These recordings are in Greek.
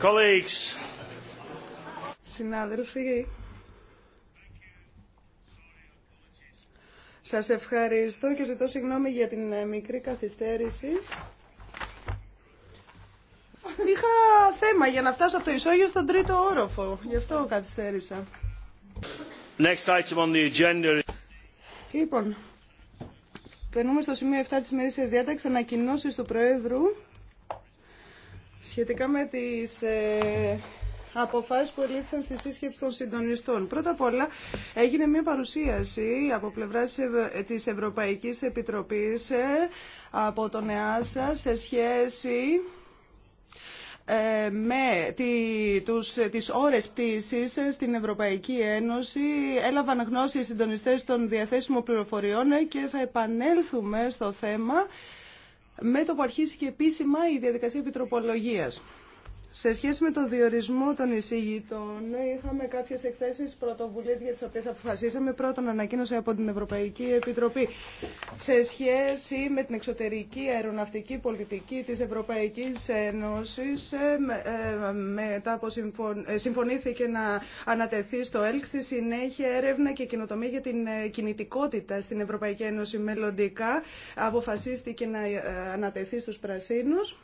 Colleagues. Συνάδελφοι, σας ευχαριστώ και ζητώ συγγνώμη για την ε, μικρή καθυστέρηση. Είχα θέμα για να φτάσω από το ισόγειο στον τρίτο όροφο, γι' αυτό καθυστέρησα. Next item on the agenda. Λοιπόν, περνούμε στο σημείο 7 της μερίσιας διάταξης, ανακοινώσεις του Προέδρου σχετικά με τις ε, αποφάσεις που ελήφθησαν στη σύσκεψη των συντονιστών. Πρώτα απ' όλα έγινε μια παρουσίαση από πλευρά της Ευρωπαϊκής Επιτροπής ε, από τον ΕΑΣΑ σε σχέση ε, με τη, τους, τις ώρες πτήσης στην Ευρωπαϊκή Ένωση έλαβαν γνώση οι συντονιστές των διαθέσιμων πληροφοριών και θα επανέλθουμε στο θέμα με το που αρχίσει και επίσημα η διαδικασία επιτροπολογίας. Σε σχέση με το διορισμό των εισηγητών, είχαμε κάποιες εκθέσεις πρωτοβουλίες για τις οποίες αποφασίσαμε. Πρώτον, ανακοίνωση από την Ευρωπαϊκή Επιτροπή σε σχέση με την εξωτερική αεροναυτική πολιτική της Ευρωπαϊκής Ένωσης. Ε, ε, μετά από ε, συμφωνήθηκε να ανατεθεί στο ΕΛΚ, στη συνέχεια έρευνα και κοινοτομία για την κινητικότητα στην Ευρωπαϊκή Ένωση μελλοντικά. Αποφασίστηκε να ανατεθεί στους πρασίνους.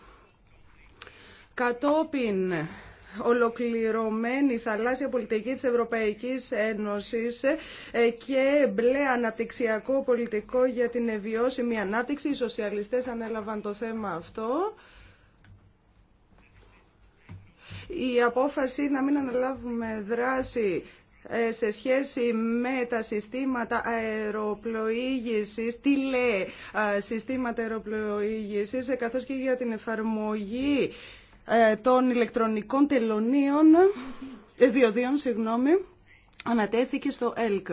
Κατόπιν ολοκληρωμένη θαλάσσια πολιτική της Ευρωπαϊκής Ένωσης ε, και μπλε αναπτυξιακό πολιτικό για την βιώσιμη ανάπτυξη. Οι σοσιαλιστές ανέλαβαν το θέμα αυτό. Η απόφαση να μην αναλάβουμε δράση ε, σε σχέση με τα συστήματα αεροπλοήγησης, τι λέει συστήματα αεροπλοήγησης, ε, καθώς και για την εφαρμογή ε, των ηλεκτρονικών τελωνίων, ε, διοδίων, συγγνώμη, ανατέθηκε στο ΕΛΚ.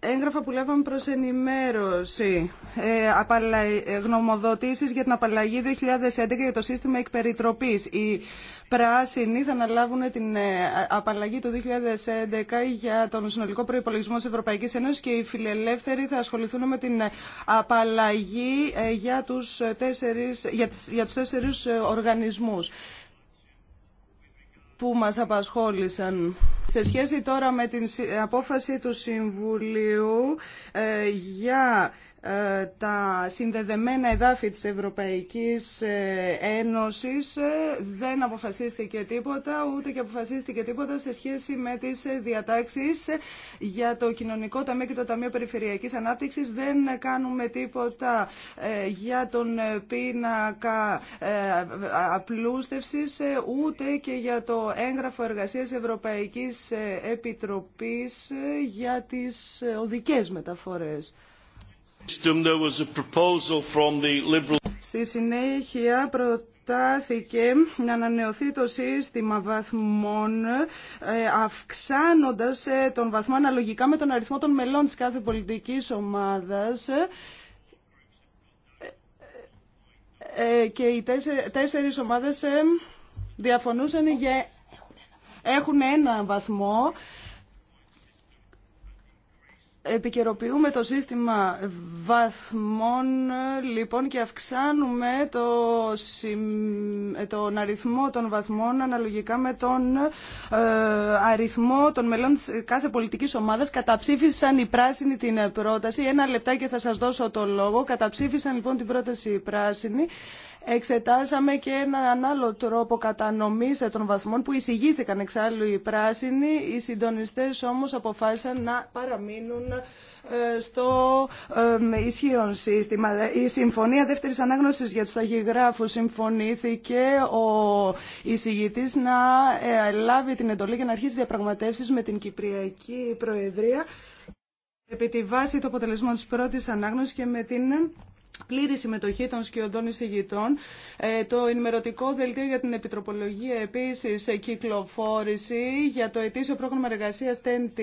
Έγγραφα που λέγαμε προς ενημέρωση, ε, ε, γνωμοδοτήσεις για την απαλλαγή 2011 για το σύστημα εκπεριτροπής. Οι πράσινοι θα αναλάβουν την ε, απαλλαγή του 2011 για τον συνολικό προϋπολογισμό της ευρωπαϊκή Ένωσης και οι φιλελεύθεροι θα ασχοληθούν με την ε, απαλλαγή για τους τέσσερις, για, τους οργανισμούς που μας απασχόλησαν. Σε σχέση τώρα με την απόφαση του Συμβουλίου ε, για ε, τα συνδεδεμένα εδάφη της Ευρωπαϊκής ε, Ένωσης ε, δεν αποφασίστηκε τίποτα, ούτε και αποφασίστηκε τίποτα σε σχέση με τις διατάξεις για το Κοινωνικό Ταμείο και το Ταμείο Περιφερειακής Ανάπτυξης. Δεν κάνουμε τίποτα για τον πίνακα απλούστευσης, ούτε και για το έγγραφο εργασίας Ευρωπαϊκής Επιτροπής για τις οδικές μεταφορές. Στη συνέχεια προτάθηκε να ανανεωθεί το σύστημα βαθμών ε, αυξάνοντας ε, τον βαθμό αναλογικά με τον αριθμό των μελών της κάθε πολιτικής ομάδας ε, και οι τέσσερις ομάδες διαφωνούσαν για... Έχουν ένα βαθμό επικαιροποιούμε το σύστημα βαθμών λοιπόν και αυξάνουμε το, τον αριθμό των βαθμών αναλογικά με τον ε, αριθμό των μελών της κάθε πολιτικής ομάδας. Καταψήφισαν οι πράσινοι την πρόταση. Ένα λεπτάκι θα σας δώσω το λόγο. Καταψήφισαν λοιπόν την πρόταση οι πράσινοι εξετάσαμε και έναν άλλο τρόπο κατανομής των βαθμών που εισηγήθηκαν εξάλλου οι πράσινοι. Οι συντονιστές όμως αποφάσισαν να παραμείνουν ε, στο ε, ισχύον σύστημα. Η συμφωνία δεύτερη ανάγνωση για του ταχυγράφου συμφωνήθηκε ο εισηγητή να ε, λάβει την εντολή για να αρχίσει διαπραγματεύσει με την Κυπριακή Προεδρία επί τη βάση του αποτελεσμού της πρώτης ανάγνωσης και με την πλήρη συμμετοχή των σκιωδών εισηγητών. Ε, το ενημερωτικό δελτίο για την επιτροπολογία επίσης ε, κυκλοφόρηση για το ετήσιο πρόγραμμα εργασίας TNT.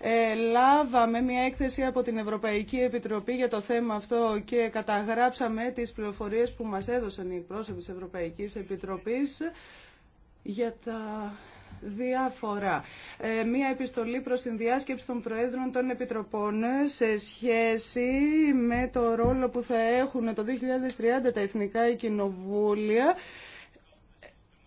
Ε, λάβαμε μια έκθεση από την Ευρωπαϊκή Επιτροπή για το θέμα αυτό και καταγράψαμε τις πληροφορίε που μας έδωσαν οι πρόσωποι τη Ευρωπαϊκής Επιτροπής για τα διαφορά. Ε, μία επιστολή προς την διάσκεψη των Προέδρων των Επιτροπών σε σχέση με το ρόλο που θα έχουν το 2030 τα Εθνικά Κοινοβούλια.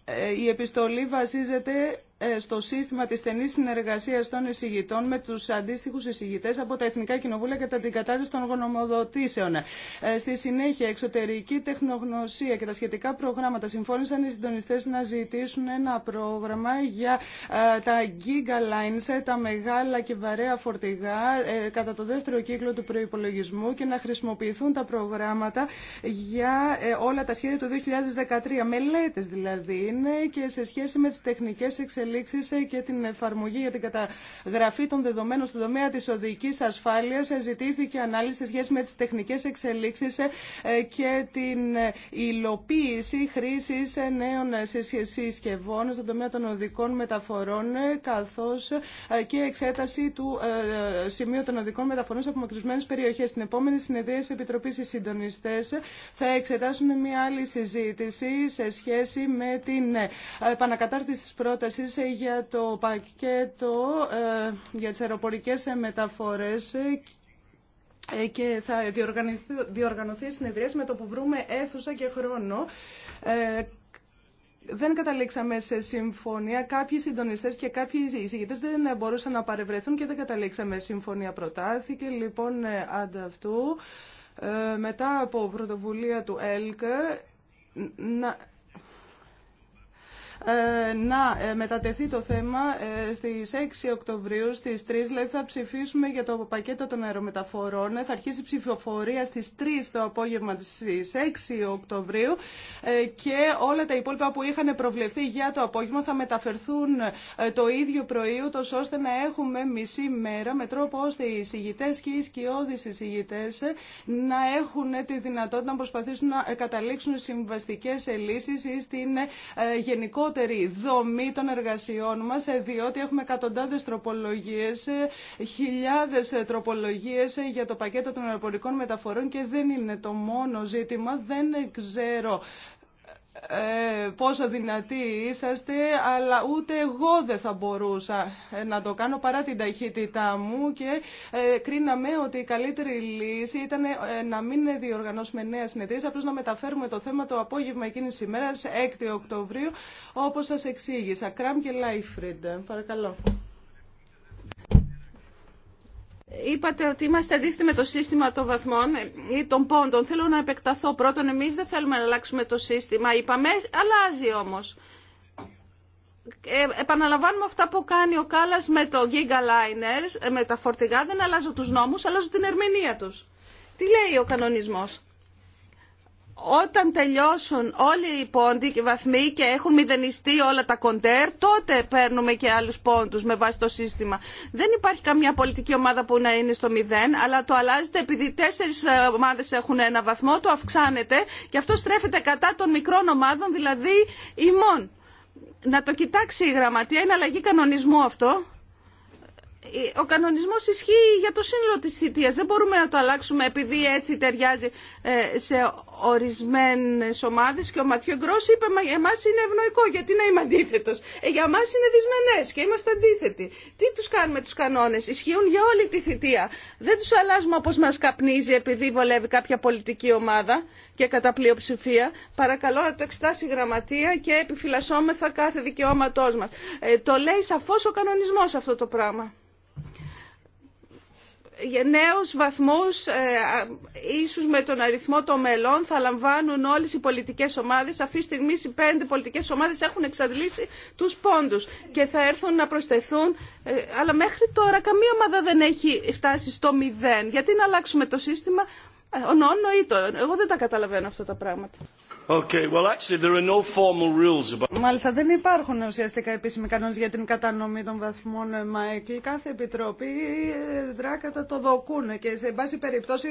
Ε, η επιστολή βασίζεται ε, στο σύστημα της στενής συνεργασίας των εισηγητών με τους αντίστοιχους εισηγητές από τα Εθνικά Κοινοβούλια κατά την κατάσταση των γονομοδοτήσεων. Ε, στη συνέχεια, εξωτερική τεχνογνωσία και τα σχετικά προγράμματα συμφώνησαν οι συντονιστές να ζητήσουν ένα πρόγραμμα για ε, τα Giga Lines, τα μεγάλα και βαρέα φορτηγά κατά το δεύτερο κύκλο του προϋπολογισμού και να χρησιμοποιηθούν τα προγράμματα για όλα τα σχέδια του 2013. Μελέτε δηλαδή είναι και σε σχέση με τι τεχνικέ εξελίξει. Ε, και την εφαρμογή για την καταγραφή των δεδομένων στον τομέα τη οδική ασφάλεια. Ε, ζητήθηκε ανάλυση σε σχέση με τι τεχνικέ εξελίξει ε, και την υλοποίηση χρήση νέων συσκευών στον τομέα των οδικών μεταφορών καθώ και εξέταση του σημείου των οδικών μεταφορών σε απομακρυσμένε περιοχέ. Στην επόμενη συνεδρία τη επιτροπή οι συντονιστές θα εξετάσουν μια άλλη συζήτηση σε σχέση με την επανακατάρτιση τη πρόταση. Ε, για το πακέτο ε, για τις αεροπορικές ε, μεταφορές και θα διοργανωθεί, διοργανωθεί συνεδρίαση με το που βρούμε αίθουσα και χρόνο. Δεν καταλήξαμε σε συμφωνία. Κάποιοι συντονιστέ και κάποιοι εισηγητέ δεν μπορούσαν να παρευρεθούν και δεν καταλήξαμε συμφωνία. Προτάθηκε λοιπόν ανταυτού μετά από πρωτοβουλία του ΕΛΚ ε, να ε, μετατεθεί το θέμα ε, στις 6 Οκτωβρίου, στις 3, δηλαδή θα ψηφίσουμε για το πακέτο των αερομεταφορών. Θα αρχίσει η ψηφοφορία στις 3 το απόγευμα στις 6 Οκτωβρίου και όλα τα υπόλοιπα που είχαν προβλεφθεί για το απόγευμα θα μεταφερθούν το ίδιο πρωί, ούτως ώστε να έχουμε μισή μέρα με τρόπο ώστε οι συγητές και οι σκιώδεις συγητές να έχουν τη δυνατότητα να προσπαθήσουν να καταλήξουν συμβαστικέ λύσεις ή στην γενικό γενικότερη δομή των εργασιών μας, ε, διότι έχουμε εκατοντάδες τροπολογίες, ε, χιλιάδες ε, τροπολογίες για το πακέτο των αεροπορικών μεταφορών και δεν είναι το μόνο ζήτημα. Δεν ξέρω ε, πόσο δυνατοί είσαστε, αλλά ούτε εγώ δεν θα μπορούσα ε, να το κάνω παρά την ταχύτητά μου και ε, κρίναμε ότι η καλύτερη λύση ήταν ε, να μην διοργανώσουμε νέα συνεδρία, απλώς να μεταφέρουμε το θέμα το απόγευμα εκείνη τη ημέρα, 6 Οκτωβρίου, όπως σας εξήγησα. Κραμ και Λάιφριντ, Παρακαλώ. Είπατε ότι είμαστε αντίθετοι με το σύστημα των βαθμών ή των πόντων. Θέλω να επεκταθώ. Πρώτον, εμείς δεν θέλουμε να αλλάξουμε το σύστημα, είπαμε, αλλάζει όμως. Ε, επαναλαμβάνουμε αυτά που κάνει ο Κάλλας με το Liners, ε, με τα φορτηγά, δεν αλλάζω τους νόμους, αλλάζω την ερμηνεία τους. Τι λέει ο κανονισμός όταν τελειώσουν όλοι οι πόντοι και οι βαθμοί και έχουν μηδενιστεί όλα τα κοντέρ, τότε παίρνουμε και άλλους πόντους με βάση το σύστημα. Δεν υπάρχει καμία πολιτική ομάδα που να είναι στο μηδέν, αλλά το αλλάζεται επειδή τέσσερις ε, ομάδες έχουν ένα βαθμό, το αυξάνεται και αυτό στρέφεται κατά των μικρών ομάδων, δηλαδή ημών. Να το κοιτάξει η γραμματεία, είναι αλλαγή κανονισμού αυτό ε, ο κανονισμός ισχύει για το σύνολο τη θητείας. Δεν μπορούμε να το αλλάξουμε επειδή έτσι ταιριάζει ε, σε Ορισμένε ομάδε και ο Ματιό Γκρό είπε «Μα για εμά είναι ευνοϊκό, γιατί να είμαι αντίθετο. Ε, για εμά είναι δυσμενέ και είμαστε αντίθετοι. Τι του κάνουμε του κανόνε, ισχύουν για όλη τη θητεία. Δεν του αλλάζουμε όπω μα καπνίζει επειδή βολεύει κάποια πολιτική ομάδα και κατά πλειοψηφία. Παρακαλώ να το εξετάσει η γραμματεία και επιφυλασσόμεθα κάθε δικαιώματό μα. Ε, το λέει σαφώ ο κανονισμό αυτό το πράγμα. Ε, νέους βαθμούς, ε, ίσως με τον αριθμό των μελών, θα λαμβάνουν όλες οι πολιτικές ομάδες. Αυτή τη στιγμή οι πέντε πολιτικές ομάδες έχουν εξαντλήσει τους πόντους και θα έρθουν να προσθεθούν. Ε, αλλά μέχρι τώρα καμία ομάδα δεν έχει φτάσει στο μηδέν. Γιατί να αλλάξουμε το σύστημα, ή το. Εγώ δεν τα καταλαβαίνω αυτά τα πράγματα. Okay, well, actually, there are no formal rules about... Μάλιστα δεν υπάρχουν ουσιαστικά επίσημοι κανόνε για την κατανομή των βαθμών ε, Μάικλ. Κάθε επιτροπή ε, δράκατα το δοκούν και σε βάση περιπτώσει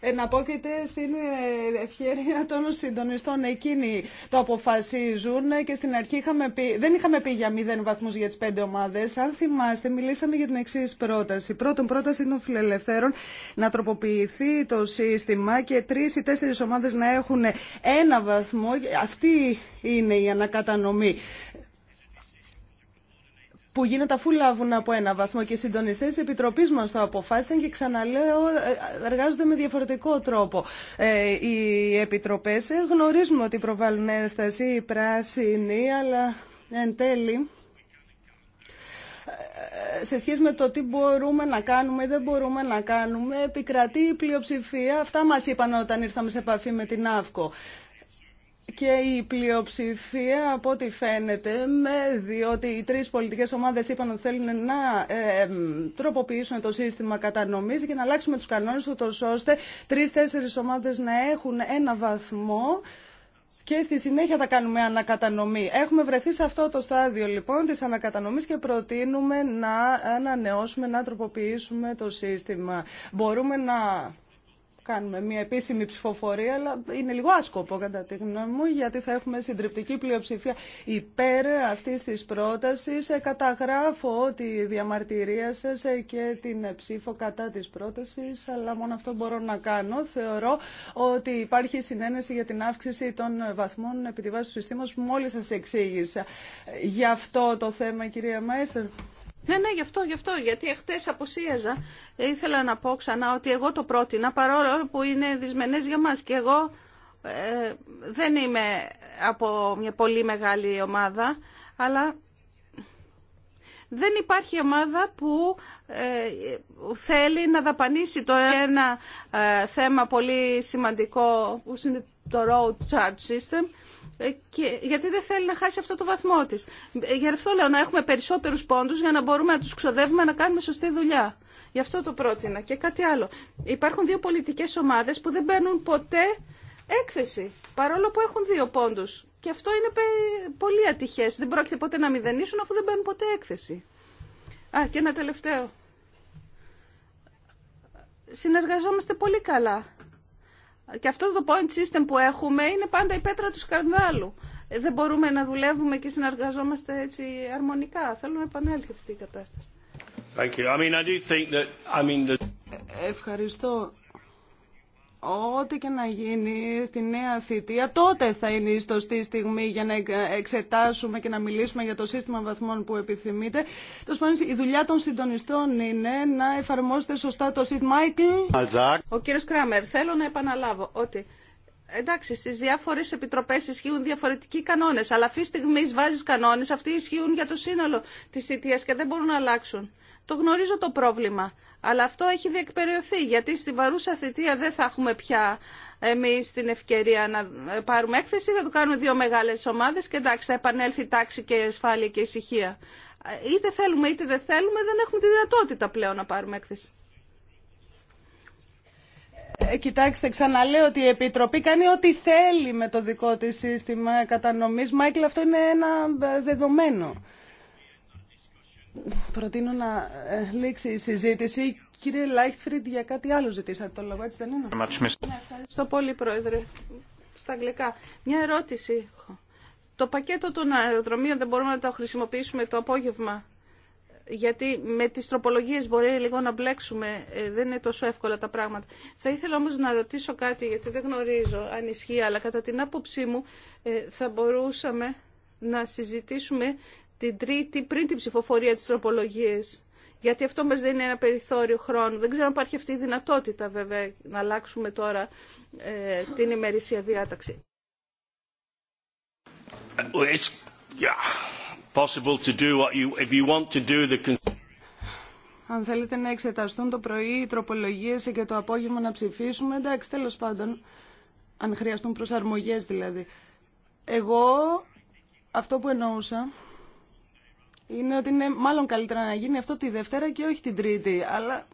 εναπόκειται στην ε, ευχαίρεια των συντονιστών. Εκείνοι το αποφασίζουν και στην αρχή είχαμε πει, δεν είχαμε πει για μηδέν βαθμού για τι πέντε ομάδε. Αν θυμάστε μιλήσαμε για την εξή πρόταση. Πρώτον πρόταση των φιλελευθέρων να τροποποιηθεί το σύστημα και τρει ή τέσσερι ομάδες να έχουν ένα αυτή είναι η ανακατανομή που γίνεται αφού λάβουν από ένα βαθμό και οι συντονιστέ τη Επιτροπή μα το αποφάσισαν και ξαναλέω, ε, ε, εργάζονται με διαφορετικό τρόπο. Ε, οι επιτροπέ γνωρίζουμε ότι προβάλλουν ένσταση οι πράσινοι, αλλά εν τέλει σε σχέση με το τι μπορούμε να κάνουμε ή δεν μπορούμε να κάνουμε, επικρατεί η πλειοψηφία. Αυτά μας είπαν όταν ήρθαμε σε επαφή με την ΑΦΚΟ και η πλειοψηφία από ό,τι φαίνεται, διότι οι τρεις πολιτικές ομάδες είπαν ότι θέλουν να ε, τροποποιήσουν το σύστημα κατανομής και να αλλάξουμε τους κανονες τοσο ούτως ώστε τρεις-τέσσερις ομάδες να έχουν ένα βαθμό και στη συνέχεια θα κάνουμε ανακατανομή. Έχουμε βρεθεί σε αυτό το στάδιο λοιπόν της ανακατανομής και προτείνουμε να ανανεώσουμε, να τροποποιήσουμε το σύστημα. Μπορούμε να κάνουμε μια επίσημη ψηφοφορία, αλλά είναι λίγο άσκοπο κατά τη γνώμη μου, γιατί θα έχουμε συντριπτική πλειοψηφία υπέρ αυτή τη πρόταση. Ε, καταγράφω τη διαμαρτυρία σα ε, και την ψήφο κατά τη πρόταση, αλλά μόνο αυτό μπορώ να κάνω. Θεωρώ ότι υπάρχει συνένεση για την αύξηση των βαθμών επί του συστήματο που μόλι σα εξήγησα. Ε, γι' αυτό το θέμα, κυρία Μάιστερ. Ναι, ναι, γι' αυτό, γι' αυτό, γιατί εχθέ αποσίαζα. Ήθελα να πω ξανά ότι εγώ το πρότεινα, παρόλο που είναι δυσμενέ για μας και εγώ ε, δεν είμαι από μια πολύ μεγάλη ομάδα, αλλά δεν υπάρχει ομάδα που ε, θέλει να δαπανίσει τώρα ένα ε, θέμα πολύ σημαντικό που είναι το road charge system ε, και γιατί δεν θέλει να χάσει αυτό το βαθμό τη. Γι' αυτό λέω να έχουμε περισσότερους πόντους για να μπορούμε να του ξοδεύουμε να κάνουμε σωστή δουλειά. Γι' αυτό το πρότεινα. Και κάτι άλλο. Υπάρχουν δύο πολιτικές ομάδες που δεν παίρνουν ποτέ έκθεση, παρόλο που έχουν δύο πόντους. Και αυτό είναι πολύ ατυχές. Δεν πρόκειται ποτέ να μηδενίσουν αφού δεν παίρνουν ποτέ έκθεση. Α, και ένα τελευταίο. Συνεργαζόμαστε πολύ καλά και αυτό το point system που έχουμε είναι πάντα η πέτρα του σκανδάλου. Ε, δεν μπορούμε να δουλεύουμε και συνεργαζόμαστε έτσι αρμονικά. Θέλω να επανέλθει αυτή η κατάσταση. Ευχαριστώ. Ό,τι και να γίνει στη νέα θητεία, τότε θα είναι η σωστή στιγμή για να εξετάσουμε και να μιλήσουμε για το σύστημα βαθμών που επιθυμείτε. Το η δουλειά των συντονιστών είναι να εφαρμόσετε σωστά το σύστημα. Ο κύριος Κράμερ, θέλω να επαναλάβω ότι εντάξει, στι διάφορε επιτροπέ ισχύουν διαφορετικοί κανόνε, αλλά αυτή τη στιγμή βάζει κανόνε, αυτοί ισχύουν για το σύνολο τη θητεία και δεν μπορούν να αλλάξουν. Το γνωρίζω το πρόβλημα. Αλλά αυτό έχει διεκπεριωθεί, γιατί στην παρούσα θητεία δεν θα έχουμε πια εμείς την ευκαιρία να πάρουμε έκθεση, θα το κάνουμε δύο μεγάλες ομάδες και εντάξει, θα επανέλθει τάξη και ασφάλεια και ησυχία. Είτε θέλουμε είτε δεν θέλουμε, δεν έχουμε τη δυνατότητα πλέον να πάρουμε έκθεση. Ε, κοιτάξτε, ξαναλέω ότι η Επιτροπή κάνει ό,τι θέλει με το δικό της σύστημα κατανομής. Μάικλ, αυτό είναι ένα ε, δεδομένο. Προτείνω να ε, λήξει η συζήτηση. Κύριε Λάιχφριντ, για κάτι άλλο ζητήσατε το λόγο, έτσι δεν είναι. Ευχαριστώ πολύ, Πρόεδρε. Στα αγγλικά. Μια ερώτηση έχω. Το πακέτο των αεροδρομίων δεν μπορούμε να το χρησιμοποιήσουμε το απόγευμα. Γιατί με τις τροπολογίες μπορεί λίγο να μπλέξουμε, ε, δεν είναι τόσο εύκολα τα πράγματα. Θα ήθελα όμως να ρωτήσω κάτι, γιατί δεν γνωρίζω αν ισχύει, αλλά κατά την άποψή μου ε, θα μπορούσαμε να συζητήσουμε την Τρίτη πριν την ψηφοφορία της τροπολογίας. Γιατί αυτό μας δίνει ένα περιθώριο χρόνου. Δεν ξέρω αν υπάρχει αυτή η δυνατότητα βέβαια να αλλάξουμε τώρα ε, την ημερήσια διάταξη. αν θέλετε να εξεταστούν το πρωί οι τροπολογίες και το απόγευμα να ψηφίσουμε, εντάξει, τέλος πάντων, αν χρειαστούν προσαρμογές δηλαδή. Εγώ αυτό που εννοούσα είναι ότι είναι μάλλον καλύτερα να γίνει αυτό τη Δευτέρα και όχι την Τρίτη. Αλλά,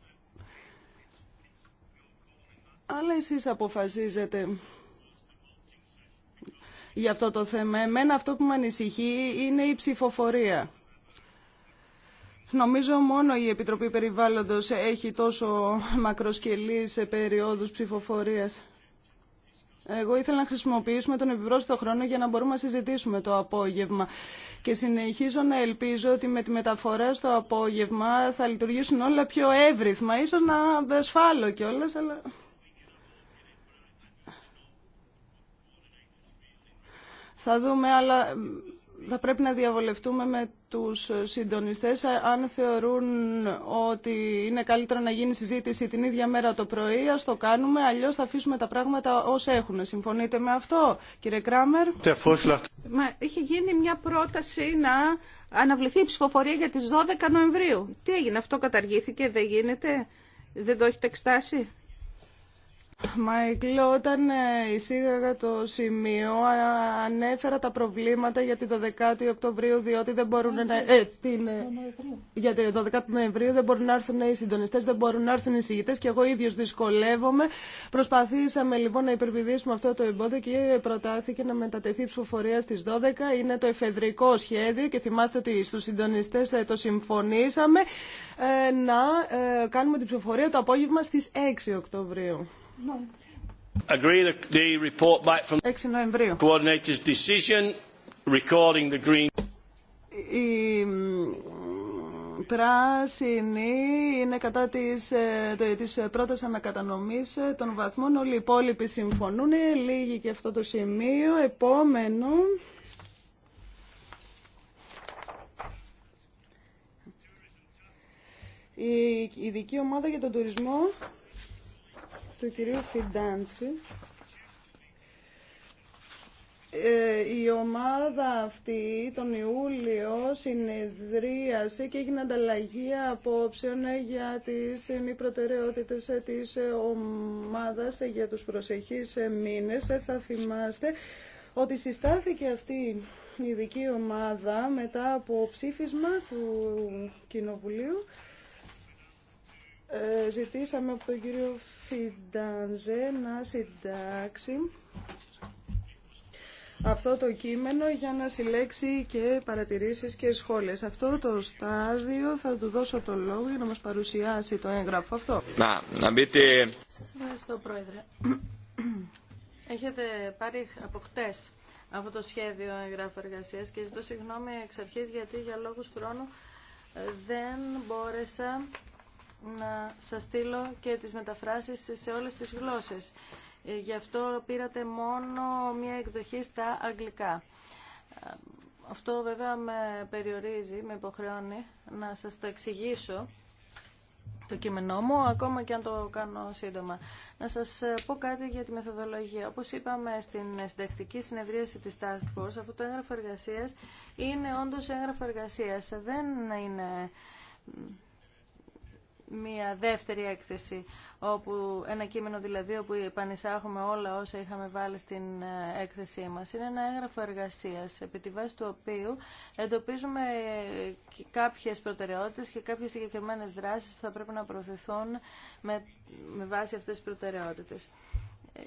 αλλά εσείς αποφασίζετε για αυτό το θέμα. Εμένα αυτό που με ανησυχεί είναι η ψηφοφορία. Νομίζω μόνο η Επιτροπή Περιβάλλοντος έχει τόσο σε περιόδους ψηφοφορίας. Εγώ ήθελα να χρησιμοποιήσουμε τον επιπρόσθετο χρόνο για να μπορούμε να συζητήσουμε το απόγευμα. Και συνεχίζω να ελπίζω ότι με τη μεταφορά στο απόγευμα θα λειτουργήσουν όλα πιο εύρυθμα. Ίσως να ασφάλω κιόλας, αλλά... Θα δούμε, αλλά θα πρέπει να διαβολευτούμε με τους συντονιστές αν θεωρούν ότι είναι καλύτερο να γίνει συζήτηση την ίδια μέρα το πρωί, ας το κάνουμε, αλλιώς θα αφήσουμε τα πράγματα ως έχουν. Συμφωνείτε με αυτό, κύριε Κράμερ? Μα, είχε γίνει μια πρόταση να αναβληθεί η ψηφοφορία για τις 12 Νοεμβρίου. Τι έγινε, αυτό καταργήθηκε, δεν γίνεται, δεν το έχετε εξτάσει. Μάικλ, όταν ε, εισήγαγα το σημείο, ανέφερα τα προβλήματα για τη 12η Οκτωβρίου, διότι δεν μπορούν να... Ε, την, ε, για 12η Νοεμβρίου δεν μπορούν να έρθουν οι συντονιστές, δεν μπορούν να έρθουν οι συγητές και εγώ ίδιος δυσκολεύομαι. Προσπαθήσαμε λοιπόν να υπερπηδήσουμε αυτό το εμπόδιο και προτάθηκε να μετατεθεί η νοεμβριου δεν μπορουν να ερθουν οι συντονιστες δεν μπορουν να ερθουν οι συγητες και εγω ιδιος δυσκολευομαι προσπαθησαμε λοιπον να υπερβιδισουμε αυτο το εμποδιο και προταθηκε να μετατεθει η ψηφοφορια στις 12. Είναι το εφεδρικό σχέδιο και θυμάστε ότι στους συντονιστές ε, το συμφωνήσαμε να κάνουμε την ψηφοφορία το απόγευμα στις 6 Οκτωβρίου. 6 Νοεμβρίου. Η πράσινη είναι κατά της, ε, της πρώτας ανακατανομής ε, των βαθμών. Όλοι οι υπόλοιποι συμφωνούν. Ε, Λίγοι και αυτό το σημείο. Επόμενο. Η ειδική ομάδα για τον τουρισμό του κυρίου Φιντάνση. Ε, η ομάδα αυτή τον Ιούλιο συνεδρίασε και έγινε ανταλλαγή απόψεων για τις μη προτεραιότητες της ομάδας για τους προσεχείς μήνες. Θα θυμάστε ότι συστάθηκε αυτή η ειδική ομάδα μετά από ψήφισμα του Κοινοβουλίου. Ε, ζητήσαμε από τον κύριο Φιντάνζε να συντάξει αυτό το κείμενο για να συλλέξει και παρατηρήσεις και σχόλες. αυτό το στάδιο θα του δώσω το λόγο για να μας παρουσιάσει το έγγραφο αυτό. Να, να Σας ευχαριστώ Πρόεδρε. Έχετε πάρει από χτες αυτό το σχέδιο εγγράφου εργασία και ζητώ συγγνώμη εξ αρχής γιατί για λόγους χρόνου ε, δεν μπόρεσα να σας στείλω και τις μεταφράσεις σε όλες τις γλώσσες. Ε, γι' αυτό πήρατε μόνο μία εκδοχή στα αγγλικά. Ε, αυτό βέβαια με περιορίζει, με υποχρεώνει να σας το εξηγήσω το κείμενό μου, ακόμα και αν το κάνω σύντομα. Να σας ε, πω κάτι για τη μεθοδολογία. Όπως είπαμε στην συντακτική συνεδρίαση της Task Force, αυτό το έγγραφο εργασίας είναι όντως έγγραφο εργασίας. Δεν είναι μια δεύτερη έκθεση, όπου, ένα κείμενο δηλαδή όπου επανεισάγουμε όλα όσα είχαμε βάλει στην ε, έκθεσή μας. Είναι ένα έγγραφο εργασίας, επί τη βάση του οποίου εντοπίζουμε ε, κάποιες προτεραιότητες και κάποιες συγκεκριμένες δράσεις που θα πρέπει να προωθηθούν με, με βάση αυτές τις προτεραιότητες.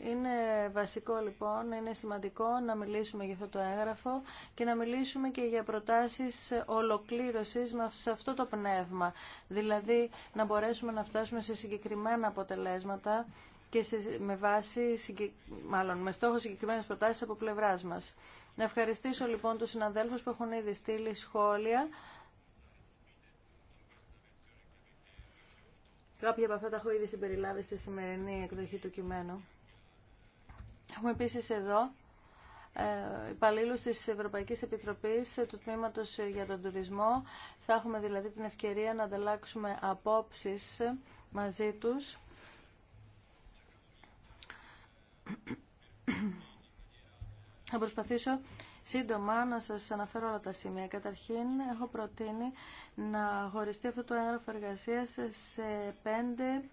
Είναι βασικό λοιπόν, είναι σημαντικό να μιλήσουμε για αυτό το έγγραφο και να μιλήσουμε και για προτάσεις ολοκλήρωσης σε αυτό το πνεύμα. Δηλαδή να μπορέσουμε να φτάσουμε σε συγκεκριμένα αποτελέσματα και σε, με βάση, μάλλον με στόχο συγκεκριμένες προτάσεις από πλευράς μας. Να ευχαριστήσω λοιπόν τους συναδέλφους που έχουν ήδη στείλει σχόλια. Κάποια από αυτά τα έχω ήδη συμπεριλάβει στη σημερινή εκδοχή του κειμένου. Έχουμε επίσης εδώ ε, υπαλλήλου τη Ευρωπαϊκή Επιτροπή ε, του Τμήματο για τον Τουρισμό. Θα έχουμε δηλαδή την ευκαιρία να ανταλλάξουμε απόψει μαζί του. Θα προσπαθήσω σύντομα να σας αναφέρω όλα τα σημεία. Καταρχήν, έχω προτείνει να χωριστεί αυτό το έγγραφο εργασίας σε πέντε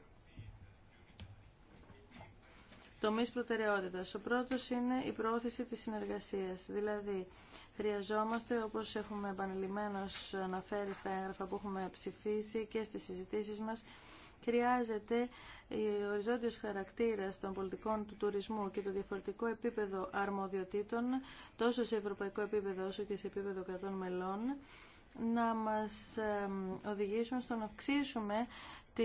τομείς προτεραιότητας. Ο πρώτος είναι η προώθηση της συνεργασίας, δηλαδή χρειαζόμαστε, όπως έχουμε επανειλημμένως αναφέρει στα έγγραφα που έχουμε ψηφίσει και στις συζητήσεις μας, χρειάζεται ο οριζόντιος χαρακτήρας των πολιτικών του τουρισμού και το διαφορετικό επίπεδο αρμοδιοτήτων, τόσο σε ευρωπαϊκό επίπεδο όσο και σε επίπεδο κρατών μελών, να μας οδηγήσουν στο να αυξήσουμε το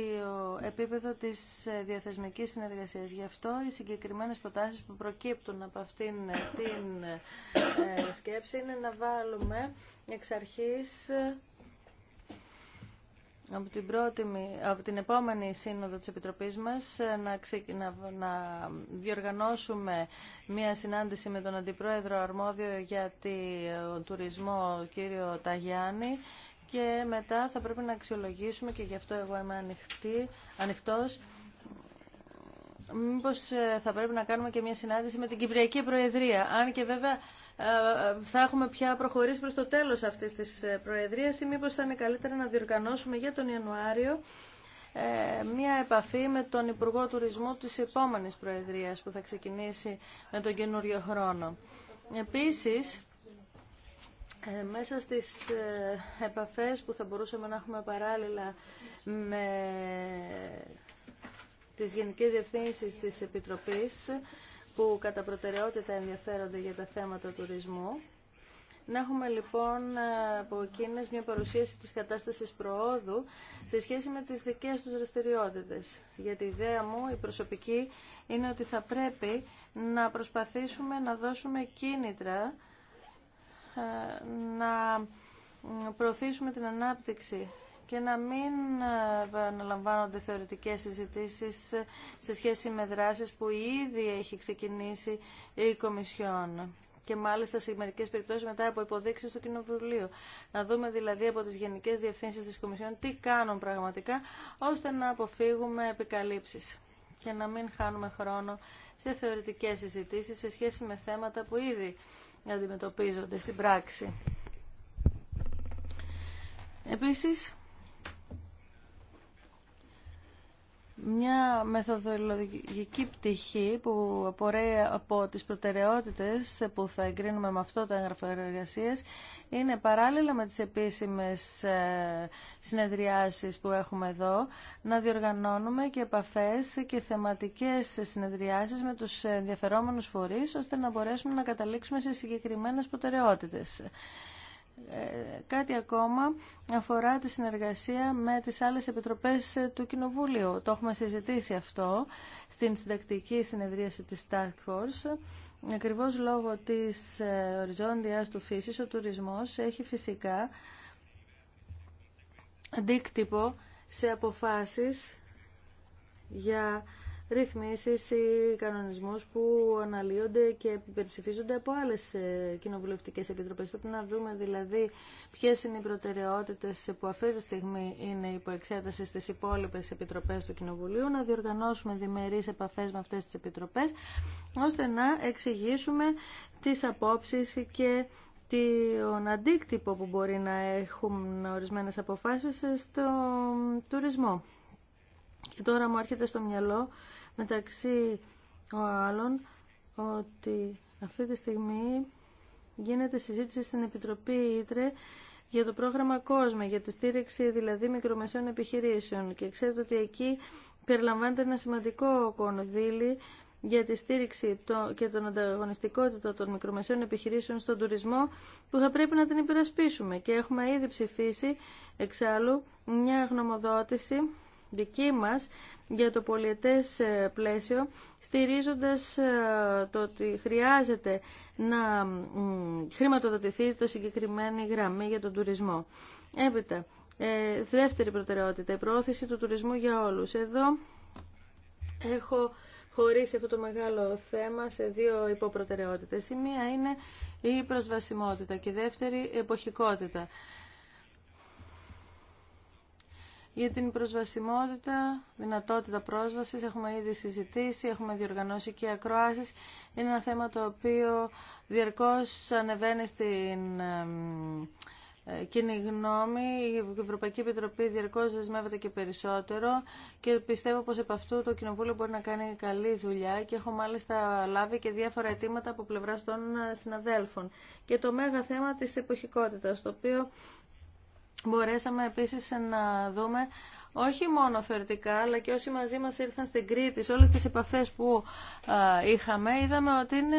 επίπεδο της ε, διαθεσμικής συνεργασίας. Γι' αυτό οι συγκεκριμένες προτάσεις που προκύπτουν από αυτήν ε, την ε, σκέψη είναι να βάλουμε εξ αρχής από την, από την επόμενη σύνοδο της Επιτροπής μας ε, να, να, να, διοργανώσουμε μια συνάντηση με τον Αντιπρόεδρο Αρμόδιο για τον τουρισμό κύριο Ταγιάννη και μετά θα πρέπει να αξιολογήσουμε και γι' αυτό εγώ είμαι ανοιχτή, ανοιχτός μήπως ε, θα πρέπει να κάνουμε και μια συνάντηση με την Κυπριακή Προεδρία αν και βέβαια ε, θα έχουμε πια προχωρήσει προς το τέλος αυτής της ε, Προεδρίας ή μήπως θα είναι καλύτερα να διοργανώσουμε για τον Ιανουάριο ε, μία επαφή με τον Υπουργό Τουρισμού της επόμενης Προεδρίας που θα ξεκινήσει με τον καινούριο χρόνο. Επίσης, μέσα στις επαφές που θα μπορούσαμε να έχουμε παράλληλα με τις Γενικές Διευθύνσεις της Επιτροπής, που κατά προτεραιότητα ενδιαφέρονται για τα θέματα τουρισμού. Να έχουμε λοιπόν από εκείνες μια παρουσίαση της κατάστασης προόδου σε σχέση με τις δικές τους δραστηριότητες. Γιατί η ιδέα μου, η προσωπική, είναι ότι θα πρέπει να προσπαθήσουμε να δώσουμε κίνητρα, ε, να προωθήσουμε την ανάπτυξη και να μην ε, αναλαμβάνονται θεωρητικές συζητήσεις σε σχέση με δράσεις που ήδη έχει ξεκινήσει η Κομισιόν και μάλιστα σε μερικέ περιπτώσει μετά από υποδείξει του Κοινοβουλίου. Να δούμε δηλαδή από τι γενικέ διευθύνσει τη Κομισιόν τι κάνουν πραγματικά, ώστε να αποφύγουμε επικαλύψει και να μην χάνουμε χρόνο σε θεωρητικέ συζητήσει σε σχέση με θέματα που ήδη αντιμετωπίζονται στην πράξη. Επίσης, μια μεθοδολογική πτυχή που απορρέει από τις προτεραιότητες που θα εγκρίνουμε με αυτό το έγγραφο εργασία είναι παράλληλα με τις επίσημες ε, συνεδριάσεις που έχουμε εδώ να διοργανώνουμε και επαφές και θεματικές συνεδριάσεις με τους ενδιαφερόμενους φορείς ώστε να μπορέσουμε να καταλήξουμε σε συγκεκριμένες προτεραιότητες. Ε, κάτι ακόμα αφορά τη συνεργασία με τις άλλες επιτροπές ε, του Κοινοβουλίου. Το έχουμε συζητήσει αυτό στην συντακτική συνεδρίαση της Task Force. Ακριβώς λόγω της ε, οριζόντιας του φύσης, ο τουρισμός έχει φυσικά αντίκτυπο σε αποφάσεις για ρυθμίσεις ή κανονισμούς που αναλύονται και υπερψηφίζονται από άλλες ε, κοινοβουλευτικές επιτροπές. Πρέπει να δούμε δηλαδή ποιες είναι οι προτεραιότητες που αυτή τη στιγμή είναι υπό εξέταση στις υπόλοιπες επιτροπές του Κοινοβουλίου, να διοργανώσουμε διμερείς επαφές με αυτές τις επιτροπές, ώστε να εξηγήσουμε τις απόψεις και τον αντίκτυπο που μπορεί να έχουν ορισμένες αποφάσεις στον τουρισμό. Και τώρα μου έρχεται στο μυαλό μεταξύ άλλων ότι αυτή τη στιγμή γίνεται συζήτηση στην Επιτροπή Ήτρε για το πρόγραμμα COSME, για τη στήριξη δηλαδή μικρομεσαίων επιχειρήσεων. Και ξέρετε ότι εκεί περιλαμβάνεται ένα σημαντικό κονδύλι για τη στήριξη και την ανταγωνιστικότητα των μικρομεσαίων επιχειρήσεων στον τουρισμό που θα πρέπει να την υπερασπίσουμε. Και έχουμε ήδη ψηφίσει εξάλλου μια γνωμοδότηση δική μας για το πολιετές ε, πλαίσιο, στηρίζοντας ε, το ότι χρειάζεται να χρηματοδοτηθεί το συγκεκριμένη γραμμή για τον τουρισμό. Έπειτα, ε, δεύτερη προτεραιότητα, η προώθηση του τουρισμού για όλους. Εδώ έχω χωρίσει αυτό το μεγάλο θέμα σε δύο υποπροτεραιότητες. Η μία είναι η προσβασιμότητα και η δεύτερη εποχικότητα. Για την προσβασιμότητα, δυνατότητα πρόσβασης, έχουμε ήδη συζητήσει, έχουμε διοργανώσει και ακροάσεις. Είναι ένα θέμα το οποίο διαρκώς ανεβαίνει στην ε, κοινή γνώμη. Η Ευρωπαϊκή Επιτροπή διαρκώς δεσμεύεται και περισσότερο και πιστεύω πως επ' αυτού το Κοινοβούλιο μπορεί να κάνει καλή δουλειά και έχω μάλιστα λάβει και διάφορα αιτήματα από πλευρά των συναδέλφων. Και το μέγα θέμα της εποχικότητας, το οποίο μπορέσαμε επίσης να δούμε όχι μόνο θεωρητικά, αλλά και όσοι μαζί μας ήρθαν στην Κρήτη, σε όλες τις επαφές που είχαμε, είδαμε ότι είναι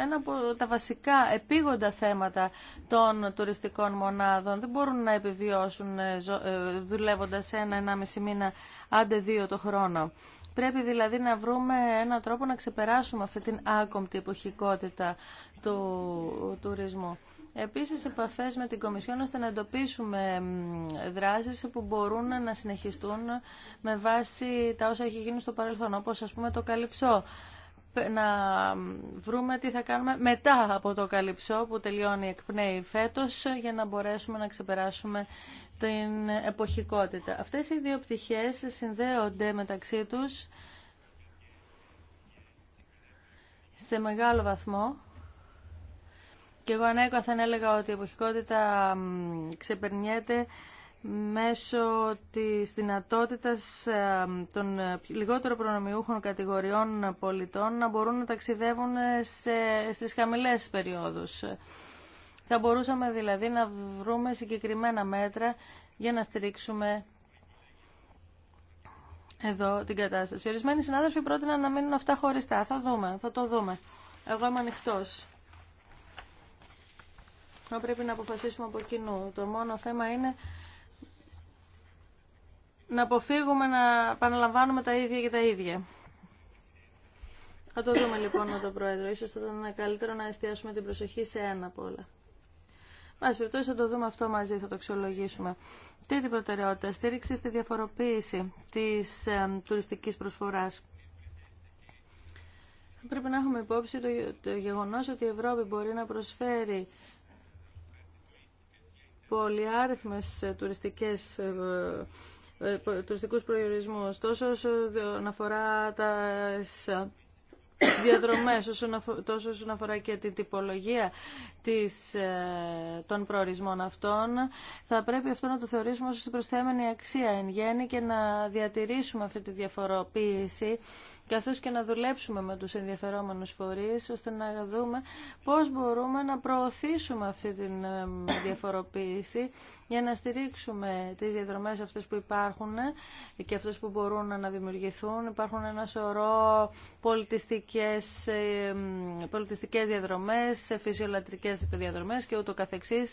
ένα από τα βασικά επίγοντα θέματα των τουριστικών μονάδων. Δεν μπορούν να επιβιώσουν ε, ε, δουλεύοντας ένα-ενάμιση ένα, μήνα, άντε δύο το χρόνο. Πρέπει δηλαδή να βρούμε έναν τρόπο να ξεπεράσουμε αυτή την άκομπτη εποχικότητα του τουρισμού επίσης επαφές με την Κομισιόν ώστε να εντοπίσουμε δράσεις που μπορούν να συνεχιστούν με βάση τα όσα έχει γίνει στο παρελθόν, όπως ας πούμε το καλυψό να βρούμε τι θα κάνουμε μετά από το καλυψό που τελειώνει εκπνέει φέτος για να μπορέσουμε να ξεπεράσουμε την εποχικότητα. Αυτές οι δύο πτυχές συνδέονται μεταξύ τους σε μεγάλο βαθμό και εγώ ανέκαθεν έλεγα ότι η εποχικότητα ξεπερνιέται μέσω της δυνατότητας ε, των λιγότερο προνομιούχων κατηγοριών πολιτών να μπορούν να ταξιδεύουν σε, στις χαμηλές περιόδους. Θα μπορούσαμε δηλαδή να βρούμε συγκεκριμένα μέτρα για να στηρίξουμε εδώ την κατάσταση. Ορισμένοι συνάδελφοι πρότειναν να μείνουν αυτά χωριστά. Θα δούμε, θα το δούμε. Εγώ είμαι ανοιχτό αυτό πρέπει να αποφασίσουμε από κοινού. Το μόνο θέμα είναι να αποφύγουμε να επαναλαμβάνουμε τα ίδια και τα ίδια. Θα το δούμε λοιπόν με τον Πρόεδρο. Ίσως θα ήταν καλύτερο να εστιάσουμε την προσοχή σε ένα από όλα. Μας περιπτώσει θα το δούμε αυτό μαζί, θα το αξιολογήσουμε. Τρίτη προτεραιότητα, στήριξη στη διαφοροποίηση της ε, τουριστικής προσφοράς. Πρέπει να έχουμε υπόψη το, το γεγονός ότι η Ευρώπη μπορεί να προσφέρει πολυάριθμες ε, τουριστικές ε, ε, τουριστικούς προορισμούς, τόσο όσον αφορά τα διαδρομές, τόσο όσον αφορά και την τυπολογία της, των προορισμών αυτών, θα πρέπει αυτό να το θεωρήσουμε ως προσθέμενη αξία εν γέννη και να διατηρήσουμε αυτή τη διαφοροποίηση καθώς και να δουλέψουμε με τους ενδιαφερόμενους φορείς, ώστε να δούμε πώς μπορούμε να προωθήσουμε αυτή τη ε, διαφοροποίηση για να στηρίξουμε τις διαδρομές αυτές που υπάρχουν ε, και αυτές που μπορούν να δημιουργηθούν. Υπάρχουν ένα σωρό πολιτιστικές, ε, πολιτιστικές διαδρομές, φυσιολατρικές διαδρομές και ούτω καθεξής,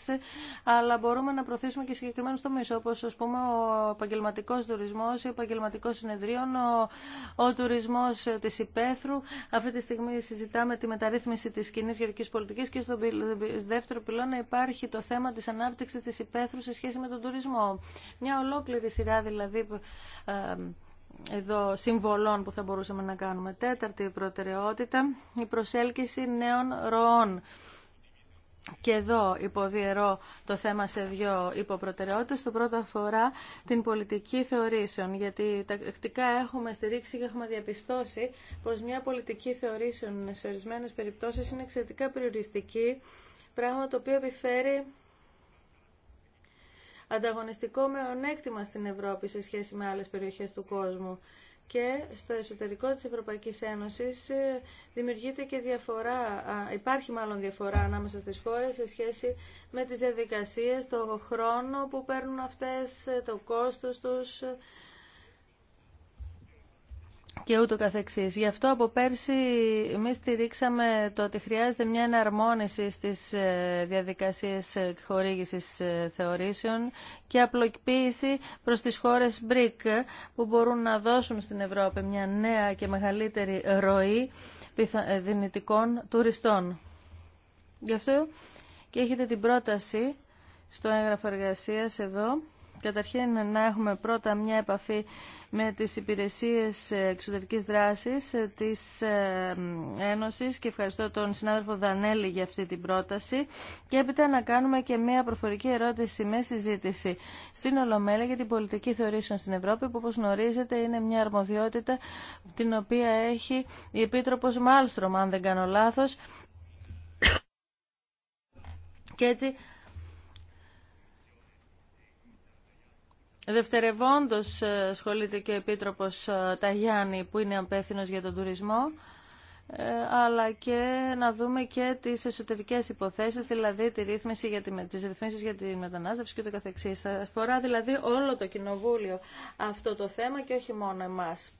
αλλά μπορούμε να προωθήσουμε και συγκεκριμένους τομείς, όπως πούμε ο επαγγελματικό τουρισμός, ο επαγγελματικό συνεδρίων, ο, ο τουρισμός Τη της Υπέθρου. Αυτή τη στιγμή συζητάμε τη μεταρρύθμιση της κοινή γεωργικής πολιτικής και στο δεύτερο πυλώνα υπάρχει το θέμα της ανάπτυξης της Υπέθρου σε σχέση με τον τουρισμό. Μια ολόκληρη σειρά δηλαδή εδώ συμβολών που θα μπορούσαμε να κάνουμε. Τέταρτη προτεραιότητα, η προσέλκυση νέων ροών. Και εδώ υποδιαιρώ το θέμα σε δύο υποπροτεραιότητες. Το πρώτο αφορά την πολιτική θεωρήσεων, γιατί τακτικά έχουμε στηρίξει και έχουμε διαπιστώσει πως μια πολιτική θεωρήσεων σε ορισμένε περιπτώσεις είναι εξαιρετικά περιοριστική, πράγμα το οποίο επιφέρει ανταγωνιστικό μεονέκτημα στην Ευρώπη σε σχέση με άλλες περιοχές του κόσμου και στο εσωτερικό της Ευρωπαϊκής Ένωσης ε, δημιουργείται και διαφορά, υπάρχει μάλλον διαφορά ανάμεσα στις χώρες σε σχέση με τις διαδικασίες, το χρόνο που παίρνουν αυτές, ε, το κόστος τους, ε, και ούτω καθεξής. Γι' αυτό από πέρσι εμείς στηρίξαμε το ότι χρειάζεται μια εναρμόνιση στις ε, διαδικασίες ε, χορήγησης ε, θεωρήσεων και απλοποίηση προς τις χώρες BRIC που μπορούν να δώσουν στην Ευρώπη μια νέα και μεγαλύτερη ροή δυνητικών τουριστών. Γι' αυτό και έχετε την πρόταση στο έγγραφο εργασίας εδώ Καταρχήν να έχουμε πρώτα μια επαφή με τις υπηρεσίες εξωτερικής δράσης της ε, Ένωσης και ευχαριστώ τον συνάδελφο Δανέλη για αυτή την πρόταση και έπειτα να κάνουμε και μια προφορική ερώτηση με συζήτηση στην Ολομέλεια για την πολιτική θεωρήσεων στην Ευρώπη που όπως γνωρίζετε είναι μια αρμοδιότητα την οποία έχει η Επίτροπος Μάλστρομ αν δεν κάνω λάθος και έτσι Δευτερευόντως ε, ασχολείται και ο Επίτροπος ε, Ταγιάννη που είναι απέθυνος για τον τουρισμό ε, αλλά και να δούμε και τις εσωτερικές υποθέσεις, δηλαδή τη ρύθμιση για τη, τις ρυθμίσεις για τη μετανάστευση και το καθεξής. Αφορά δηλαδή όλο το κοινοβούλιο αυτό το θέμα και όχι μόνο εμάς.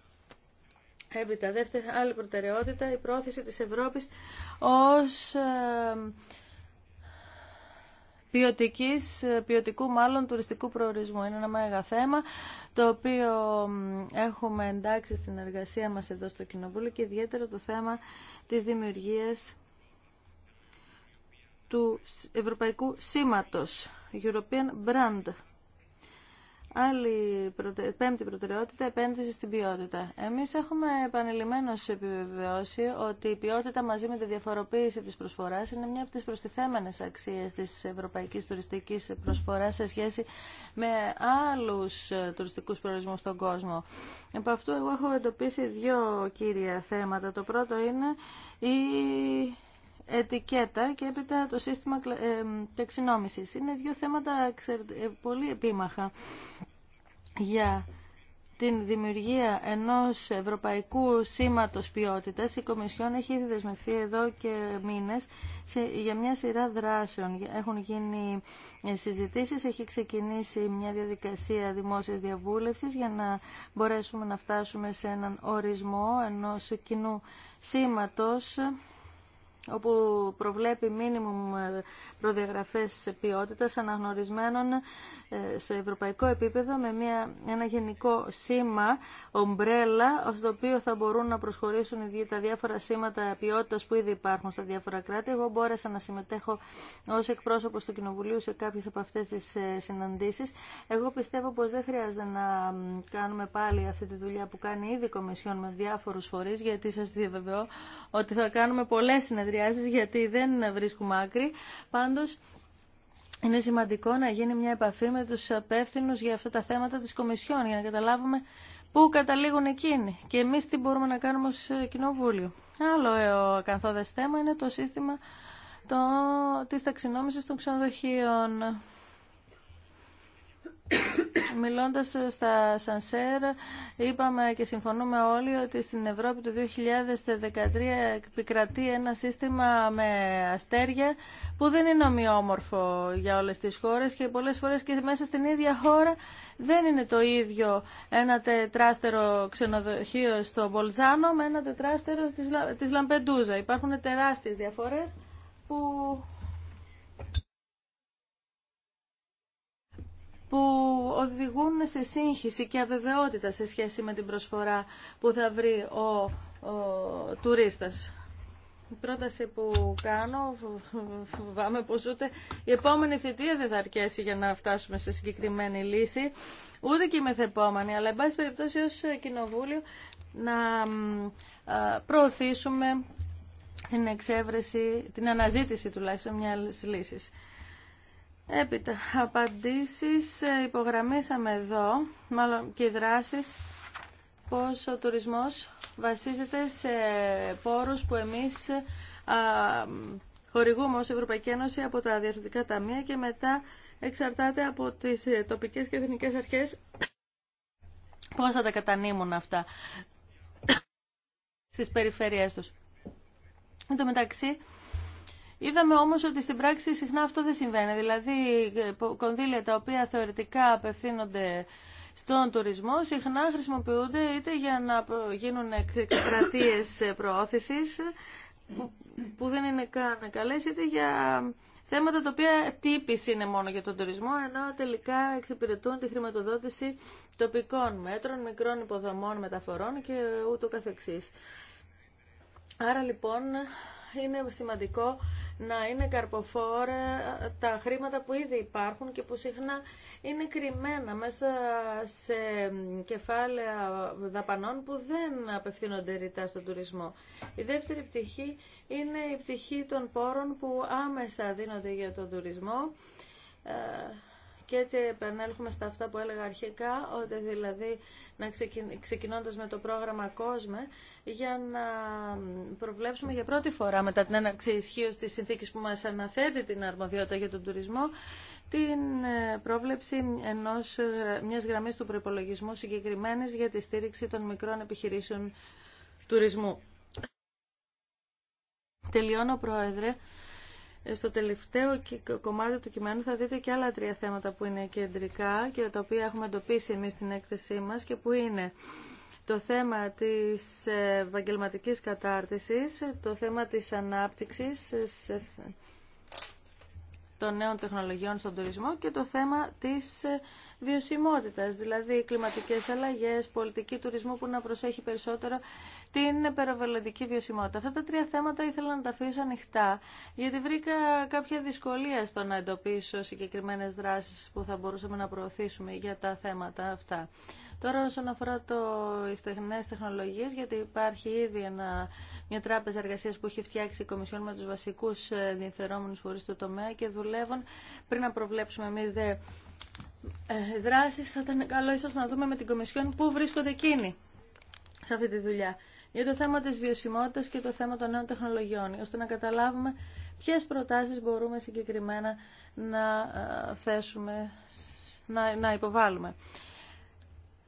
Έπειτα, δεύτερη άλλη προτεραιότητα, η πρόθεση της Ευρώπης ως ποιοτικής, ποιοτικού μάλλον τουριστικού προορισμού. Είναι ένα μεγάλο θέμα το οποίο έχουμε εντάξει στην εργασία μας εδώ στο Κοινοβούλιο και ιδιαίτερα το θέμα της δημιουργίας του Ευρωπαϊκού Σήματος, European Brand. Άλλη προτε... πέμπτη προτεραιότητα, επένδυση στην ποιότητα. Εμείς έχουμε επανειλημμένω επιβεβαιώσει ότι η ποιότητα μαζί με τη διαφοροποίηση τη προσφορά είναι μια από τι προστιθέμενες αξίε τη Ευρωπαϊκή Τουριστική προσφορά σε σχέση με άλλους ε, τουριστικούς προορισμούς στον κόσμο. Επ' αυτού εγώ έχω εντοπίσει δύο κύρια θέματα. Το πρώτο είναι η ετικέτα και έπειτα το σύστημα ε, ταξινόμησης. Είναι δύο θέματα ε, πολύ επίμαχα για την δημιουργία ενός ευρωπαϊκού σήματος ποιότητας. Η Κομισιόν έχει ήδη δεσμευτεί εδώ και μήνες για μια σειρά δράσεων. Έχουν γίνει ε, συζητήσεις, έχει ξεκινήσει μια διαδικασία δημόσιας διαβούλευσης για να μπορέσουμε να φτάσουμε σε έναν ορισμό ενός κοινού σήματος όπου προβλέπει μίνιμουμ ε, προδιαγραφές ποιότητας αναγνωρισμένων ε, σε ευρωπαϊκό επίπεδο με μια, ένα γενικό σήμα, ομπρέλα, στο οποίο θα μπορούν να προσχωρήσουν τα διάφορα σήματα ποιότητας που ήδη υπάρχουν στα διάφορα κράτη. Εγώ μπόρεσα να συμμετέχω ως εκπρόσωπος του Κοινοβουλίου σε κάποιες από αυτές τις ε, συναντήσεις. Εγώ πιστεύω πως δεν χρειάζεται να κάνουμε πάλι αυτή τη δουλειά που κάνει ήδη η Κομισιόν με διάφορους φορείς, γιατί σας διαβεβαιώ ότι θα κάνουμε πολλές συνεδρίες γιατί δεν βρίσκουμε άκρη. Πάντως, είναι σημαντικό να γίνει μια επαφή με τους απεύθυνου για αυτά τα θέματα της Κομισιόν για να καταλάβουμε πού καταλήγουν εκείνοι και εμείς τι μπορούμε να κάνουμε ως Κοινοβούλιο. Άλλο ε, καθόδες θέμα είναι το σύστημα το... της ταξινόμησης των ξενοδοχείων. Μιλώντας στα Σανσέρ, είπαμε και συμφωνούμε όλοι ότι στην Ευρώπη του 2013 επικρατεί ένα σύστημα με αστέρια που δεν είναι ομοιόμορφο για όλες τις χώρες και πολλές φορές και μέσα στην ίδια χώρα δεν είναι το ίδιο ένα τετράστερο ξενοδοχείο στο Μπολτζάνο με ένα τετράστερο της Λαμπεντούζα. Υπάρχουν τεράστιες διαφορές που που οδηγούν σε σύγχυση και αβεβαιότητα σε σχέση με την προσφορά που θα βρει ο, ο τουρίστας. Η πρόταση που κάνω, φοβάμαι πως ούτε η επόμενη θητεία δεν θα αρκέσει για να φτάσουμε σε συγκεκριμένη λύση, ούτε και η μεθεπόμενη, αλλά εν πάση περιπτώσει ως κοινοβούλιο να προωθήσουμε την εξέβρεση, την αναζήτηση τουλάχιστον μιας λύσης. Έπειτα, απαντήσεις ε, υπογραμμίσαμε εδώ, μάλλον και δράσεις, πως ο τουρισμός βασίζεται σε πόρους που εμείς α, χορηγούμε ως Ευρωπαϊκή Ένωση από τα διαρθρωτικά ταμεία και μετά εξαρτάται από τις ε, τοπικές και εθνικές αρχές πώς θα τα κατανείμουν αυτά στις περιφέρειές τους. Εν τω μεταξύ, Είδαμε όμως ότι στην πράξη συχνά αυτό δεν συμβαίνει. Δηλαδή ε, κονδύλια τα οποία θεωρητικά απευθύνονται στον τουρισμό συχνά χρησιμοποιούνται είτε για να γίνουν εκστρατείε ε, προώθηση που δεν είναι καν καλές είτε για θέματα τα οποία τύπη είναι μόνο για τον τουρισμό, ενώ τελικά εξυπηρετούν τη χρηματοδότηση τοπικών μέτρων, μικρών υποδομών μεταφορών και ούτω καθεξής. Άρα λοιπόν είναι σημαντικό να είναι καρποφόρα τα χρήματα που ήδη υπάρχουν και που συχνά είναι κρυμμένα μέσα σε κεφάλαια δαπανών που δεν απευθύνονται ρητά στον τουρισμό. Η δεύτερη πτυχή είναι η πτυχή των πόρων που άμεσα δίνονται για τον τουρισμό ε, και έτσι επανέλθουμε στα αυτά που έλεγα αρχικά, ότι δηλαδή να ξεκινώντας με το πρόγραμμα COSME, για να προβλέψουμε για πρώτη φορά μετά την έναρξη ισχύω της συνθήκης που μας αναθέτει την αρμοδιότητα για τον τουρισμό, την ε, πρόβλεψη ενός, ε, μιας γραμμής του προπολογισμού συγκεκριμένη για τη στήριξη των μικρών επιχειρήσεων τουρισμού. Τελειώνω, Πρόεδρε στο τελευταίο κομμάτι του κειμένου θα δείτε και άλλα τρία θέματα που είναι κεντρικά και τα οποία έχουμε εντοπίσει εμείς στην έκθεσή μας και που είναι το θέμα της ε, επαγγελματική κατάρτισης, το θέμα της ανάπτυξης των νέων τεχνολογιών στον τουρισμό και το θέμα της ε, βιωσιμότητας, δηλαδή κλιματικές αλλαγές, πολιτική τουρισμού που να προσέχει περισσότερο την περιβαλλοντική βιωσιμότητα. Αυτά τα τρία θέματα ήθελα να τα αφήσω ανοιχτά, γιατί βρήκα κάποια δυσκολία στο να εντοπίσω συγκεκριμένε δράσει που θα μπορούσαμε να προωθήσουμε για τα θέματα αυτά. Τώρα, όσον αφορά το τεχνέ τεχνολογίε, γιατί υπάρχει ήδη μια τράπεζα εργασία που έχει φτιάξει η Κομισιόν με του βασικού ε, ενδιαφερόμενου φορεί του τομέα και δουλεύουν πριν να προβλέψουμε εμεί δε ε, δράσεις θα ήταν καλό ίσως να δούμε με την Κομισιόν πού βρίσκονται εκείνοι σε αυτή τη δουλειά για το θέμα της βιωσιμότητας και το θέμα των νέων τεχνολογιών, ώστε να καταλάβουμε ποιες προτάσεις μπορούμε συγκεκριμένα να ε, θέσουμε, να, υποβάλουμε.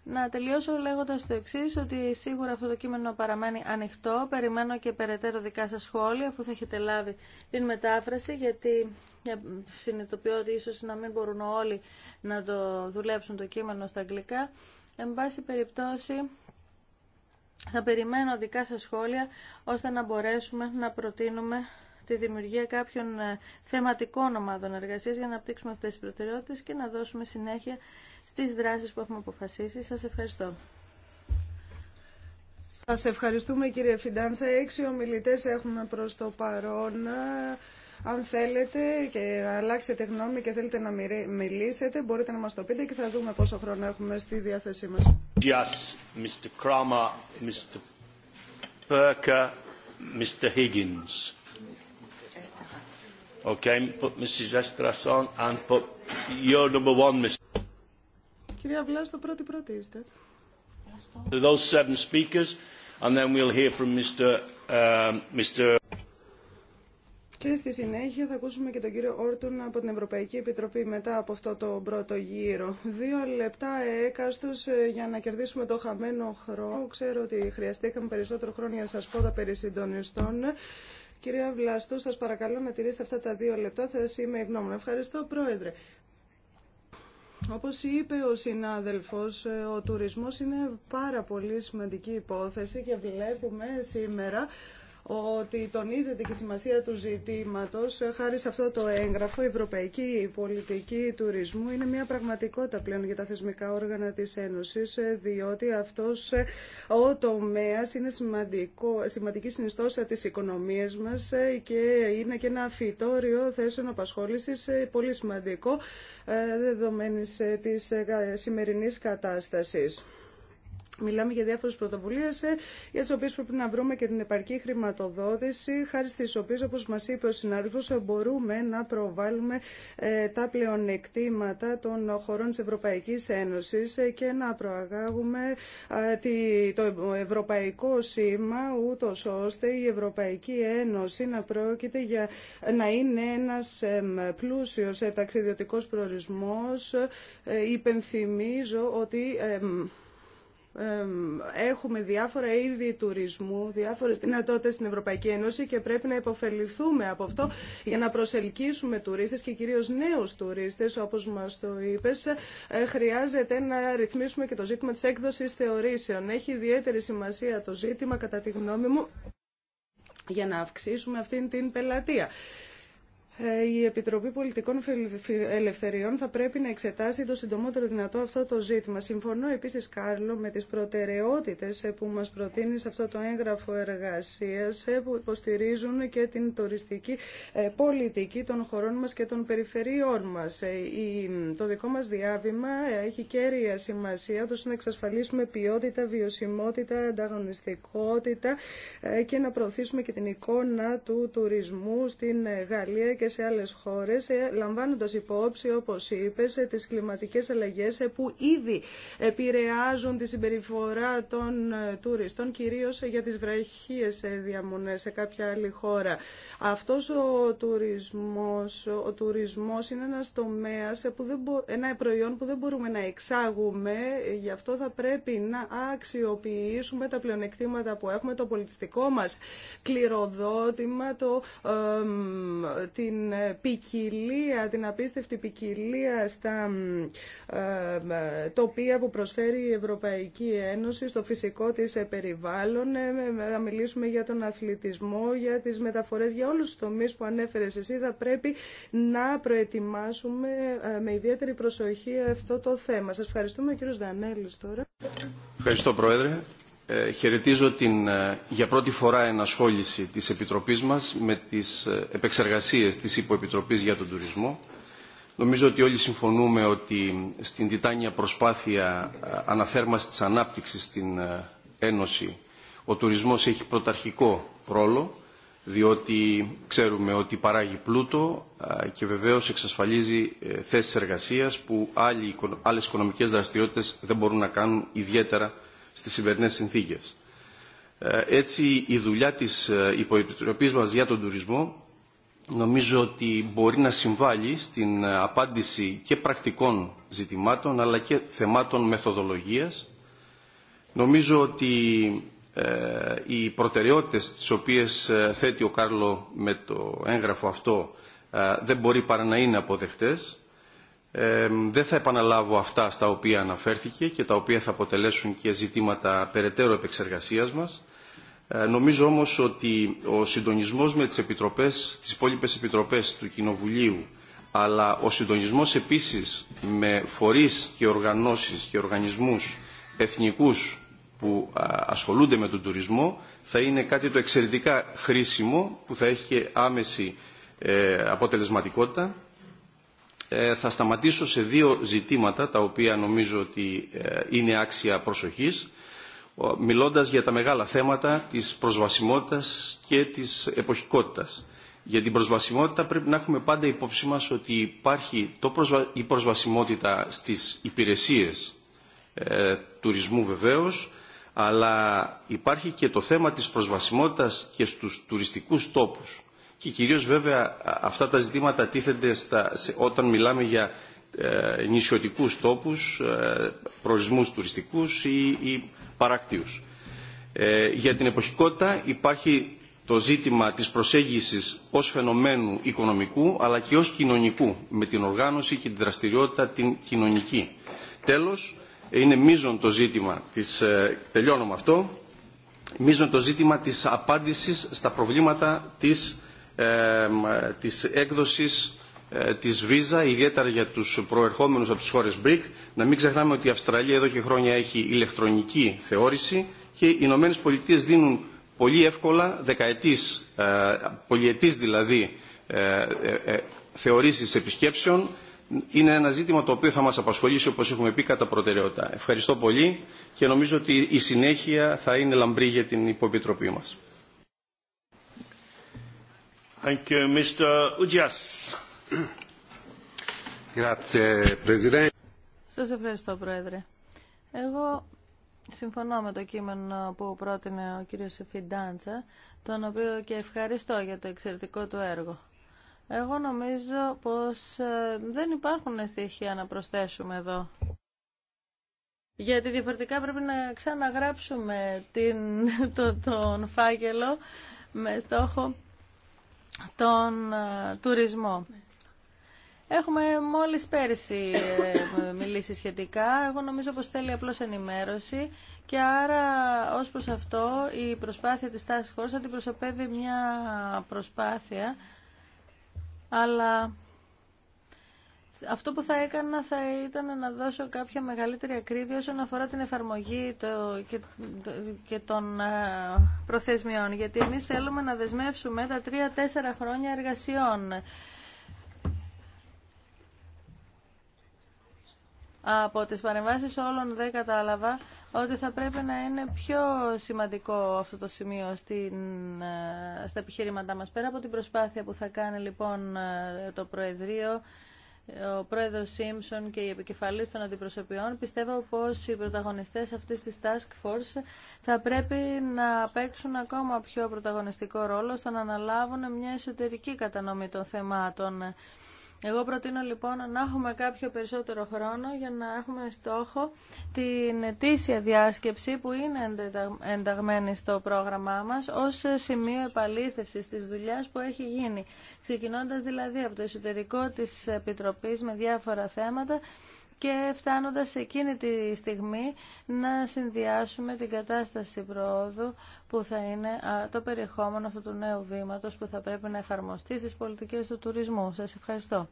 Να τελειώσω λέγοντα το εξή, ότι σίγουρα αυτό το κείμενο παραμένει ανοιχτό. Περιμένω και περαιτέρω δικά σα σχόλια, αφού θα έχετε λάβει την μετάφραση, γιατί ε, συνειδητοποιώ ότι ίσω να μην μπορούν όλοι να το δουλέψουν το κείμενο στα αγγλικά. Εν πάση περιπτώσει, θα περιμένω δικά σας σχόλια ώστε να μπορέσουμε να προτείνουμε τη δημιουργία κάποιων ε, θεματικών ομάδων εργασίας για να απτύξουμε αυτές τις προτεραιότητες και να δώσουμε συνέχεια στις δράσεις που έχουμε αποφασίσει. Σας ευχαριστώ. Σας ευχαριστούμε κύριε Φιντάνσα. Έξι ομιλητές έχουμε προς το παρόν. Αν θέλετε και αλλάξετε γνώμη και θέλετε να μιλήσετε, μπορείτε να μας το πείτε και θα δούμε πόσο χρόνο έχουμε στη διάθεσή μας. Yes, Mr. Kramer, Mr. Perker, Mr. Higgins. Okay, put Mrs. Estras on and put your number one, Mr. Κυρία Βλάστο, πρώτη πρώτη είστε. To those seven speakers, and then we'll hear from Mr. Uh, Mr. Και στη συνέχεια θα ακούσουμε και τον κύριο Όρτουν από την Ευρωπαϊκή Επιτροπή μετά από αυτό το πρώτο γύρο. Δύο λεπτά έκαστος ε, για να κερδίσουμε το χαμένο χρόνο. Ξέρω ότι χρειαστήκαμε περισσότερο χρόνο για να σας πω τα περί συντονιστών. Κυρία Βλαστού, σας παρακαλώ να τηρήσετε αυτά τα δύο λεπτά. Θα είμαι ευγνώμων. Ευχαριστώ, Πρόεδρε. Όπως είπε ο συνάδελφος, ε, ο τουρισμός είναι πάρα πολύ σημαντική υπόθεση και βλέπουμε σήμερα ότι τονίζεται και η σημασία του ζητήματος. Ε, χάρη σε αυτό το έγγραφο, η ευρωπαϊκή πολιτική τουρισμού είναι μια πραγματικότητα πλέον για τα θεσμικά όργανα της Ένωσης, ε, διότι αυτός ε, ο τομέας είναι σημαντικό, σημαντική συνιστόσα της οικονομίας μας και είναι και ένα φυτόριο θέσεων απασχόλησης πολύ σημαντικό δεδομένης της σημερινής κατάστασης. Μιλάμε για διάφορε πρωτοβουλίε ε, για τι οποίε πρέπει να βρούμε και την επαρκή χρηματοδότηση, χάρη στι οποίες, όπως μας είπε ο συνάδελφος, μπορούμε να προβάλλουμε ε, τα πλεονεκτήματα των χωρών της Ευρωπαϊκής Ένωσης ε, και να προαγάγουμε το ευρωπαϊκό σήμα, ούτω ώστε η Ευρωπαϊκή Ένωση να πρόκειται για να είναι ένας πλούσιος ταξιδιωτικός προορισμός. Υπενθυμίζω ότι έχουμε διάφορα είδη τουρισμού, διάφορες δυνατότητες στην Ευρωπαϊκή Ένωση και πρέπει να υποφεληθούμε από αυτό για να προσελκύσουμε τουρίστες και κυρίως νέους τουρίστες, όπως μας το είπες. Ε, χρειάζεται να ρυθμίσουμε και το ζήτημα της έκδοσης θεωρήσεων. Έχει ιδιαίτερη σημασία το ζήτημα, κατά τη γνώμη μου, για να αυξήσουμε αυτήν την πελατεία. Ε, η Επιτροπή Πολιτικών Ελευθεριών θα πρέπει να εξετάσει το συντομότερο δυνατό αυτό το ζήτημα. Συμφωνώ επίσης, Κάρλο, με τις προτεραιότητες ε, που μα προτείνει σε αυτό το έγγραφο εργασία ε, που υποστηρίζουν και την τουριστική πολιτική των χωρών μας και των περιφερειών μας. Το δικό μας διάβημα έχει κέρια σημασία ώστε να εξασφαλίσουμε ποιότητα, βιωσιμότητα, ανταγωνιστικότητα και να προωθήσουμε και την εικόνα του τουρισμού στην Γαλλία και σε άλλες χώρες, ε, λαμβάνοντας υπόψη, όπως είπες, ε, τις κλιματικές αλλαγές ε, που ήδη επηρεάζουν τη συμπεριφορά των τουριστών, κυρίως για τις βραχίες διαμονές σε κάποια άλλη χώρα. Αυτός ο τουρισμός, ο τουρισμός είναι ένας τομέας, ένα προϊόν που δεν μπορούμε να εξάγουμε, γι' αυτό θα πρέπει να αξιοποιήσουμε τα πλεονεκτήματα που έχουμε, το πολιτιστικό μας κληροδότημα, το, την ε, ποικιλία, την απίστευτη ποικιλία στα ε, ε, τοπία που προσφέρει η Ευρωπαϊκή Ένωση στο φυσικό της περιβάλλον. Θα μιλήσουμε για τον αθλητισμό, για τις μεταφορές, για όλους τους τομείς που ανέφερες εσύ. Θα πρέπει να προετοιμάσουμε με ιδιαίτερη προσοχή αυτό το θέμα. Σας ευχαριστούμε κύριος Δανέλης τώρα. Ευχαριστώ Πρόεδρε. Ε, χαιρετίζω την, ε, για πρώτη φορά ενασχόληση της Επιτροπής μας με τις ε, επεξεργασίες της Υποεπιτροπής για τον Τουρισμό. Νομίζω ότι όλοι συμφωνούμε ότι στην τιτάνια προσπάθεια αναθέρμασης της ανάπτυξης στην Ένωση ο τουρισμός έχει πρωταρχικό ρόλο διότι ξέρουμε ότι παράγει πλούτο και βεβαίως εξασφαλίζει θέσεις εργασίας που άλλες οικονομικές δραστηριότητες δεν μπορούν να κάνουν ιδιαίτερα στις σημερινές συνθήκες. Ε, έτσι η δουλειά της ε, υποεπιτροπής μας για τον τουρισμό νομίζω ότι μπορεί να συμβάλλει στην ε, απάντηση και πρακτικών ζητημάτων αλλά και θεμάτων μεθοδολογίας. Νομίζω ότι οι προτεραιότητες τις οποίες θέτει ο Κάρλο με το έγγραφο αυτό δεν μπορεί παρά να είναι αποδεκτές δεν θα επαναλάβω αυτά στα οποία αναφέρθηκε και τα οποία θα αποτελέσουν και ζητήματα περαιτέρω επεξεργασίας μας. Ε, νομίζω όμως ότι ο συντονισμός με τις, επιτροπές, τις υπόλοιπες επιτροπές του Κοινοβουλίου αλλά ο συντονισμός επίσης με φορείς και οργανώσεις και οργανισμούς εθνικούς που ασχολούνται με τον τουρισμό θα είναι κάτι το εξαιρετικά χρήσιμο που θα έχει και άμεση ε, αποτελεσματικότητα ε, θα σταματήσω σε δύο ζητήματα τα οποία νομίζω ότι ε, είναι άξια προσοχής μιλώντας για τα μεγάλα θέματα της προσβασιμότητας και της εποχικότητας. Για την προσβασιμότητα πρέπει να έχουμε πάντα υπόψη μας ότι υπάρχει η προσβασιμότητα στις υπηρεσίες ε, τουρισμού βεβαίως, αλλά υπάρχει και το θέμα της προσβασιμότητας και στους τουριστικούς τόπους και κυρίως βέβαια αυτά τα ζητήματα τίθενται στα, όταν μιλάμε για ε, νησιωτικούς τόπους, ε, προορισμούς τουριστικούς ή, ή παρακτίους. Ε, για την εποχικότητα υπάρχει το ζήτημα της προσέγγισης ως φαινομένου οικονομικού αλλά και ως κοινωνικού με την οργάνωση και την δραστηριότητα την κοινωνική. Τέλος, είναι μείζον το ζήτημα της, ε, τελειώνω αυτό, μείζον το ζήτημα της απάντησης στα προβλήματα της ε, της έκδοσης ε, της Visa, ιδιαίτερα για τους προερχόμενους από τις χώρες BRIC. Να μην ξεχνάμε ότι η Αυστραλία εδώ και χρόνια έχει ηλεκτρονική θεώρηση και οι Ηνωμένε Πολιτείε δίνουν πολύ εύκολα δεκαετής, ε, πολυετής δηλαδή, θεωρήσεις επισκέψεων. Είναι ένα ζήτημα το οποίο θα μας απασχολήσει, όπως έχουμε πει, κατά προτεραιότητα. Ευχαριστώ πολύ και νομίζω ότι η συνέχεια θα είναι λαμπρή για την υποπιτροπή μας ευχαριστώ, Πρόεδρε. Εγώ συμφωνώ με το κείμενο που πρότεινε ο κύριος Φιντάντσα, τον οποίο και ευχαριστώ για το εξαιρετικό του έργο. Εγώ νομίζω πως ε, δεν υπάρχουν στοιχεία να προσθέσουμε εδώ. Γιατί διαφορετικά πρέπει να ξαναγράψουμε την, το, τον φάκελο με στόχο τον ε, τουρισμό. Έχουμε μόλις πέρσι ε, μιλήσει σχετικά. Εγώ νομίζω πως θέλει απλώς ενημέρωση και άρα ως προς αυτό η προσπάθεια της τάσης χώρας αντιπροσωπεύει μια προσπάθεια αλλά αυτό που θα έκανα θα ήταν να δώσω κάποια μεγαλύτερη ακρίβεια όσον αφορά την εφαρμογή και, των προθεσμιών. Γιατί εμείς θέλουμε να δεσμεύσουμε τα τρία-τέσσερα χρόνια εργασιών. Από τις παρεμβάσεις όλων δεν κατάλαβα ότι θα πρέπει να είναι πιο σημαντικό αυτό το σημείο στην, στα επιχείρηματά μας. Πέρα από την προσπάθεια που θα κάνει λοιπόν το Προεδρείο ο πρόεδρος Σίμψον και οι επικεφαλής των αντιπροσωπιών, πιστεύω πως οι πρωταγωνιστές αυτής της Task Force θα πρέπει να παίξουν ακόμα πιο πρωταγωνιστικό ρόλο στο να αναλάβουν μια εσωτερική κατανομή των θεμάτων εγώ προτείνω λοιπόν να έχουμε κάποιο περισσότερο χρόνο για να έχουμε στόχο την ετήσια διάσκεψη που είναι ενταγμένη στο πρόγραμμά μας ως σημείο επαλήθευσης της δουλειάς που έχει γίνει. Ξεκινώντας δηλαδή από το εσωτερικό της Επιτροπής με διάφορα θέματα και φτάνοντας εκείνη τη στιγμή να συνδυάσουμε την κατάσταση πρόοδου που θα είναι το περιεχόμενο αυτού του νέου βήματος που θα πρέπει να εφαρμοστεί στις πολιτικές του τουρισμού. Σας ευχαριστώ.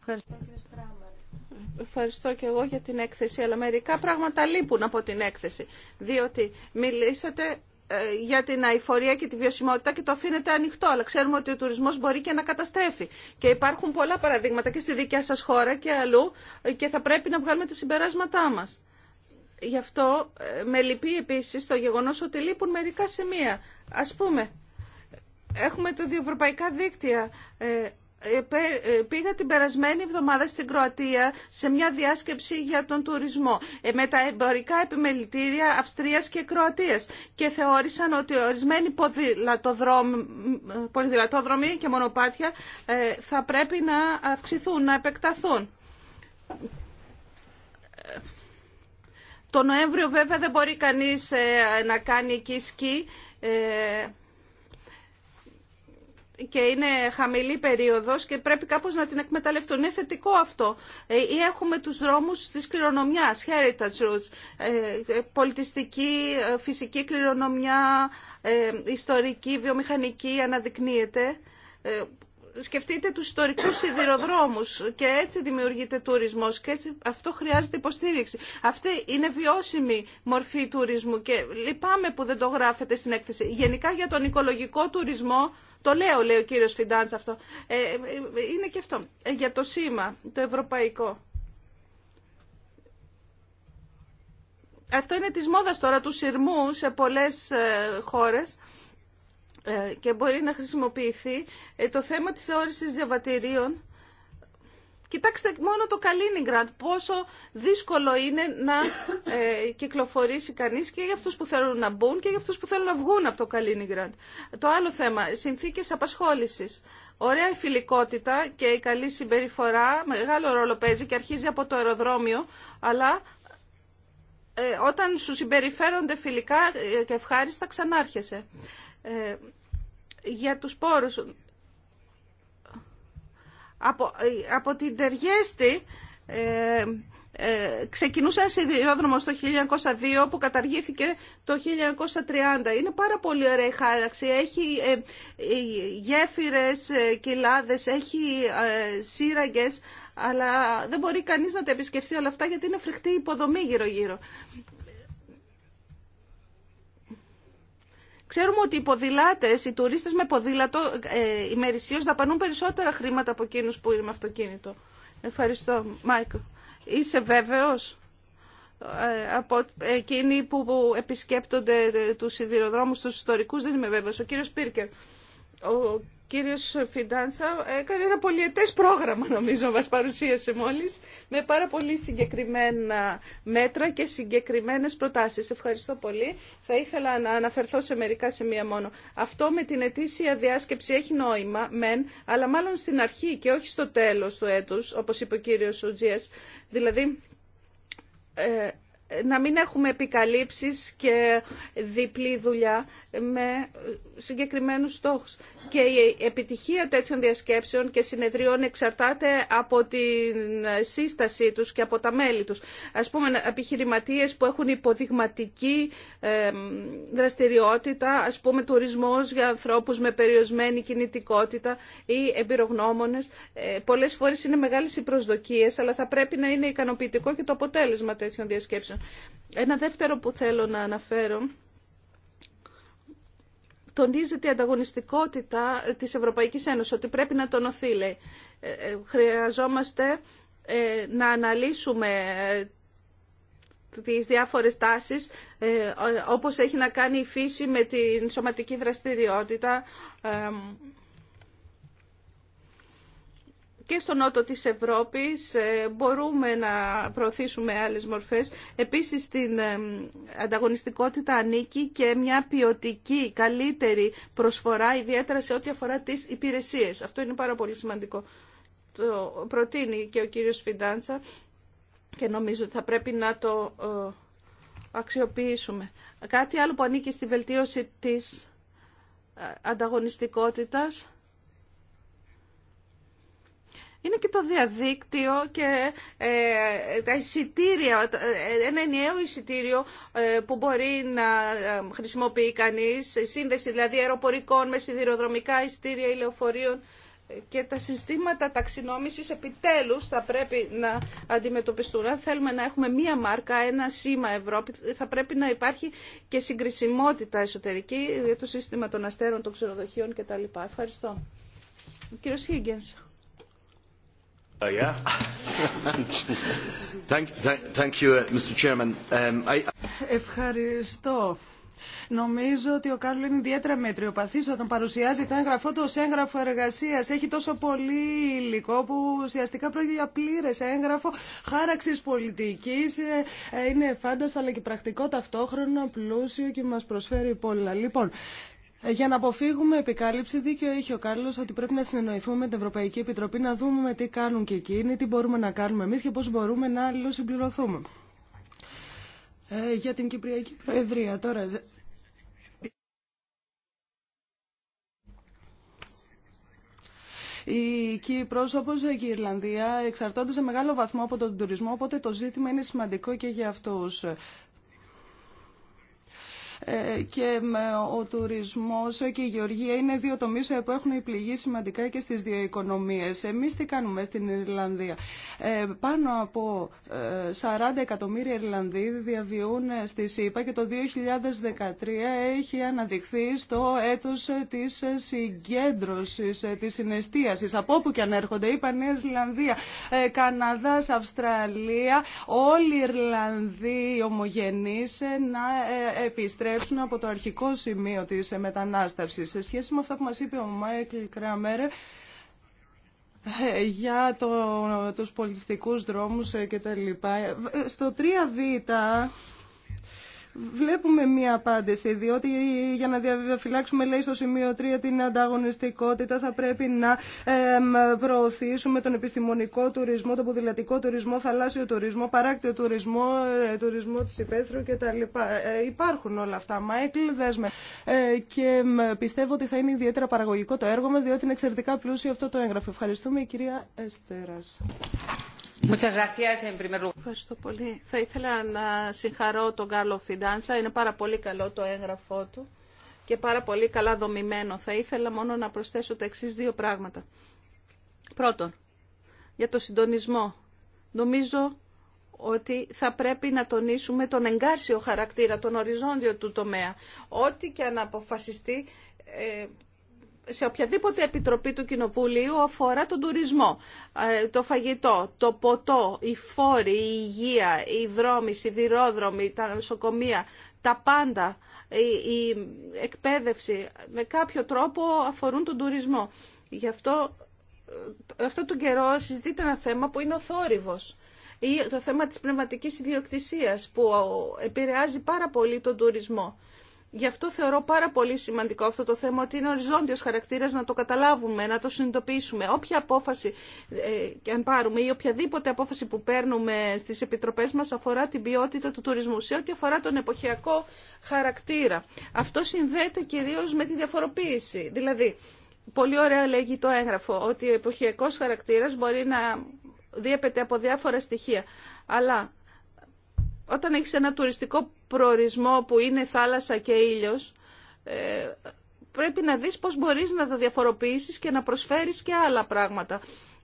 Ευχαριστώ κύριε Ευχαριστώ και εγώ για την έκθεση, αλλά μερικά πράγματα λείπουν από την έκθεση, διότι μιλήσατε ε, για την αηφορία και τη βιωσιμότητα και το αφήνεται ανοιχτό. Αλλά ξέρουμε ότι ο τουρισμό μπορεί και να καταστρέφει. Και υπάρχουν πολλά παραδείγματα και στη δικιά σα χώρα και αλλού ε, και θα πρέπει να βγάλουμε τα συμπεράσματά μα. Γι' αυτό ε, με λυπεί επίσης το γεγονός ότι λείπουν μερικά σημεία. Ας πούμε, έχουμε τα ευρωπαϊκά δίκτυα. Ε, ε, πήγα την περασμένη εβδομάδα στην Κροατία σε μια διάσκεψη για τον τουρισμό με τα εμπορικά επιμελητήρια Αυστρίας και Κροατίας και θεώρησαν ότι ορισμένοι πολυδηλατόδρομοι και μονοπάτια θα πρέπει να αυξηθούν, να επεκταθούν το Νοέμβριο βέβαια δεν μπορεί κανείς ε, να κάνει εκεί σκι ε, και είναι χαμηλή περίοδος και πρέπει κάπως να την εκμεταλλευτούν. Είναι θετικό αυτό. Ε, ή έχουμε τους δρόμους της κληρονομιάς, heritage routes, πολιτιστική, φυσική κληρονομιά, ιστορική, βιομηχανική αναδεικνύεται σκεφτείτε τους ιστορικούς σιδηροδρόμους και έτσι δημιουργείται τουρισμός και έτσι αυτό χρειάζεται υποστήριξη. Αυτή είναι βιώσιμη μορφή τουρισμού και λυπάμαι που δεν το γράφετε στην έκθεση. Γενικά για τον οικολογικό τουρισμό, το λέω λέει ο κύριος Φιντάντς αυτό, ε, ε, είναι και αυτό. Ε, για το σήμα, το ευρωπαϊκό. Αυτό είναι της μόδας τώρα του σειρμού σε πολλές χώρες. Ε, και μπορεί να χρησιμοποιηθεί ε, το θέμα της θεώρησης διαβατηρίων. Κοιτάξτε μόνο το Καλίνιγκραντ, πόσο δύσκολο είναι να ε, κυκλοφορήσει κανείς και για αυτούς που θέλουν να μπουν και για αυτούς που θέλουν να βγουν από το Καλίνιγκραντ. Το άλλο θέμα, συνθήκες απασχόλησης. Ωραία η φιλικότητα και η καλή συμπεριφορά, μεγάλο ρόλο παίζει και αρχίζει από το αεροδρόμιο, αλλά όταν σου συμπεριφέρονται φιλικά και ευχάριστα ξανάρχεσαι. Ε, για τους πόρους. Από, από την Τεργέστη ε, ε, ξεκινούσε ένα το 1902 που καταργήθηκε το 1930. Είναι πάρα πολύ ωραία η χάραξη. Έχει ε, γέφυρες, ε, κοιλάδες, έχει ε, σύραγγες αλλά δεν μπορεί κανείς να τα επισκεφτεί όλα αυτά γιατί είναι φρικτή υποδομή γύρω-γύρω. Ξέρουμε ότι οι ποδηλάτε, οι τουρίστες με ποδήλατο ε, ημερησίως δαπανούν περισσότερα χρήματα από εκείνου που είναι με αυτοκίνητο. Ευχαριστώ, Μάικλ. Είσαι βέβαιος ε, από εκείνοι που, επισκέπτονται ε, τους σιδηροδρόμου, τους ιστορικούς, δεν είμαι βέβαιο. Ο κύριο Πίρκερ, ο κύριος Φιντάνσα έκανε ένα πολυετές πρόγραμμα νομίζω μας παρουσίασε μόλις με πάρα πολύ συγκεκριμένα μέτρα και συγκεκριμένες προτάσεις. Ευχαριστώ πολύ. Θα ήθελα να αναφερθώ σε μερικά σημεία μόνο. Αυτό με την ετήσια διάσκεψη έχει νόημα, μεν, αλλά μάλλον στην αρχή και όχι στο τέλος του έτους, όπως είπε ο κύριος Ουτζίας. Δηλαδή, ε, να μην έχουμε επικαλύψεις και διπλή δουλειά με συγκεκριμένους στόχους. Και η επιτυχία τέτοιων διασκέψεων και συνεδριών εξαρτάται από την σύστασή τους και από τα μέλη τους. Ας πούμε, επιχειρηματίες που έχουν υποδειγματική δραστηριότητα, ας πούμε τουρισμός για ανθρώπους με περιορισμένη κινητικότητα ή εμπειρογνώμονες. Ε, πολλές φορές είναι μεγάλες οι προσδοκίες, αλλά θα πρέπει να είναι ικανοποιητικό και το αποτέλεσμα τέτοιων διασκέψεων. Ένα δεύτερο που θέλω να αναφέρω τονίζεται η ανταγωνιστικότητα της Ευρωπαϊκής Ένωσης, ότι πρέπει να τονωθεί, λέει. Ε, ε, χρειαζόμαστε ε, να αναλύσουμε τις διάφορες τάσεις, όπως έχει να κάνει η φύση με την σωματική δραστηριότητα, και στο νότο της Ευρώπης ε, μπορούμε να προωθήσουμε άλλες μορφές. Επίσης στην ε, ανταγωνιστικότητα ανήκει και μια ποιοτική, καλύτερη προσφορά, ιδιαίτερα σε ό,τι αφορά τις υπηρεσίες. Αυτό είναι πάρα πολύ σημαντικό. Το προτείνει και ο κύριος Φιντάντσα και νομίζω ότι θα πρέπει να το ε, αξιοποιήσουμε. Κάτι άλλο που ανήκει στη βελτίωση της ανταγωνιστικότητας είναι και το διαδίκτυο και ε, τα εισιτήρια, ε, ένα ενιαίο εισιτήριο ε, που μπορεί να χρησιμοποιεί κανείς, σύνδεση δηλαδή αεροπορικών με σιδηροδρομικά εισιτήρια λεωφορείων και τα συστήματα ταξινόμησης επιτέλους θα πρέπει να αντιμετωπιστούν. Αν θέλουμε να έχουμε μία μάρκα, ένα σήμα Ευρώπη, θα πρέπει να υπάρχει και συγκρισιμότητα εσωτερική για δηλαδή το σύστημα των αστέρων, των ξενοδοχείων κτλ. Ευχαριστώ. Ο κύριος Ευχαριστώ. Νομίζω ότι ο Κάρλο είναι ιδιαίτερα μετριοπαθή όταν παρουσιάζει το έγγραφό του ω έγγραφο εργασία. Έχει τόσο πολύ υλικό που ουσιαστικά πρόκειται για πλήρε έγγραφο χάραξη πολιτική. Ε, ε, είναι φάνταστο αλλά και πρακτικό ταυτόχρονα, πλούσιο και μα προσφέρει πολλά. Λοιπόν, ε, για να αποφύγουμε επικάλυψη, δίκιο έχει ο Κάρλο ότι πρέπει να συνεννοηθούμε με την Ευρωπαϊκή Επιτροπή, να δούμε τι κάνουν και εκείνοι, τι μπορούμε να κάνουμε εμεί και πώ μπορούμε να αλληλοσυμπληρωθούμε. Ε, για την Κυπριακή Προεδρία τώρα. Η Κύπρος όπως και η Ιρλανδία εξαρτώνται σε μεγάλο βαθμό από τον τουρισμό, οπότε το ζήτημα είναι σημαντικό και για αυτούς. Ε, και ο τουρισμός και η γεωργία είναι δύο τομείς που έχουν πληγεί σημαντικά και στις δύο οικονομίες. Εμείς τι κάνουμε στην Ιρλανδία. Ε, πάνω από 40 ε, εκατομμύρια Ιρλανδοί διαβιούν στη ΣΥΠΑ και το 2013 έχει αναδειχθεί στο έτος της συγκέντρωσης, της συναισθίασης. Από όπου και αν έρχονται, είπα Νέα Ζηλανδία, Καναδάς, Αυστραλία, όλοι οι Ιρλανδοί ομογενεί να επιστρέψουν επιστρέψουν από το αρχικό σημείο της μετανάστευσης. Σε σχέση με αυτά που μας είπε ο Μάικλ κρεαμέρε για το, τους πολιτιστικούς δρόμους ε, και τα λοιπά. Ε, στο 3β Βλέπουμε μία απάντηση, διότι για να διαφυλάξουμε, λέει στο σημείο 3, την ανταγωνιστικότητα θα πρέπει να προωθήσουμε τον επιστημονικό τουρισμό, τον ποδηλατικό τουρισμό, θαλάσσιο τουρισμό, παράκτιο τουρισμό, ε, τουρισμό της υπαίθρου κτλ. Ε, υπάρχουν όλα αυτά, μα έκλειδεσμε. Ε, και πιστεύω ότι θα είναι ιδιαίτερα παραγωγικό το έργο μας, διότι είναι εξαιρετικά πλούσιο αυτό το έγγραφο. Ευχαριστούμε, κυρία Εστέρας. Ευχαριστώ πολύ. Θα ήθελα να συγχαρώ τον Κάρλο Φιντάνσα. Είναι πάρα πολύ καλό το έγγραφό του και πάρα πολύ καλά δομημένο. Θα ήθελα μόνο να προσθέσω τα εξή δύο πράγματα. Πρώτον, για το συντονισμό. Νομίζω ότι θα πρέπει να τονίσουμε τον εγκάρσιο χαρακτήρα, τον οριζόντιο του τομέα. Ό,τι και αν αποφασιστεί, ε, σε οποιαδήποτε επιτροπή του Κοινοβουλίου αφορά τον τουρισμό, ε, το φαγητό, το ποτό, η φόρη, η υγεία, οι δρόμοι, οι σιδηρόδρομοι, τα νοσοκομεία, τα πάντα, η εκπαίδευση, με κάποιο τρόπο αφορούν τον τουρισμό. Γι' αυτό, ε, αυτό τον καιρό συζητείται ένα θέμα που είναι ο θόρυβος ή το θέμα της πνευματικής ιδιοκτησίας που επηρεάζει πάρα πολύ τον τουρισμό. Γι' αυτό θεωρώ πάρα πολύ σημαντικό αυτό το θέμα ότι είναι οριζόντιος χαρακτήρας να το καταλάβουμε, να το συνειδητοποιήσουμε. Όποια απόφαση ε, και αν πάρουμε ή οποιαδήποτε απόφαση που παίρνουμε στις επιτροπές μας αφορά την ποιότητα του τουρισμού, σε ό,τι αφορά τον εποχιακό χαρακτήρα. Αυτό συνδέεται κυρίως με τη διαφοροποίηση. Δηλαδή, πολύ ωραία λέγει το έγγραφο ότι ο εποχιακός χαρακτήρας μπορεί να διέπεται από διάφορα στοιχεία. Αλλά όταν έχεις ένα τουριστικό προορισμό που είναι θάλασσα και ήλιος, ε, πρέπει να δεις πώς μπορείς να το διαφοροποιήσεις και να προσφέρεις και άλλα πράγματα.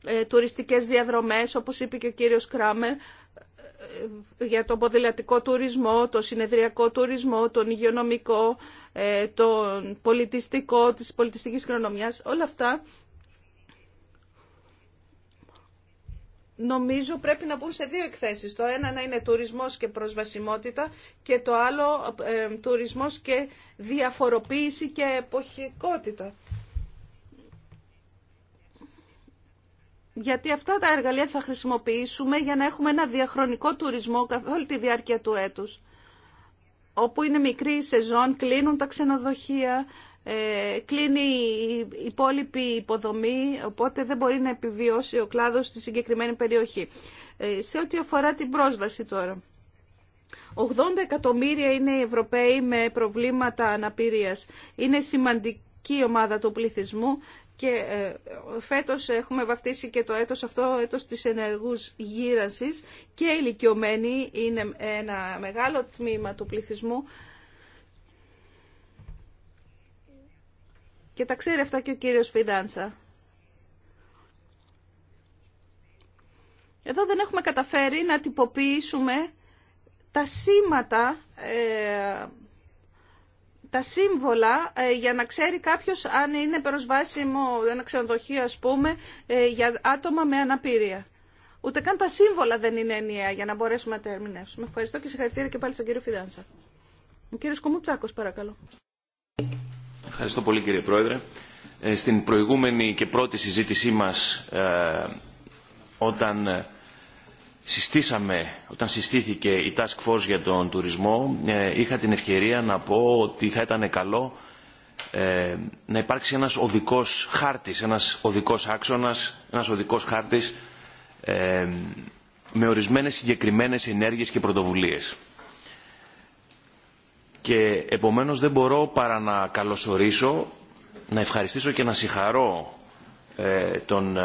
Ε, τουριστικές διαδρομές, όπως είπε και ο κύριος Κράμερ, ε, για τον ποδηλατικό τουρισμό, το συνεδριακό τουρισμό, τον υγειονομικό, τον πολιτιστικό, της πολιτιστικής κληρονομιάς, όλα αυτά νομίζω πρέπει να μπουν σε δύο εκθέσεις. Το ένα να είναι τουρισμός και προσβασιμότητα και το άλλο ε, τουρισμός και διαφοροποίηση και εποχικότητα. Γιατί αυτά τα εργαλεία θα χρησιμοποιήσουμε για να έχουμε ένα διαχρονικό τουρισμό καθ' όλη τη διάρκεια του έτους. Όπου είναι μικρή η σεζόν, κλείνουν τα ξενοδοχεία, ε, κλείνει η υπόλοιπη υποδομή, οπότε δεν μπορεί να επιβιώσει ο κλάδος στη συγκεκριμένη περιοχή. Ε, σε ό,τι αφορά την πρόσβαση τώρα. 80 εκατομμύρια είναι οι Ευρωπαίοι με προβλήματα αναπηρίας. Είναι σημαντική ομάδα του πληθυσμού και ε, φέτος έχουμε βαφτίσει και το έτος αυτό, έτος της ενεργούς γύρασης και ηλικιωμένοι είναι ένα μεγάλο τμήμα του πληθυσμού Και τα ξέρει αυτά και ο κύριος Φιδάντσα. Εδώ δεν έχουμε καταφέρει να τυποποιήσουμε τα σήματα, ε, τα σύμβολα ε, για να ξέρει κάποιος αν είναι προσβάσιμο ένα ξενοδοχείο ας πούμε ε, για άτομα με αναπηρία. Ούτε καν τα σύμβολα δεν είναι ενιαία για να μπορέσουμε να τα ερμηνεύσουμε. Ευχαριστώ και συγχαρητήρια και πάλι στον κύριο Φιδάνσα. Ο κύριος Κομουτσάκος παρακαλώ. Ευχαριστώ πολύ κύριε Πρόεδρε. Ε, στην προηγούμενη και πρώτη συζήτησή μας ε, όταν ε, συστήσαμε, όταν συστήθηκε η Task Force για τον τουρισμό είχα την ευκαιρία να πω ότι θα ήταν καλό να υπάρξει ένας οδικός χάρτης, ένας οδικός άξονας, ένας οδικός χάρτης με ορισμένες συγκεκριμένες ενέργειες και πρωτοβουλίες και επομένως δεν μπορώ παρά να καλωσορίσω, να ευχαριστήσω και να συγχαρώ ε, τον ε,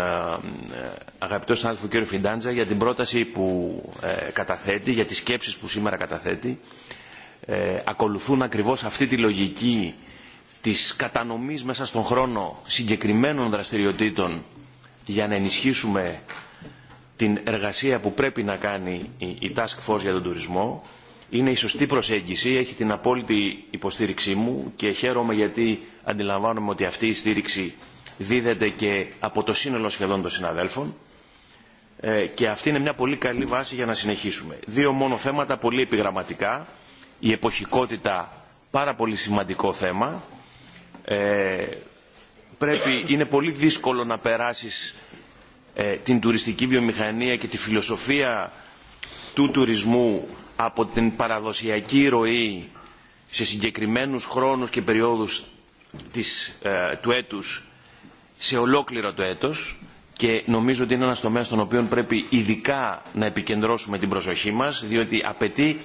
αγαπητό συνάδελφο κύριο Φιντάντζα για την πρόταση που ε, καταθέτει, για τις σκέψεις που σήμερα καταθέτει. Ε, ακολουθούν ακριβώς αυτή τη λογική της κατανομής μέσα στον χρόνο συγκεκριμένων δραστηριοτήτων για να ενισχύσουμε την εργασία που πρέπει να κάνει η Task Force για τον τουρισμό είναι η σωστή προσέγγιση, έχει την απόλυτη υποστήριξή μου και χαίρομαι γιατί αντιλαμβάνομαι ότι αυτή η στήριξη δίδεται και από το σύνολο σχεδόν των συναδέλφων ε, και αυτή είναι μια πολύ καλή βάση για να συνεχίσουμε. Δύο μόνο θέματα πολύ επιγραμματικά. Η εποχικότητα, πάρα πολύ σημαντικό θέμα. Ε, πρέπει, είναι πολύ δύσκολο να περάσεις ε, την τουριστική βιομηχανία και τη φιλοσοφία του τουρισμού από την παραδοσιακή ροή σε συγκεκριμένους χρόνους και περιόδους της, ε, του έτους σε ολόκληρο το έτος και νομίζω ότι είναι ένα τομέας στον οποίο πρέπει ειδικά να επικεντρώσουμε την προσοχή μας διότι απαιτεί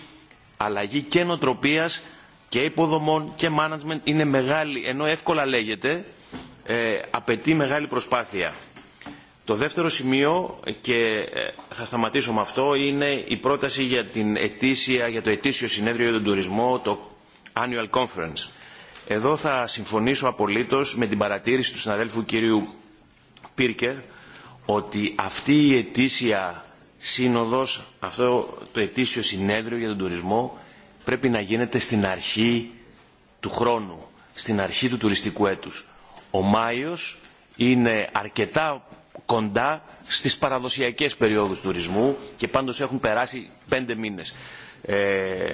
αλλαγή και νοτροπίας και υποδομών και management είναι μεγάλη, ενώ εύκολα λέγεται, ε, απαιτεί μεγάλη προσπάθεια. Το δεύτερο σημείο, και ε, θα σταματήσω με αυτό, είναι η πρόταση για, την ετήσια, για το ετήσιο συνέδριο για τον τουρισμό, το Annual Conference. Εδώ θα συμφωνήσω απολύτως με την παρατήρηση του συναδέλφου κύριου Πίρκερ, ότι αυτή η ετήσια σύνοδος, αυτό το ετήσιο συνέδριο για τον τουρισμό, πρέπει να γίνεται στην αρχή του χρόνου, στην αρχή του τουριστικού έτους. Ο Μάιος είναι αρκετά κοντά στις παραδοσιακές περιόδους τουρισμού και πάντως έχουν περάσει πέντε μήνες. Ε,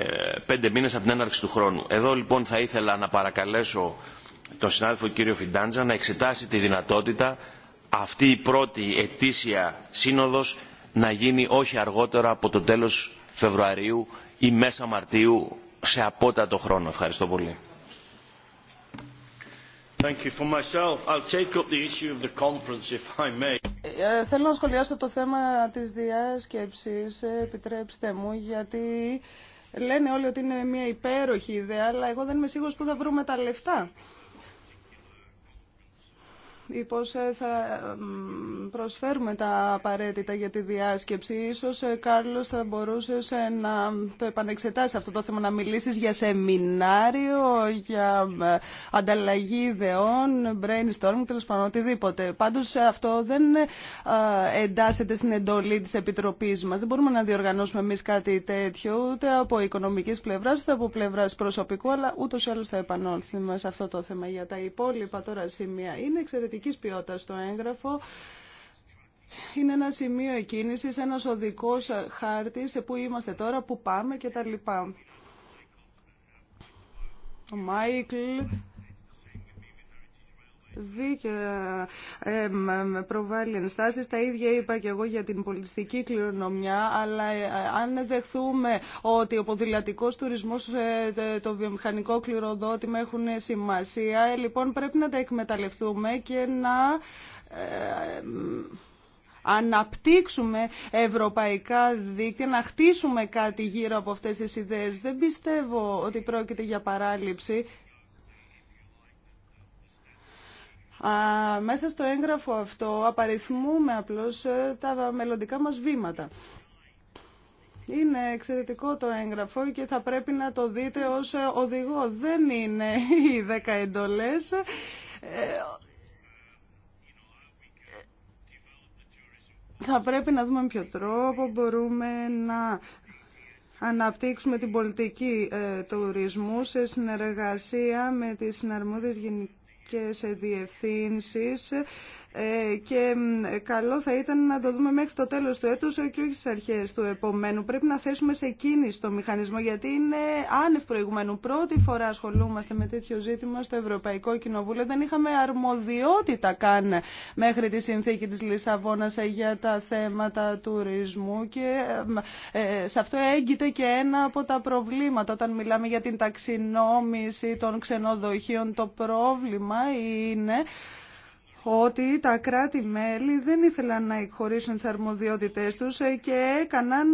πέντε μήνες από την έναρξη του χρόνου. Εδώ λοιπόν θα ήθελα να παρακαλέσω τον συνάδελφο κύριο Φιντάντζα να εξετάσει τη δυνατότητα αυτή η πρώτη ετήσια σύνοδος να γίνει όχι αργότερα από το τέλος Φεβρουαρίου ή μέσα Μαρτίου σε απότατο χρόνο. Ευχαριστώ πολύ. Thank you. For myself, I'll θέλω να σχολιάσω το θέμα της διάσκεψης, επιτρέψτε μου, γιατί λένε όλοι ότι είναι μια υπέροχη ιδέα, αλλά εγώ δεν είμαι σίγουρος που θα βρούμε τα λεφτά ή πώς ε, θα προσφέρουμε τα απαραίτητα για τη διάσκεψη. Ίσως, ε, Κάρλος, θα μπορούσες ε, να το επανεξετάσεις αυτό το θέμα, να μιλήσεις για σεμινάριο, για ανταλλαγή ιδεών, brainstorm, τέλο πάντων, οτιδήποτε. Πάντως, αυτό δεν εντάσσεται στην εντολή της Επιτροπής μας. Δεν μπορούμε να διοργανώσουμε εμείς κάτι τέτοιο, ούτε από οικονομικής πλευράς, ούτε από πλευράς προσωπικού, αλλά ούτως ή άλλως θα επανόλθουμε σε αυτό το θέμα για τα υπόλοιπα τώρα σημεία. Είναι εξαιρετικά εξαιρετική ποιότητα το έγγραφο. Είναι ένα σημείο κίνησης ένας οδικό χάρτης σε πού είμαστε τώρα, πού πάμε κτλ. Ο Μάικλ δίκαια προβάλλει ενστάσει. Τα ίδια είπα και εγώ για την πολιτιστική κληρονομιά, αλλά ε, αν δεχθούμε ότι ο ποδηλατικό τουρισμό, ε, το βιομηχανικό κληροδότημα έχουν σημασία, ε, λοιπόν πρέπει να τα εκμεταλλευτούμε και να αναπτύξουμε ευρωπαϊκά δίκτυα, να χτίσουμε κάτι γύρω από αυτές τις ιδέες. Δεν πιστεύω ότι πρόκειται για παράληψη. μέσα στο έγγραφο αυτό απαριθμούμε απλώς ε, τα μελλοντικά μας βήματα. Είναι εξαιρετικό το έγγραφο και θα πρέπει να το δείτε ως ε, οδηγό. Δεν είναι οι δέκα εντολές. Ε, θα πρέπει να δούμε με ποιο τρόπο μπορούμε να αναπτύξουμε την πολιτική τουρισμού σε συνεργασία με τις συναρμόδιες γενικές και σε διευθύνσεις ε, και καλό θα ήταν να το δούμε μέχρι το τέλος του έτους και όχι στις αρχές του επομένου. Πρέπει να θέσουμε σε κίνηση το μηχανισμό γιατί είναι άνευ προηγουμένου. Πρώτη φορά ασχολούμαστε με τέτοιο ζήτημα στο Ευρωπαϊκό Κοινοβούλιο. Δεν είχαμε αρμοδιότητα καν μέχρι τη συνθήκη της Λισαβόνας για τα θέματα τουρισμού και ε, σε αυτό έγκυται και ένα από τα προβλήματα όταν μιλάμε για την ταξινόμηση των ξενοδοχείων. Το πρόβλημα είναι ότι τα κράτη-μέλη δεν ήθελαν να εκχωρήσουν τις αρμοδιότητές τους και έκαναν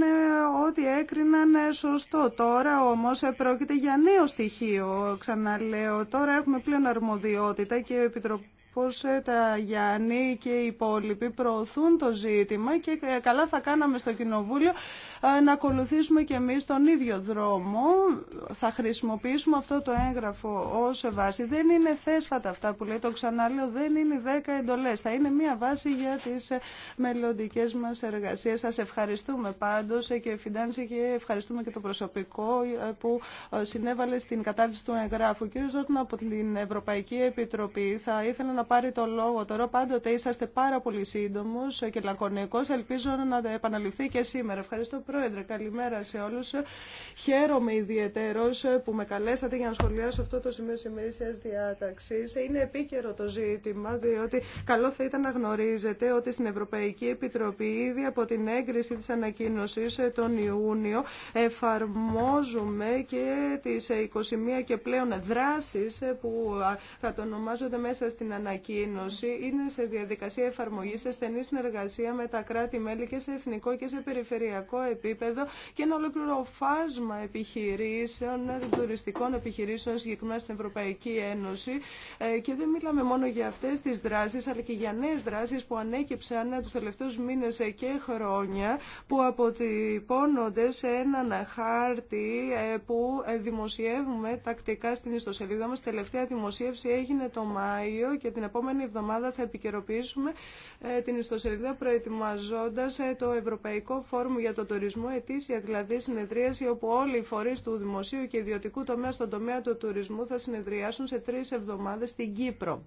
ό,τι έκριναν σωστό. Τώρα όμως πρόκειται για νέο στοιχείο. Ξαναλέω, τώρα έχουμε πλέον αρμοδιότητα και Επιτροπή πως ε, τα Γιάννη και οι υπόλοιποι προωθούν το ζήτημα και ε, καλά θα κάναμε στο Κοινοβούλιο ε, να ακολουθήσουμε και εμείς τον ίδιο δρόμο. Θα χρησιμοποιήσουμε αυτό το έγγραφο ως βάση. Δεν είναι θέσφατα αυτά που λέει, το ξαναλέω, δεν είναι δέκα εντολές. Θα είναι μια βάση για τις μελλοντικέ μας εργασίες. Σας ευχαριστούμε πάντως και Φιντάνση και ευχαριστούμε και το προσωπικό που συνέβαλε στην κατάρτιση του εγγράφου. Κύριε Ζώτνα από την Ευρωπαϊκή Επιτροπή θα ήθελα να να πάρει το λόγο τώρα. Πάντοτε είσαστε πάρα πολύ σύντομο και λακωνικό. Ελπίζω να επαναληφθεί και σήμερα. Ευχαριστώ, Πρόεδρε. Καλημέρα σε όλου. Χαίρομαι ιδιαίτερω που με καλέσατε για να σχολιάσω αυτό το σημείο τη διάταξη. Είναι επίκαιρο το ζήτημα, διότι καλό θα ήταν να γνωρίζετε ότι στην Ευρωπαϊκή Επιτροπή ήδη από την έγκριση τη ανακοίνωση τον Ιούνιο εφαρμόζουμε και τι 21 και πλέον δράσει που κατονομάζονται μέσα στην ανακοίνωση ανακοίνωση είναι σε διαδικασία εφαρμογή, σε στενή συνεργασία με τα κράτη-μέλη και σε εθνικό και σε περιφερειακό επίπεδο και ένα ολόκληρο φάσμα επιχειρήσεων, τουριστικών επιχειρήσεων συγκεκριμένα στην Ευρωπαϊκή Ένωση ε, και δεν μιλάμε μόνο για αυτέ τι δράσει, αλλά και για νέε δράσει που ανέκυψαν του τελευταίους μήνε και χρόνια που αποτυπώνονται σε έναν χάρτη ε, που ε, δημοσιεύουμε τακτικά στην ιστοσελίδα μας. τελευταία δημοσίευση έγινε το Μάιο και την την επόμενη εβδομάδα θα επικαιροποιήσουμε ε, την ιστοσελίδα προετοιμαζώντα ε, το Ευρωπαϊκό Φόρουμ για το Τουρισμό, ετήσια δηλαδή συνεδρίαση, όπου όλοι οι φορεί του δημοσίου και ιδιωτικού τομέα στον τομέα του τουρισμού θα συνεδριάσουν σε τρει εβδομάδε στην Κύπρο.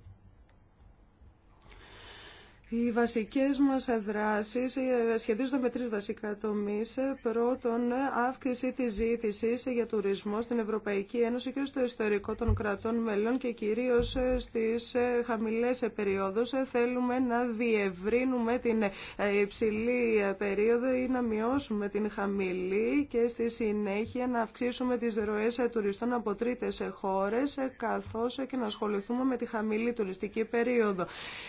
Οι βασικές μας δράσεις ε, σχετίζονται με τρεις βασικά τομείς. Πρώτον, αύξηση της ζήτησης για τουρισμό στην Ευρωπαϊκή Ένωση και στο ιστορικό των κρατών μελών και κυρίως ε, στις ε, χαμηλές περιόδους. Θέλουμε να διευρύνουμε την υψηλή περίοδο ή να μειώσουμε την χαμηλή και στη συνέχεια να αυξήσουμε τις ροές τουριστών από τρίτες χώρες καθώς και να ασχοληθούμε με τη χαμηλή τουριστική περίοδο.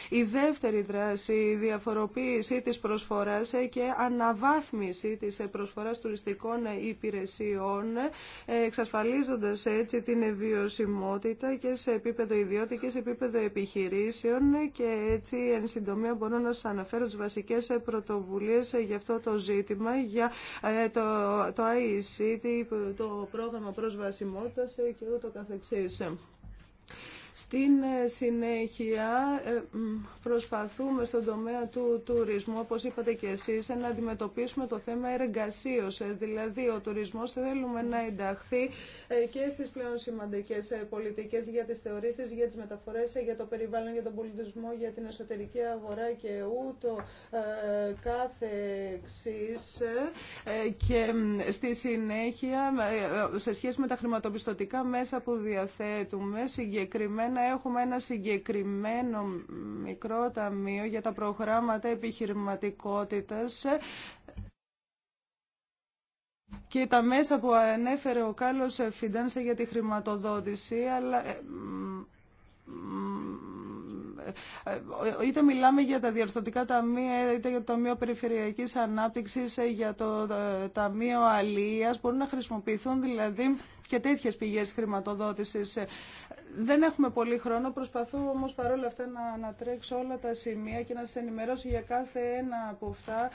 Η δεύτερη δράση η διαφοροποίηση της προσφοράς και αναβάθμιση της προσφοράς τουριστικών υπηρεσιών, εξασφαλίζοντας έτσι την βιωσιμότητα και σε επίπεδο ιδιώτη και σε επίπεδο επιχειρήσεων και έτσι εν συντομία μπορώ να σας αναφέρω τις βασικές πρωτοβουλίες για αυτό το ζήτημα, για ε, το, το IEC, το πρόγραμμα προσβασιμότητας και ούτω καθεξής. Στην ε, συνέχεια ε, προσπαθούμε στον τομέα του τουρισμού, όπως είπατε και εσείς, να αντιμετωπίσουμε το θέμα εργασίως. Ε, δηλαδή, ο τουρισμός θέλουμε να ενταχθεί και στις πλέον σημαντικές πολιτικές για τις θεωρήσεις, για τις μεταφορές, για το περιβάλλον, για τον πολιτισμό, για την εσωτερική αγορά και ούτω κάθε εξής. Και στη συνέχεια, σε σχέση με τα χρηματοπιστωτικά μέσα που διαθέτουμε, συγκεκριμένα να έχουμε ένα συγκεκριμένο μικρό ταμείο για τα προγράμματα επιχειρηματικότητας και τα μέσα που ανέφερε ο Κάλλος Φιντάνσε για τη χρηματοδότηση, αλλά ε, ε, είτε μιλάμε για τα διορθωτικά ταμεία, είτε για το Ταμείο Περιφερειακής Ανάπτυξης, ε, για το Ταμείο Αλίας, μπορούν να χρησιμοποιηθούν δηλαδή και τέτοιες πηγές χρηματοδότησης. Δεν έχουμε πολύ χρόνο, προσπαθώ όμως παρόλα αυτά να ανατρέξω όλα τα σημεία και να σας ενημερώσω για κάθε ένα από αυτά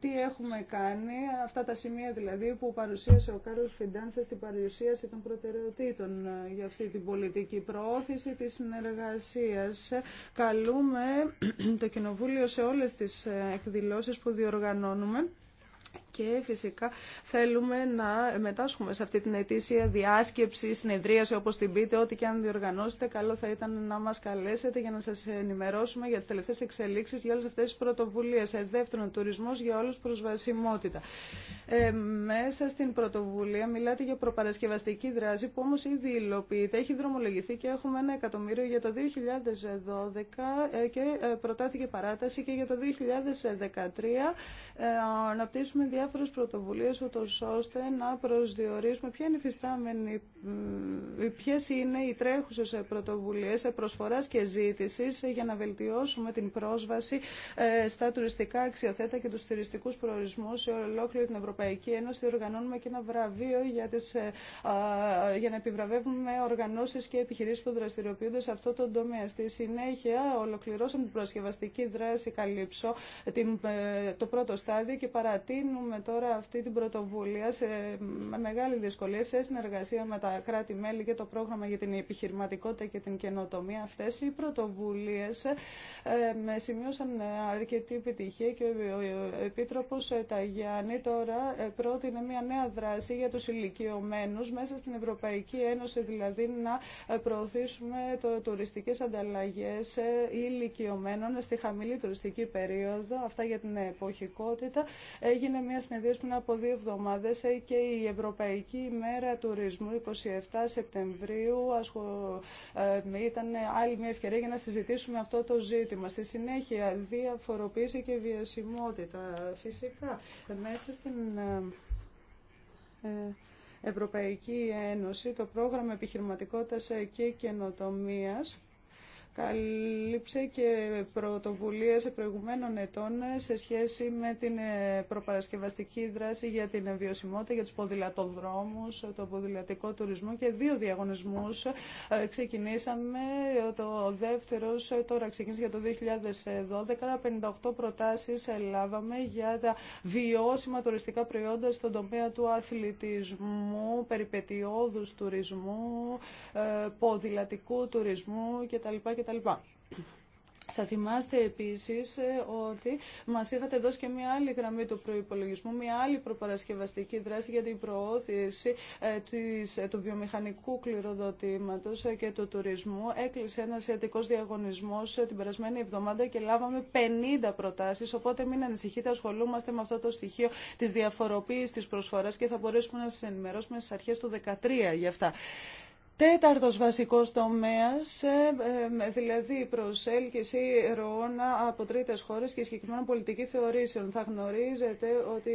τι έχουμε κάνει, αυτά τα σημεία δηλαδή που παρουσίασε ο Κάρλος Φιντάνσα στην παρουσίαση των προτεραιοτήτων ε, για αυτή την πολιτική προώθηση της συνεργασίας. Καλούμε το Κοινοβούλιο σε όλες τις ε, εκδηλώσεις που διοργανώνουμε και φυσικά θέλουμε να μετάσχουμε σε αυτή την ετήσια διάσκεψη, συνεδρίαση όπως την πείτε, ό,τι και αν διοργανώσετε, καλό θα ήταν να μας καλέσετε για να σας ενημερώσουμε για τις τελευταίες εξελίξεις, για όλες αυτές τις πρωτοβουλίες. Ε, δεύτερον, τουρισμός για όλους προσβασιμότητα. Ε, μέσα στην πρωτοβουλία μιλάτε για προπαρασκευαστική δράση που όμως ήδη υλοποιείται, έχει δρομολογηθεί και έχουμε ένα εκατομμύριο για το 2012 ε, και ε, προτάθηκε παράταση και για το 2013 ε, με διάφορες πρωτοβουλίες ώστε να προσδιορίσουμε ποια είναι ποιες είναι οι τρέχουσες πρωτοβουλίες προσφοράς και ζήτηση για να βελτιώσουμε την πρόσβαση ε, στα τουριστικά αξιοθέτα και τους τουριστικούς προορισμούς σε ολόκληρη την Ευρωπαϊκή Ένωση. Οργανώνουμε και ένα βραβείο για, τις, ε, για να επιβραβεύουμε οργανώσεις και επιχειρήσεις που δραστηριοποιούνται σε αυτό το τομέα. Στη συνέχεια ολοκληρώσαμε την προσκευαστική δράση Καλύψω ε, το πρώτο στάδιο και παρατή δίνουμε τώρα αυτή την πρωτοβουλία σε, με μεγάλη δυσκολία σε συνεργασία με τα κράτη-μέλη και το πρόγραμμα για την επιχειρηματικότητα και την καινοτομία. Αυτέ οι πρωτοβουλίε ε, με σημείωσαν αρκετή επιτυχία και ο Επίτροπο ε, Ταγιάννη τώρα ε, πρότεινε μια νέα δράση για του ηλικιωμένου μέσα στην Ευρωπαϊκή Ένωση, δηλαδή να ε, προωθήσουμε το, ανταλλαγέ ανταλλαγές ηλικιωμένων στη χαμηλή τουριστική περίοδο, αυτά για την εποχικότητα Έγινε μια συνεδρία είναι από δύο εβδομάδε ε, και η Ευρωπαϊκή Μέρα τουρισμού 27 Σεπτεμβρίου ε, ήταν άλλη μια ευκαιρία για να συζητήσουμε αυτό το ζήτημα. Στη συνέχεια, διαφοροποίηση και βιωσιμότητα. Φυσικά, μέσα στην ε, Ευρωπαϊκή Ένωση, το πρόγραμμα επιχειρηματικότητας και καινοτομίας Καλύψε και σε προηγουμένων ετών σε σχέση με την ε, προπαρασκευαστική δράση για την βιωσιμότητα, για τους ποδηλατοδρόμους, το ποδηλατικό τουρισμό και δύο διαγωνισμούς ε, ξεκινήσαμε. Το δεύτερο ε, τώρα ξεκίνησε για το 2012. 58 προτάσεις λάβαμε για τα βιώσιμα τουριστικά προϊόντα στον τομέα του αθλητισμού, περιπετειώδους τουρισμού, ποδηλατικού τουρισμού κτλ κτλ. Θα θυμάστε επίσης ε, ότι μας είχατε δώσει και μια άλλη γραμμή του προϋπολογισμού, μια άλλη προπαρασκευαστική δράση για την προώθηση ε, της, ε, του βιομηχανικού κληροδοτήματος και του τουρισμού. Έκλεισε ένας διαγωνισμό διαγωνισμός την περασμένη εβδομάδα και λάβαμε 50 προτάσεις, οπότε μην ανησυχείτε, ασχολούμαστε με αυτό το στοιχείο της διαφοροποίησης της προσφοράς και θα μπορέσουμε να σας ενημερώσουμε στις αρχές του 2013 για αυτά. Τέταρτος βασικός τομέας, ε, ε, δηλαδή η προσέλκυση ροών από τρίτες χώρες και συγκεκριμένα πολιτική θεωρήσεων. Θα γνωρίζετε ότι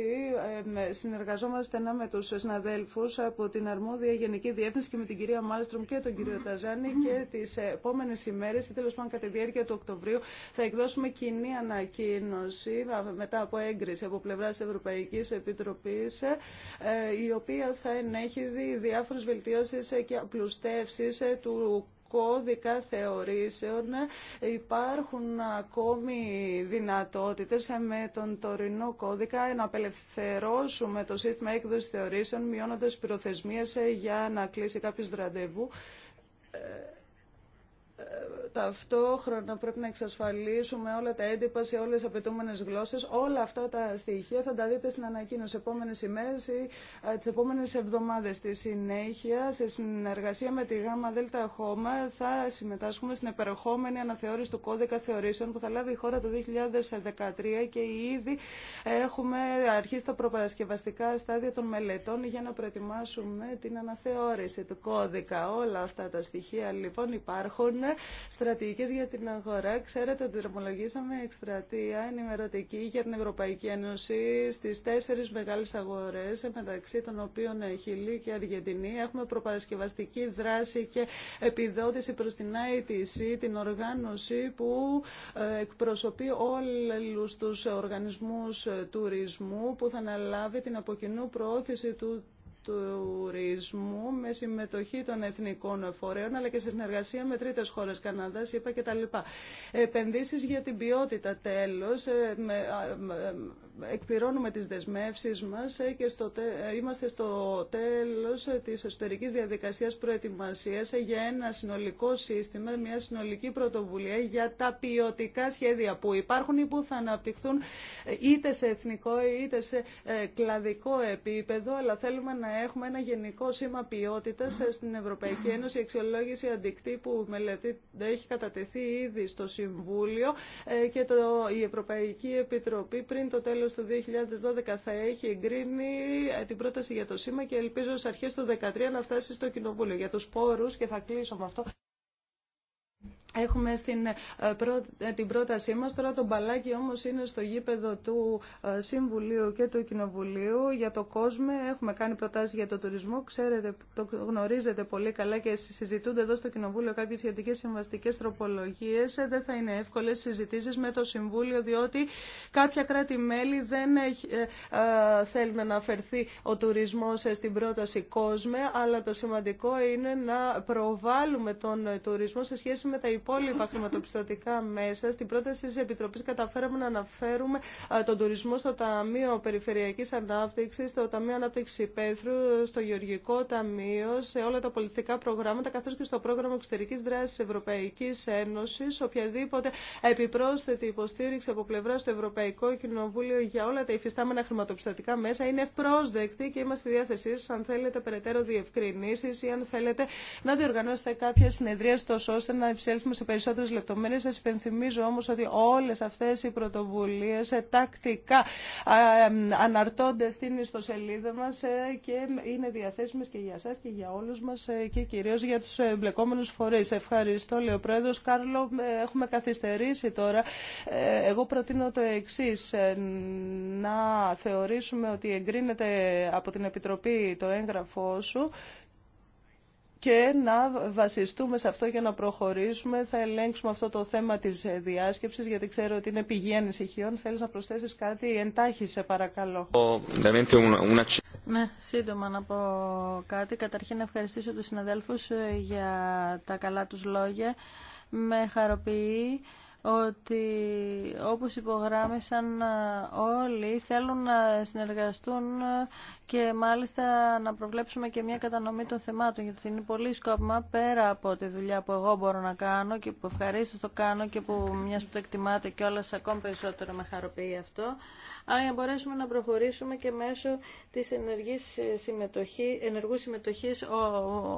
ε, συνεργαζόμαστε με τους συναδέλφους από την αρμόδια Γενική Διεύθυνση και με την κυρία Μάλστρομ και τον κύριο Ταζάνη και τις επόμενες ημέρες, ή τέλος πάντων κατά τη διάρκεια του Οκτωβρίου, θα εκδώσουμε κοινή ανακοίνωση μετά από έγκριση από πλευρά της Ευρωπαϊκής Επιτροπής, η οποία θα ενέχει διάφορες οποια θα ενεχει διάφορε βελτιωσεις και απλούς ε, του κώδικα θεωρήσεων υπάρχουν ακόμη δυνατότητες ε, με τον τωρινό κώδικα ε, να απελευθερώσουμε το σύστημα έκδοσης θεωρήσεων μειώνοντας προθεσμίες για να κλείσει κάποιος ραντεβού ταυτόχρονα πρέπει να εξασφαλίσουμε όλα τα έντυπα σε όλες τις απαιτούμενες γλώσσες. Όλα αυτά τα στοιχεία θα τα δείτε στην ανακοίνωση επόμενες ημέρες ή τις επόμενες εβδομάδες. Στη συνέχεια, σε συνεργασία με τη ΓΑΜΑ ΔΕΛΤΑ ΧΟΜΑ, θα συμμετάσχουμε στην επερχόμενη αναθεώρηση του κώδικα θεωρήσεων που θα λάβει η χώρα το 2013 και ήδη έχουμε αρχίσει τα προπαρασκευαστικά στάδια των μελετών για να προετοιμάσουμε την αναθεώρηση του κώδικα. Όλα αυτά τα στοιχεία λοιπόν υπάρχουν στρατηγικές για την αγορά. Ξέρετε ότι δρομολογήσαμε εκστρατεία ενημερωτική για την Ευρωπαϊκή Ένωση στις τέσσερις μεγάλες αγορές, μεταξύ των οποίων Χιλή και Αργεντινή. Έχουμε προπαρασκευαστική δράση και επιδότηση προς την ITC, την οργάνωση που ε, εκπροσωπεί όλους τους οργανισμούς τουρισμού που θα αναλάβει την αποκοινού προώθηση του τουρισμού με συμμετοχή των εθνικών φορέων αλλά και σε συνεργασία με τρίτες χώρε Καναδάς, τα κτλ. Επενδύσεις για την ποιότητα τέλος, ε, ε, εκπληρώνουμε τις δεσμεύσεις μας ε, και στο ε, είμαστε στο τέλος ε, της εσωτερικής διαδικασίας προετοιμασίας για ένα συνολικό σύστημα, μια συνολική πρωτοβουλία για τα ποιοτικά σχέδια που υπάρχουν ή που θα αναπτυχθούν είτε σε εθνικό είτε σε κλαδικό επίπεδο, αλλά θέλουμε να έχουμε ένα γενικό σήμα ποιότητας στην Ευρωπαϊκή Ένωση. Η αξιολόγηση αντικτύπου μελετή έχει κατατεθεί ήδη στο Συμβούλιο και το, η Ευρωπαϊκή Επιτροπή πριν το τέλος τέλος 2012 θα έχει εγκρίνει ε, την πρόταση για το σήμα και ελπίζω στις αρχές του 2013 να φτάσει στο Κοινοβούλιο. Για τους πόρους και θα κλείσω με αυτό, Έχουμε στην, ε, ε, την πρότασή μας, τώρα το μπαλάκι όμως είναι στο γήπεδο του ε, Συμβουλίου και του Κοινοβουλίου για το κόσμο. Έχουμε κάνει προτάσεις για το τουρισμό, ξέρετε, το γνωρίζετε πολύ καλά και συζητούνται εδώ στο Κοινοβούλιο κάποιες σχετικέ συμβαστικές τροπολογίες. Δεν θα είναι εύκολες συζητήσεις με το Συμβούλιο, διότι κάποια κράτη-μέλη δεν θέλουν να αφαιρθεί ο τουρισμός στην πρόταση κόσμο. αλλά το σημαντικό είναι να προβάλλουμε τον τουρισμό σε σχέση με τα υπόλοιπα υπόλοιπα χρηματοπιστωτικά μέσα. Στην πρόταση τη Επιτροπή καταφέραμε να αναφέρουμε τον τουρισμό στο Ταμείο Περιφερειακή Ανάπτυξη, στο Ταμείο Ανάπτυξη Πέθρου, στο Γεωργικό Ταμείο, σε όλα τα πολιτικά προγράμματα, καθώ και στο πρόγραμμα εξωτερική δράση Ευρωπαϊκή Ένωση. Οποιαδήποτε επιπρόσθετη υποστήριξη από πλευρά στο Ευρωπαϊκό Κοινοβούλιο για όλα τα υφιστάμενα χρηματοπιστωτικά μέσα είναι ευπρόσδεκτη και είμαστε στη διάθεσή σα αν θέλετε περαιτέρω διευκρινήσει ή αν θέλετε να διοργανώσετε κάποια συνεδρία, ώστε να υψέλθουμε σε περισσότερε λεπτομέρειε σα υπενθυμίζω όμως ότι όλες αυτές οι πρωτοβουλίε ε, τακτικά ε, αναρτώνται στην ιστοσελίδα μας ε, και είναι διαθέσιμες και για εσά και για όλους μας και κυρίως για του εμπλεκόμενου φορείς. Ευχαριστώ, λέει ο Πρόεδρος. Κάρλο, έχουμε καθυστερήσει τώρα. Εγώ προτείνω το εξή να θεωρήσουμε ότι εγκρίνεται από την Επιτροπή το έγγραφό σου και να βασιστούμε σε αυτό για να προχωρήσουμε. Θα ελέγξουμε αυτό το θέμα της διάσκεψης, γιατί ξέρω ότι είναι πηγή ανησυχιών. Θέλεις να προσθέσεις κάτι εντάχει, σε παρακαλώ. Ναι, σύντομα να πω κάτι. Καταρχήν να ευχαριστήσω τους συναδέλφους ε, για τα καλά τους λόγια. Με χαροποιεί ότι όπως υπογράμμισαν ε, όλοι θέλουν να συνεργαστούν ε, και μάλιστα να προβλέψουμε και μια κατανομή των θεμάτων γιατί είναι πολύ σκόπιμα πέρα από τη δουλειά που εγώ μπορώ να κάνω και που ευχαρίστως το κάνω και που μια που το εκτιμάτε και όλα ακόμη περισσότερο με χαροποιεί αυτό αλλά για να μπορέσουμε να προχωρήσουμε και μέσω της ενεργής συμμετοχή, ενεργού συμμετοχής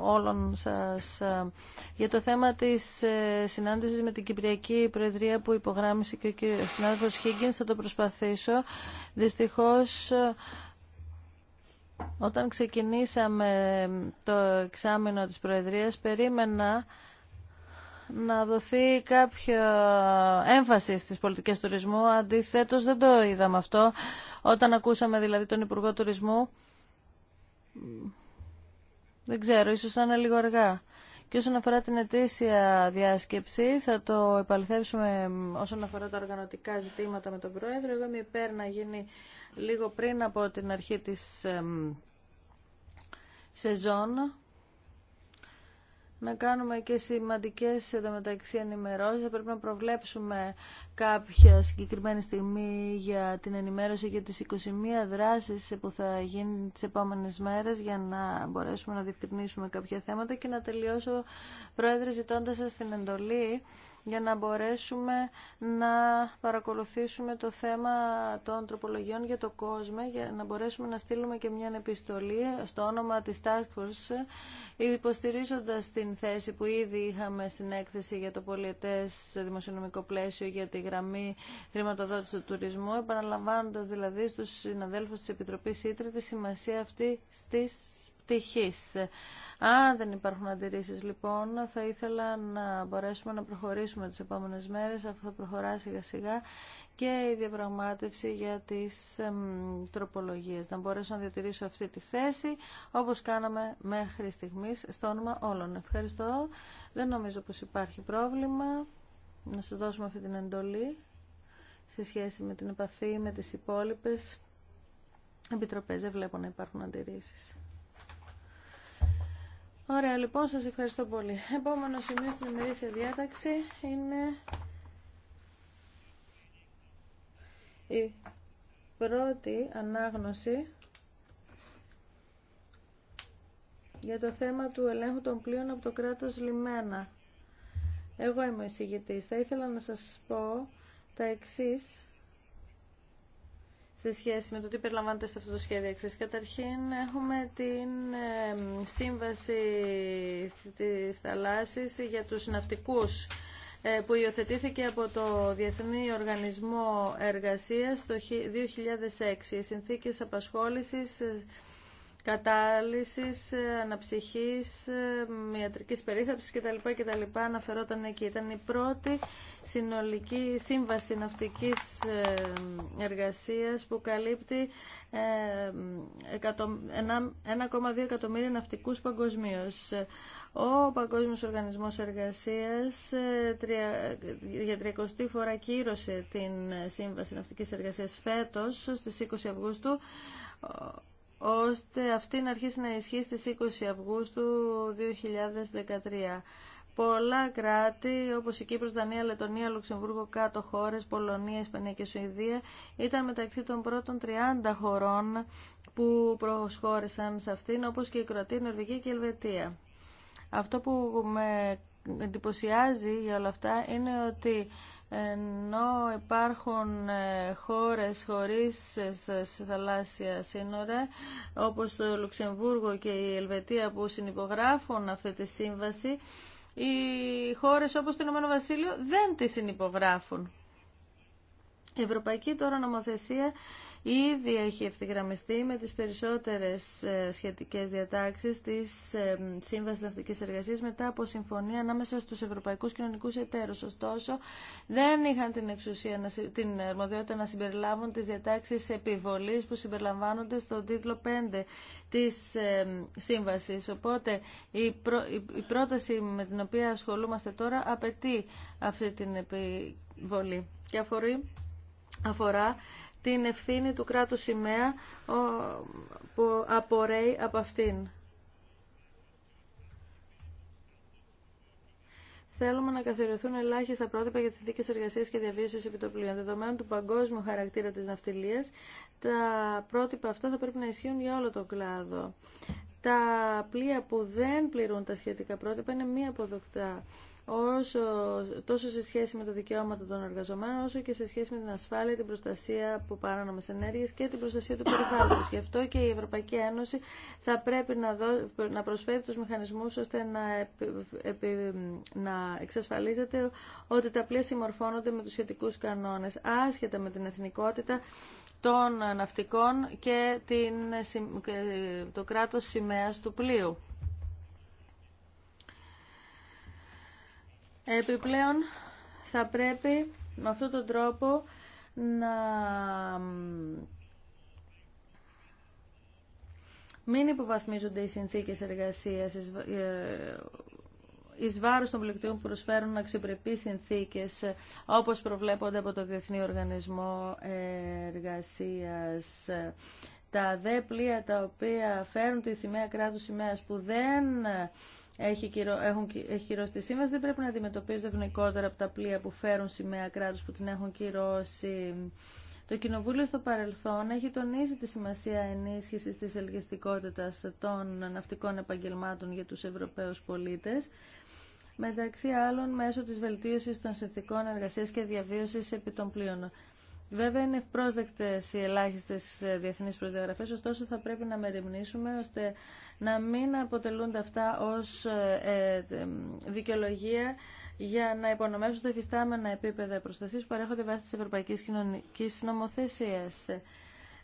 όλων σας για το θέμα της ε, συνάντησης με την Κυπριακή Προεδρία που υπογράμμισε και ο συνάδελφος Χίγκινς θα το προσπαθήσω δυστυχώς όταν ξεκινήσαμε το εξάμεινο της Προεδρίας, περίμενα να δοθεί κάποια έμφαση στις πολιτικές τουρισμού. Αντιθέτως δεν το είδαμε αυτό. Όταν ακούσαμε δηλαδή τον Υπουργό Τουρισμού, δεν ξέρω, ίσως ήταν λίγο αργά. Και όσον αφορά την ετήσια διάσκεψη, θα το επαληθεύσουμε όσον αφορά τα οργανωτικά ζητήματα με τον Πρόεδρο. Εγώ είμαι υπέρ να γίνει λίγο πριν από την αρχή της σεζόν να κάνουμε και σημαντικές εντωμεταξύ ενημερώσεις. Θα πρέπει να προβλέψουμε κάποια συγκεκριμένη στιγμή για την ενημέρωση για τις 21 δράσεις που θα γίνουν τις επόμενες μέρες για να μπορέσουμε να διευκρινίσουμε κάποια θέματα και να τελειώσω, Πρόεδρε, ζητώντας σας την εντολή για να μπορέσουμε να παρακολουθήσουμε το θέμα των τροπολογιών για το κόσμο, για να μπορέσουμε να στείλουμε και μια επιστολή στο όνομα της Task Force, υποστηρίζοντας την θέση που ήδη είχαμε στην έκθεση για το πολιετές δημοσιονομικό πλαίσιο για τη γραμμή χρηματοδότηση του τουρισμού, επαναλαμβάνοντας δηλαδή στους συναδέλφους της Επιτροπής Ήτρη τη σημασία αυτή στις αν δεν υπάρχουν αντιρρήσεις λοιπόν, θα ήθελα να μπορέσουμε να προχωρήσουμε τις επόμενες μέρες, αφού θα προχωρά σιγά σιγά και η διαπραγμάτευση για τις τροπολογίε. τροπολογίες. Να μπορέσω να διατηρήσω αυτή τη θέση, όπως κάναμε μέχρι στιγμής, στο όνομα όλων. Ευχαριστώ. Δεν νομίζω πως υπάρχει πρόβλημα. Να σας δώσουμε αυτή την εντολή σε σχέση με την επαφή με τις υπόλοιπες επιτροπές. Δεν βλέπω να υπάρχουν αντιρρήσεις. Ωραία, λοιπόν, σας ευχαριστώ πολύ. Επόμενο σημείο στην ημερήσια διάταξη είναι η πρώτη ανάγνωση για το θέμα του ελέγχου των πλοίων από το κράτος Λιμένα. Εγώ είμαι ο εισηγητής. Θα ήθελα να σας πω τα εξής σε σχέση με το τι περιλαμβάνεται σε αυτό το σχέδιο εξής. Καταρχήν έχουμε την σύμβαση της θαλάσσης για τους ναυτικούς ε, που υιοθετήθηκε από το Διεθνή Οργανισμό Εργασίας το 2006. Οι συνθήκες απασχόλησης κατάλυσης, ε, αναψυχής, ε, ιατρικής περίθαψης κτλ. κτλ. αναφερόταν εκεί. Ήταν η πρώτη συνολική σύμβαση ναυτικής ε, εργασίας που καλύπτει 1,2 εκατομμύρια ναυτικούς παγκοσμίω. Ο Παγκόσμιος Οργανισμός Εργασίας για 30 φορά κύρωσε την Σύμβαση Ναυτικής Εργασίας φέτος στις 20 Αυγούστου ώστε αυτή να αρχίσει να ισχύει στις 20 Αυγούστου 2013. Πολλά κράτη, όπως η Κύπρος, Δανία, Λετωνία, Λουξεμβούργο, κάτω χώρες, Πολωνία, Ισπανία και Σουηδία, ήταν μεταξύ των πρώτων 30 χωρών που προσχώρησαν σε αυτήν, όπως και η Κροατία, η Νορβηγία και η Ελβετία. Αυτό που με εντυπωσιάζει για όλα αυτά είναι ότι ενώ υπάρχουν ε, χώρες χωρίς ε, θαλάσσια σύνορα όπως το Λουξεμβούργο και η Ελβετία που συνυπογράφουν αυτή τη σύμβαση οι χώρες όπως το Ηνωμένο Βασίλειο δεν τη συνυπογράφουν. Η ευρωπαϊκή τώρα νομοθεσία ήδη έχει ευθυγραμμιστεί με τις περισσότερες ε, σχετικές διατάξεις της ε, Σύμβασης Ναυτικής Εργασίας μετά από συμφωνία ανάμεσα στους ευρωπαϊκούς κοινωνικούς εταίρους. Ωστόσο, δεν είχαν την εξουσία, την αρμοδιότητα να συμπεριλάβουν τις διατάξεις επιβολής που συμπεριλαμβάνονται στον τίτλο 5 της ε, Σύμβασης. Οπότε, η, πρόταση με την οποία ασχολούμαστε τώρα απαιτεί αυτή την επιβολή και αφορεί αφορά την ευθύνη του κράτους σημαία που απορρέει από αυτήν. Θέλουμε να καθιερωθούν ελάχιστα πρότυπα για τι συνθήκε εργασία και διαβίωση επιτοπλίων. Δεδομένου του παγκόσμιου χαρακτήρα τη ναυτιλία, τα πρότυπα αυτά θα πρέπει να ισχύουν για όλο τον κλάδο. Τα πλοία που δεν πληρούν τα σχετικά πρότυπα είναι μη αποδοκτά όσο, τόσο σε σχέση με τα δικαιώματα των εργαζομένων, όσο και σε σχέση με την ασφάλεια, την προστασία από παράνομε ενέργειε και την προστασία του περιβάλλοντο. Γι' αυτό και η Ευρωπαϊκή Ένωση θα πρέπει να, να προσφέρει του μηχανισμού ώστε να, να εξασφαλίζεται ότι τα πλοία συμμορφώνονται με του σχετικού κανόνε, άσχετα με την εθνικότητα των ναυτικών και την, το κράτος σημαίας του πλοίου. Επιπλέον θα πρέπει με αυτόν τον τρόπο να μην υποβαθμίζονται οι συνθήκες εργασίας εις ε, βάρος των πληκτικών που προσφέρουν αξιοπρεπείς συνθήκες όπως προβλέπονται από το Διεθνή Οργανισμό Εργασίας. Τα δε πλοία τα οποία φέρουν τη σημαία κράτους σημαίας που δεν έχει, κυρω, έχουν, έχει κυρώσει τη δεν πρέπει να αντιμετωπίζονται ευνοϊκότερα από τα πλοία που φέρουν σημαία κράτους που την έχουν κυρώσει. Το Κοινοβούλιο στο παρελθόν έχει τονίσει τη σημασία ενίσχυσης της ελγιστικότητας των ναυτικών επαγγελμάτων για τους Ευρωπαίους πολίτες μεταξύ άλλων μέσω της βελτίωσης των συνθηκών εργασίας και διαβίωσης επί των πλοίων. Βέβαια είναι ευπρόσδεκτε οι ελάχιστε διεθνεί προδιαγραφέ, ωστόσο θα πρέπει να μεριμνήσουμε ώστε να μην αποτελούνται αυτά ω ε, ε, δικαιολογία για να υπονομεύσουν τα υφιστάμενα επίπεδα προστασία που παρέχονται βάσει τη Ευρωπαϊκή Κοινωνική Νομοθεσία.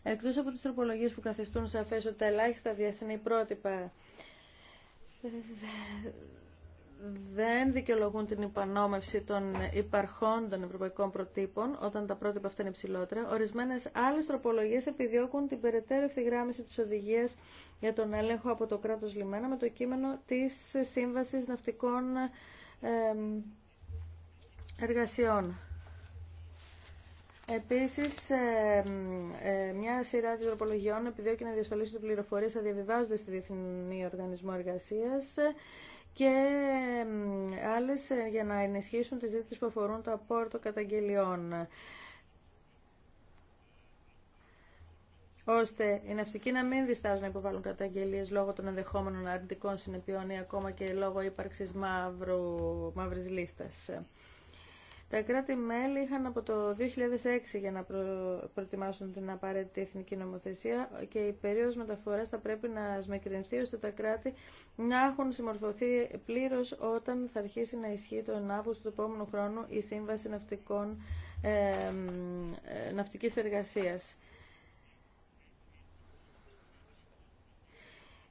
Εκτό από τι τροπολογίε που καθιστούν σαφέ ότι τα ελάχιστα διεθνή πρότυπα δεν δικαιολογούν την υπανόμευση των υπαρχών των ευρωπαϊκών προτύπων, όταν τα πρότυπα αυτά είναι υψηλότερα, ορισμένε άλλε τροπολογίε επιδιώκουν την περαιτέρω ευθυγράμμιση τη οδηγία για τον έλεγχο από το κράτο λιμένα με το κείμενο τη Σύμβαση Ναυτικών Εργασιών. Επίσης, ε, μια σειρά τροπολογιών επιδιώκει να διασφαλίσει ότι πληροφορίε θα διαβιβάζονται στη Διεθνή Οργανισμό εργασία και άλλες ε, για να ενισχύσουν τις ζήτησεις που αφορούν το απόρριτο καταγγελιών. ώστε οι ναυτικοί να μην διστάζουν να υποβάλουν καταγγελίες λόγω των ενδεχόμενων αρνητικών συνεπειών ή ακόμα και λόγω ύπαρξης μαύρου, μαύρης λίστας. Τα κράτη-μέλη είχαν από το 2006 για να προετοιμάσουν την απαραίτητη εθνική νομοθεσία και η περίοδος μεταφοράς θα πρέπει να σμεκρινθεί ώστε τα κράτη να έχουν συμμορφωθεί πλήρως όταν θα αρχίσει να ισχύει τον Αύγουστο του επόμενου χρόνου η Σύμβαση ναυτικών, ε, ε Ναυτικής Εργασίας.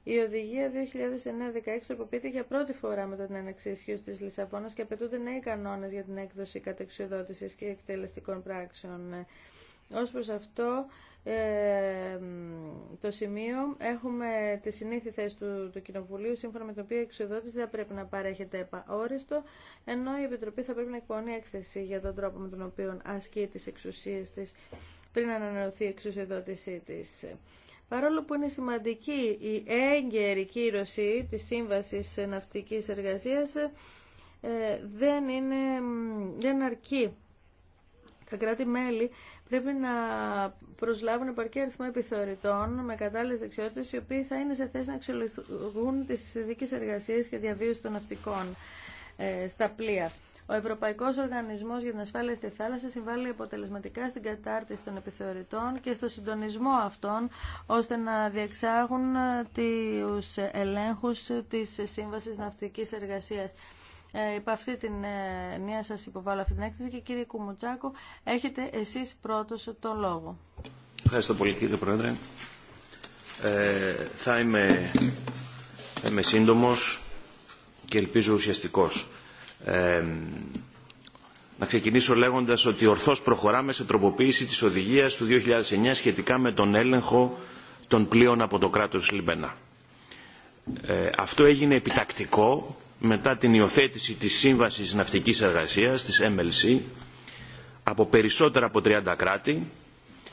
Η Οδηγία 2009-16 τροποποιείται για πρώτη φορά μετά την έναξη τη Λισαβόνα και απαιτούνται νέοι κανόνε για την έκδοση κατεξοδότηση και εκτελεστικών πράξεων. Ω προ αυτό ε, το σημείο έχουμε τη συνήθη θέση του, του Κοινοβουλίου σύμφωνα με την οποία η εξοδότηση δεν πρέπει να παρέχεται επαόριστο ενώ η Επιτροπή θα πρέπει να εκπονεί έκθεση για τον τρόπο με τον οποίο ασκεί τι εξουσίε τη πριν ανανεωθεί η εξουσιοδότησή τη. Παρόλο που είναι σημαντική η έγκαιρη κύρωση της Σύμβασης Ναυτικής Εργασίας, ε, δεν, είναι, δεν αρκεί. Τα κράτη-μέλη πρέπει να προσλάβουν επαρκή αριθμό επιθεωρητών με κατάλληλε δεξιότητε, οι οποίοι θα είναι σε θέση να αξιολογούν τι ειδικέ εργασίες και διαβίωση των ναυτικών ε, στα πλοία. Ο Ευρωπαϊκό Οργανισμό για την Ασφάλεια στη Θάλασσα συμβάλλει αποτελεσματικά στην κατάρτιση των επιθεωρητών και στο συντονισμό αυτών, ώστε να διεξάγουν ε, του ελέγχου τη Σύμβαση Ναυτική Εργασία. Ε, υπ' αυτή την ε, νέα σα υποβάλλω αυτή την έκθεση και κύριε Κουμουτσάκο έχετε εσεί πρώτο τον λόγο. Ευχαριστώ πολύ κύριε Πρόεδρε. Ε, θα, είμαι, είμαι σύντομος και ελπίζω ουσιαστικός να ξεκινήσω λέγοντας ότι ορθώς προχωράμε σε τροποποίηση της οδηγίας του 2009 σχετικά με τον έλεγχο των πλοίων από το κράτος Λιμπενά. Ε, αυτό έγινε επιτακτικό μετά την υιοθέτηση της Σύμβασης Ναυτικής Εργασίας, της MLC, από περισσότερα από 30 κράτη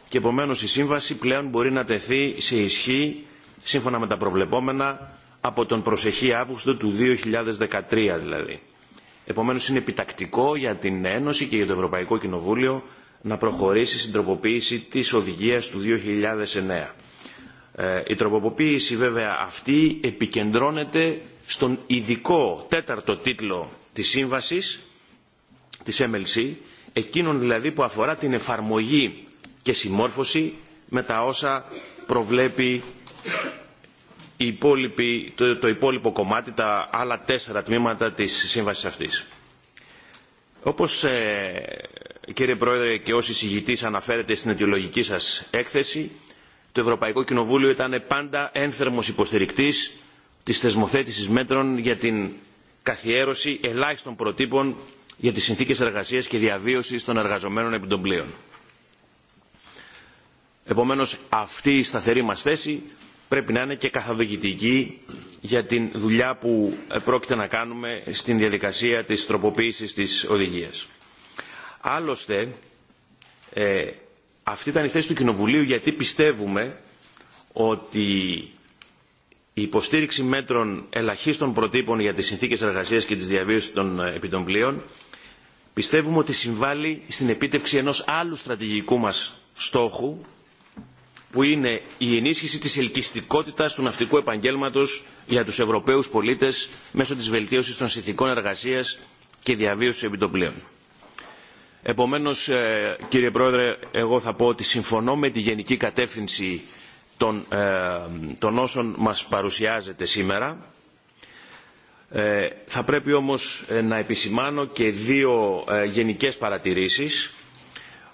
και επομένως η Σύμβαση πλέον μπορεί να τεθεί σε ισχύ σύμφωνα με τα προβλεπόμενα από τον προσεχή Αύγουστο του 2013 δηλαδή. Επομένως είναι επιτακτικό για την Ένωση και για το Ευρωπαϊκό Κοινοβούλιο να προχωρήσει στην τροποποίηση της οδηγίας του 2009. Ε, η τροποποίηση βέβαια αυτή επικεντρώνεται στον ειδικό τέταρτο τίτλο της σύμβασης, της MLC, εκείνον δηλαδή που αφορά την εφαρμογή και συμμόρφωση με τα όσα προβλέπει το, το υπόλοιπο κομμάτι, τα άλλα τέσσερα τμήματα της σύμβασης αυτής. Όπως ε, κύριε Πρόεδρε και όσοι συγητής αναφέρετε στην αιτιολογική σας έκθεση, το Ευρωπαϊκό Κοινοβούλιο ήταν πάντα ένθερμος υποστηρικτής της θεσμοθέτησης μέτρων για την καθιέρωση ελάχιστων προτύπων για τις συνθήκες εργασίας και διαβίωσης των εργαζομένων επιτομπλίων. Επομένως, αυτή η σταθερή μας θέση πρέπει να είναι και καθοδηγητική για την δουλειά που πρόκειται να κάνουμε στην διαδικασία της τροποποίησης της οδηγίας. Άλλωστε, ε, αυτή ήταν η θέση του Κοινοβουλίου γιατί πιστεύουμε ότι η υποστήριξη μέτρων ελαχίστων προτύπων για τις συνθήκες εργασίας και τις διαβίωσης των ε, επιτομπλίων πιστεύουμε ότι συμβάλλει στην επίτευξη ενός άλλου στρατηγικού μας στόχου που είναι η ενίσχυση της ελκυστικότητας του ναυτικού επαγγέλματος για τους Ευρωπαίους πολίτες μέσω της βελτίωσης των συνθηκών εργασίας και διαβίωσης επιτοπλίων. Επομένως, ε, κύριε Πρόεδρε, εγώ θα πω ότι συμφωνώ με τη γενική κατεύθυνση των, ε, όσων μας παρουσιάζεται σήμερα. Ε, θα πρέπει όμως να επισημάνω και δύο ε, γενικές παρατηρήσεις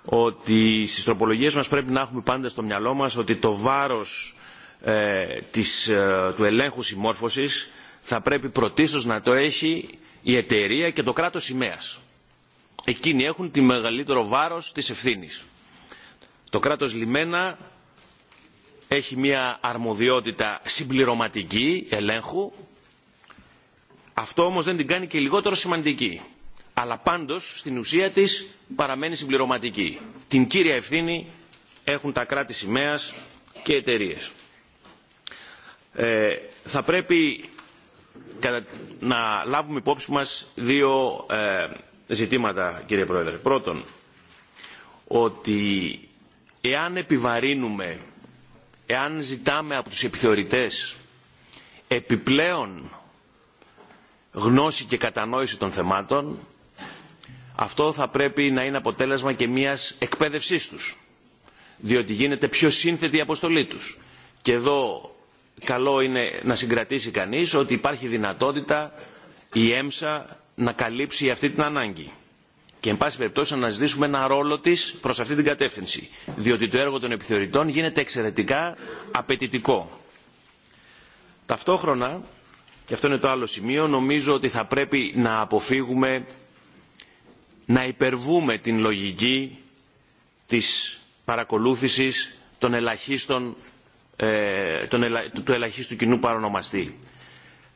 ότι στις τροπολογίες μας πρέπει να έχουμε πάντα στο μυαλό μας ότι το βάρος ε, της, ε, του ελέγχου συμμόρφωσης θα πρέπει πρωτίστως να το έχει η εταιρεία και το κράτος σημαίας. Εκείνοι έχουν τη μεγαλύτερο βάρος της ευθύνης. Το κράτος λιμένα έχει μια αρμοδιότητα συμπληρωματική ελέγχου. Αυτό όμως δεν την κάνει και λιγότερο σημαντική αλλά πάντως στην ουσία της παραμένει συμπληρωματική. Την κύρια ευθύνη έχουν τα κράτη σημαίας και εταιρείε. Ε, θα πρέπει να λάβουμε υπόψη μας δύο ε, ζητήματα, κύριε Πρόεδρε. Πρώτον, ότι εάν επιβαρύνουμε, εάν ζητάμε από τους επιθεωρητές επιπλέον γνώση και κατανόηση των θεμάτων, αυτό θα πρέπει να είναι αποτέλεσμα και μιας εκπαίδευσής τους διότι γίνεται πιο σύνθετη η αποστολή τους. Και εδώ καλό είναι να συγκρατήσει κανείς ότι υπάρχει δυνατότητα η ΕΜΣΑ να καλύψει αυτή την ανάγκη και εν πάση περιπτώσει να αναζητήσουμε ένα ρόλο της προς αυτή την κατεύθυνση διότι το έργο των επιθεωρητών γίνεται εξαιρετικά απαιτητικό. Ταυτόχρονα, και αυτό είναι το άλλο σημείο, νομίζω ότι θα πρέπει να αποφύγουμε να υπερβούμε την λογική της παρακολούθησης των ελαχίστων, ε, του ελαχίστου κοινού παρονομαστή.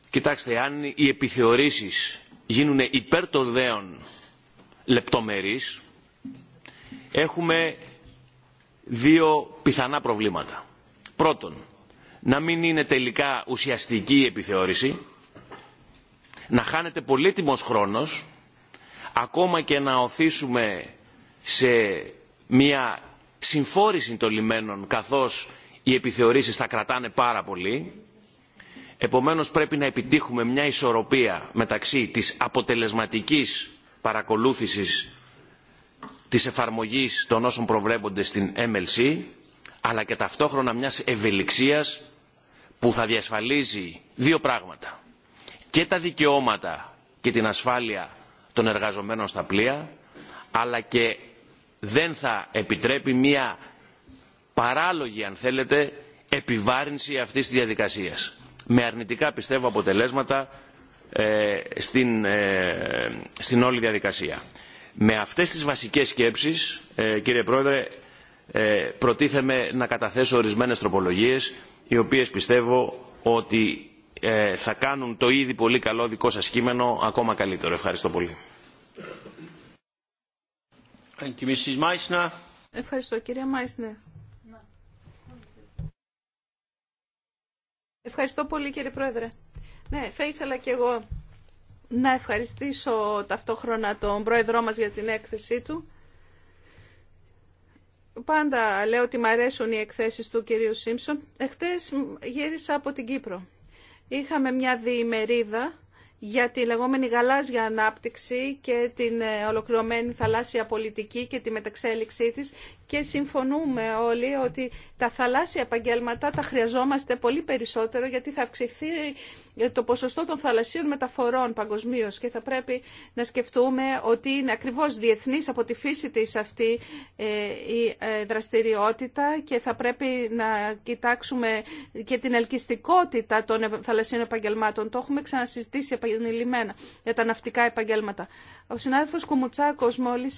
Κοιτάξτε, αν οι επιθεωρήσεις γίνουν υπέρ των δέων λεπτομερείς, έχουμε δύο πιθανά προβλήματα. Πρώτον, να μην είναι τελικά ουσιαστική η επιθεώρηση, να χάνεται πολύτιμος χρόνος ακόμα και να οθήσουμε σε μια συμφόρηση των λιμένων καθώς οι επιθεωρήσεις θα κρατάνε πάρα πολύ. Επομένως πρέπει να επιτύχουμε μια ισορροπία μεταξύ της αποτελεσματικής παρακολούθησης της εφαρμογής των όσων προβλέπονται στην MLC αλλά και ταυτόχρονα μιας ευελιξίας που θα διασφαλίζει δύο πράγματα. Και τα δικαιώματα και την ασφάλεια των εργαζομένων στα πλοία, αλλά και δεν θα επιτρέπει μία παράλογη, αν θέλετε, επιβάρυνση αυτής της διαδικασίας. Με αρνητικά, πιστεύω, αποτελέσματα ε, στην, ε, στην όλη διαδικασία. Με αυτές τις βασικές σκέψεις, ε, κύριε Πρόεδρε, προτίθεμαι να καταθέσω ορισμένες τροπολογίες, οι οποίες πιστεύω ότι ε, θα κάνουν το ήδη πολύ καλό δικό σας κείμενο ακόμα καλύτερο. Ευχαριστώ πολύ. Ευχαριστώ κυρία Μάισνερ. Ευχαριστώ πολύ κύριε Πρόεδρε. Ναι, θα ήθελα και εγώ να ευχαριστήσω ταυτόχρονα τον Πρόεδρό μας για την έκθεσή του. Πάντα λέω ότι μ' αρέσουν οι εκθέσεις του κυρίου Σίμψον. Εχθές γύρισα από την Κύπρο Είχαμε μια διημερίδα για τη λεγόμενη γαλάζια ανάπτυξη και την ε, ολοκληρωμένη θαλάσσια πολιτική και τη μεταξέλιξή της και συμφωνούμε όλοι ότι τα θαλάσσια επαγγέλματα τα χρειαζόμαστε πολύ περισσότερο γιατί θα αυξηθεί για ε, το ποσοστό των θαλασσίων μεταφορών παγκοσμίω και θα πρέπει να σκεφτούμε ότι είναι ακριβώς διεθνής από τη φύση τη αυτή ε, η ε, δραστηριότητα και θα πρέπει να κοιτάξουμε και την ελκυστικότητα των θαλασσίων επαγγελμάτων. Το έχουμε ξανασυζητήσει επανειλημμένα για τα ναυτικά επαγγέλματα. Ο συνάδελφο Κουμουτσάκο μόλι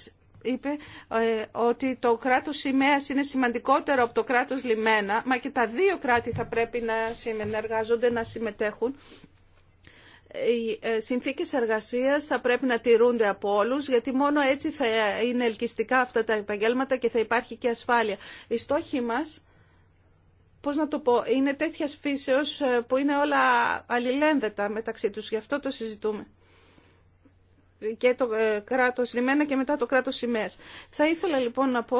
είπε ε, ότι το κράτος σημαία είναι σημαντικότερο από το κράτος λιμένα, μα και τα δύο κράτη θα πρέπει να συνεργάζονται, να συμμετέχουν. Οι ε, συνθήκες εργασίας θα πρέπει να τηρούνται από όλους, γιατί μόνο έτσι θα είναι ελκυστικά αυτά τα επαγγέλματα και θα υπάρχει και ασφάλεια. Οι στόχοι μας, πώς να το πω, είναι τέτοια φύσεως ε, που είναι όλα αλληλένδετα μεταξύ τους. Γι' αυτό το συζητούμε και το ε, κράτος λιμένα και μετά το κράτος σημαίες. Θα ήθελα λοιπόν να πω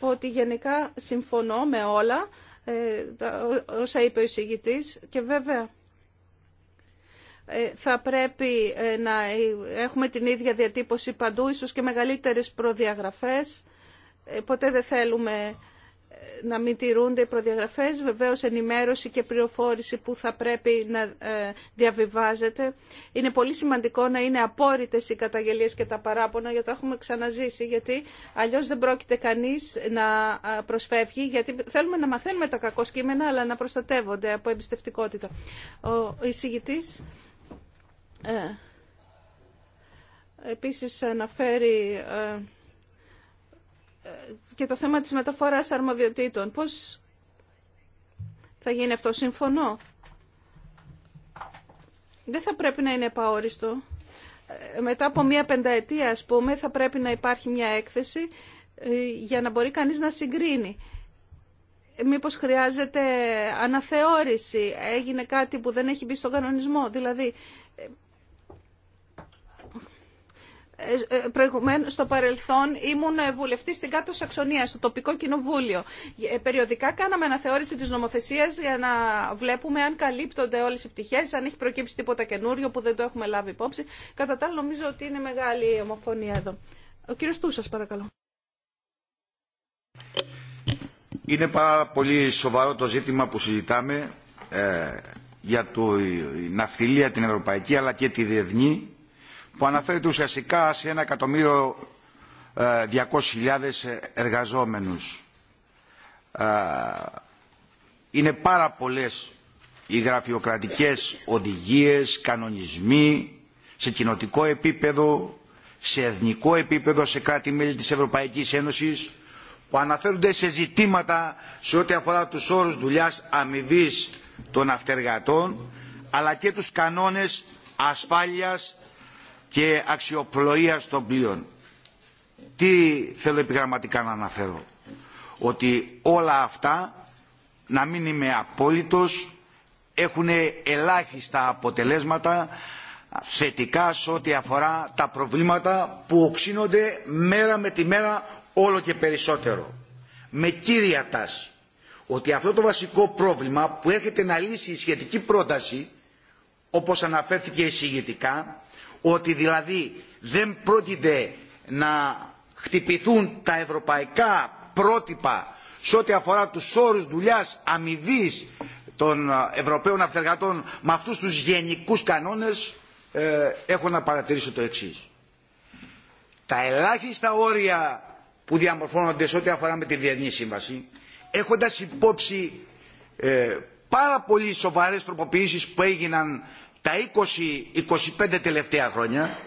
ότι γενικά συμφωνώ με όλα ε, όσα είπε ο εισηγητής και βέβαια ε, θα πρέπει να έχουμε την ίδια διατύπωση παντού, ίσως και μεγαλύτερες προδιαγραφές. Ποτέ δεν θέλουμε να μην τηρούνται οι προδιαγραφές, βεβαίως ενημέρωση και πληροφόρηση που θα πρέπει να ε, διαβιβάζεται. Είναι πολύ σημαντικό να είναι απόρριτες οι καταγγελίες και τα παράπονα, γιατί τα έχουμε ξαναζήσει, γιατί αλλιώς δεν πρόκειται κανείς να ε, προσφεύγει, γιατί θέλουμε να μαθαίνουμε τα κακό σκήμενα, αλλά να προστατεύονται από εμπιστευτικότητα. Ο εισηγητής... Ε, επίσης αναφέρει και το θέμα της μεταφοράς αρμοδιοτήτων. Πώς θα γίνει αυτό, συμφωνώ. Δεν θα πρέπει να είναι επαόριστο. Ε, μετά από μία πενταετία, ας πούμε, θα πρέπει να υπάρχει μια έκθεση ε, για να μπορεί κανείς να συγκρίνει. Μήπως χρειάζεται αναθεώρηση, έγινε κάτι που δεν έχει μπει στον κανονισμό. Δηλαδή, Ε, ε, προηγουμένως στο παρελθόν ήμουν ε, βουλευτή στην κάτω Σαξονία, στο τοπικό κοινοβούλιο. Περιοδικά κάναμε αναθεώρηση της νομοθεσίας για να βλέπουμε αν καλύπτονται όλες οι πτυχές, αν έχει προκύψει τίποτα καινούριο που δεν το έχουμε λάβει υπόψη. Κατά τα άλλα νομίζω ότι είναι μεγάλη η ομοφωνία εδώ. Ο κύριος Τούσας παρακαλώ. Είναι πάρα πολύ σοβαρό το ζήτημα που συζητάμε ε, για την ναυτιλία την ευρωπαϊκή αλλά και τη διεθνή που αναφέρεται ουσιαστικά σε 1.200.000 ε, ε, εργαζόμενους. Ε, είναι πάρα πολλές οι γραφειοκρατικές οδηγίες, κανονισμοί, σε κοινοτικό επίπεδο, σε εθνικό επίπεδο, σε κράτη-μέλη της Ευρωπαϊκής Ένωσης, που αναφέρονται σε ζητήματα σε ό,τι αφορά τους όρους δουλειάς αμοιβή των αυτεργατών, αλλά και τους κανόνες ασφάλειας και αξιοπλοεία των πλοίων. Τι θέλω επιγραμματικά να αναφέρω. Ότι όλα αυτά, να μην είμαι απόλυτος, έχουν ελάχιστα αποτελέσματα θετικά σε ό,τι αφορά τα προβλήματα που οξύνονται μέρα με τη μέρα όλο και περισσότερο. Με κύρια τάση ότι αυτό το βασικό πρόβλημα που έρχεται να λύσει η σχετική πρόταση όπως αναφέρθηκε εισηγητικά ότι δηλαδή δεν πρόκειται να χτυπηθούν τα ευρωπαϊκά πρότυπα σε ό,τι αφορά τους όρους δουλειάς αμοιβή των Ευρωπαίων αυτεργατών με αυτούς τους γενικούς κανόνες ε, έχω να παρατηρήσω το εξής. Τα ελάχιστα όρια που διαμορφώνονται σε ό,τι αφορά με τη Διεθνή Σύμβαση έχοντας υπόψη ε, πάρα πολύ σοβαρές τροποποιήσεις που έγιναν τα 20-25 τελευταία χρόνια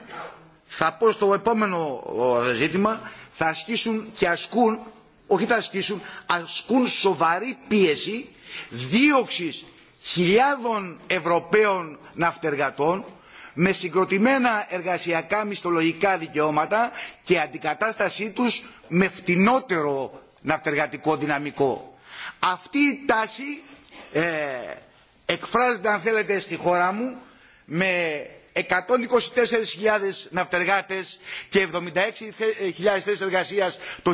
θα πω στο επόμενο ζήτημα θα ασκήσουν και ασκούν όχι θα ασκήσουν ασκούν σοβαρή πίεση δίωξης χιλιάδων Ευρωπαίων ναυτεργατών με συγκροτημένα εργασιακά μισθολογικά δικαιώματα και αντικατάστασή τους με φτηνότερο ναυτεργατικό δυναμικό. Αυτή η τάση ε, εκφράζεται αν θέλετε στη χώρα μου με 124.000 ναυτεργάτες και 76.000 θέσεις εργασίας το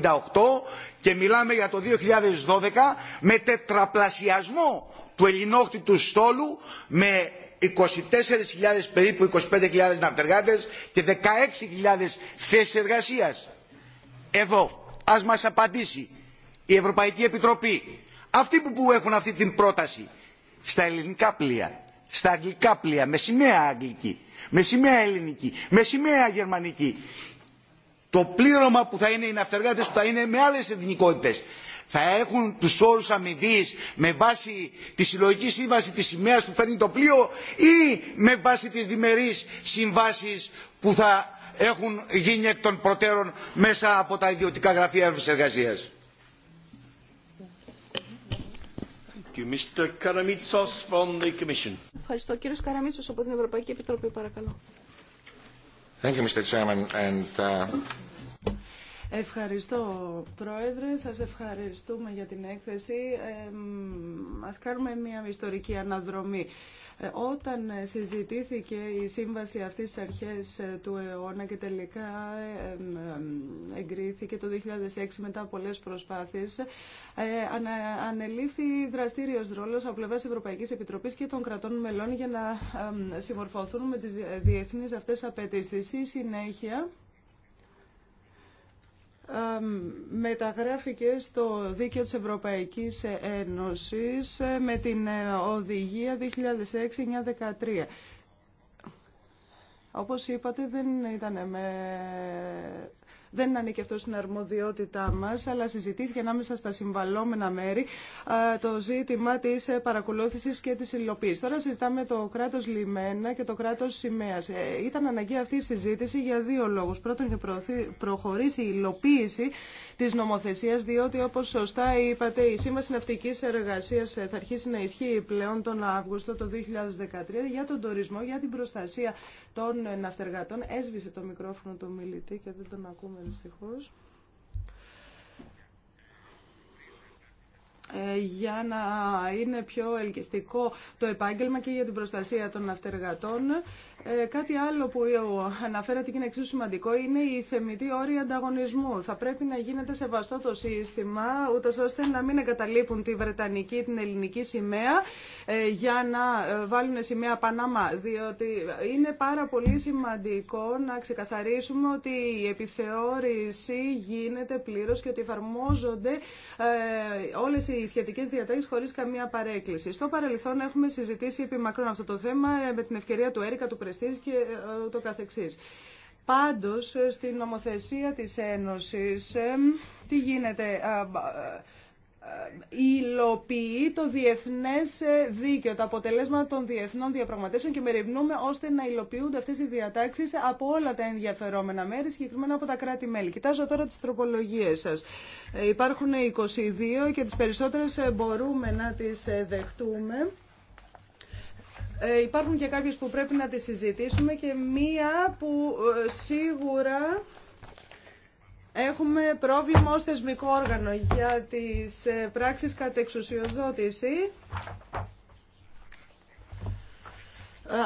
1978 και μιλάμε για το 2012 με τετραπλασιασμό του ελληνόχτητου στόλου με 24.000 περίπου 25.000 ναυτεργάτες και 16.000 θέσεις εργασίας. Εδώ ας μας απαντήσει η Ευρωπαϊκή Επιτροπή αυτοί που έχουν αυτή την πρόταση στα ελληνικά πλοία στα αγγλικά πλοία, με σημαία αγγλική, με σημαία ελληνική, με σημαία γερμανική. Το πλήρωμα που θα είναι οι ναυτεργάτες που θα είναι με άλλες εθνικότητες θα έχουν τους όρους αμοιβή με βάση τη συλλογική σύμβαση της σημαίας που φέρνει το πλοίο ή με βάση τις διμερείς συμβάσεις που θα έχουν γίνει εκ των προτέρων μέσα από τα ιδιωτικά γραφεία εργασίας. you, Mr. From the Commission. Ευχαριστώ. Κύριος Καραμίτσος από την Ευρωπαϊκή Επιτροπή, παρακαλώ. Thank you, Mr. Chairman, and, uh... Ευχαριστώ Πρόεδρε, σας ευχαριστούμε για την έκθεση. Ε, ας κάνουμε μια ιστορική αναδρομή. Ε, όταν συζητήθηκε η σύμβαση αυτής της αρχές ε, του αιώνα και τελικά εγκρίθηκε το 2006 μετά πολλές προσπάθειες, ε, ανελήφθη δραστήριος ρόλος από πλευράς Ευρωπαϊκής Επιτροπής και των κρατών μελών για να συμμορφωθούν με τις διεθνείς αυτές απαιτήσεις. Στη συνέχεια, μεταγράφηκε στο δίκαιο της Ευρωπαϊκής Ένωσης ε, με την ε, οδηγία 2006-2013. Όπως είπατε δεν ήταν με δεν ανήκει αυτό στην αρμοδιότητά μα, αλλά συζητήθηκε ανάμεσα στα συμβαλόμενα μέρη το ζήτημα τη παρακολούθηση και τη υλοποίηση. Τώρα συζητάμε το κράτο λιμένα και το κράτο σημαία. Ε, ήταν αναγκαία αυτή η συζήτηση για δύο λόγου. Πρώτον, για προχωρήσει η υλοποίηση τη νομοθεσία, διότι όπω σωστά είπατε, η Σύμβαση ναυτική εργασία ε, θα αρχίσει να ισχύει πλέον τον Αύγουστο το 2013 για τον τουρισμό, για την προστασία των ε, ναυτεργατών. Έσβησε το μικρόφωνο του μιλητή και δεν τον ακούμε ε, για να είναι πιο ελκυστικό το επάγγελμα και για την προστασία των αυτεργατών. Ε, κάτι άλλο που αναφέρατε και είναι εξίσου σημαντικό είναι η θεμητή όρη ανταγωνισμού. Θα πρέπει να γίνεται σεβαστό το σύστημα, ούτω ώστε να μην εγκαταλείπουν τη Βρετανική ή την ελληνική σημαία ε, για να ε, βάλουν σημαία Παναμά. Διότι είναι πάρα πολύ σημαντικό να ξεκαθαρίσουμε ότι η επιθεώρηση γίνεται πλήρω και ότι εφαρμόζονται όλε οι σχετικέ διατάξει χωρί καμία παρέκκληση. Στο παρελθόν έχουμε συζητήσει επί αυτό το θέμα με την ευκαιρία του Έρικα, του δικαστής και ε, το καθεξής. Πάντως, ε, στην νομοθεσία της Ένωσης, ε, τι γίνεται υλοποιεί το διεθνές δίκαιο, τα αποτελέσματα των διεθνών διαπραγματεύσεων και μεριμνούμε ώστε να υλοποιούνται αυτές οι διατάξεις από όλα τα ενδιαφερόμενα μέρη, συγκεκριμένα από τα κράτη-μέλη. Κοιτάζω τώρα τις τροπολογίες σας. Υπάρχουν 22 και τις περισσότερες μπορούμε να τις δεχτούμε. Ε, υπάρχουν και κάποιες που πρέπει να τις συζητήσουμε και μία που ε, σίγουρα έχουμε πρόβλημα ως θεσμικό όργανο για τις ε, πράξεις κατεξουσιοδότηση.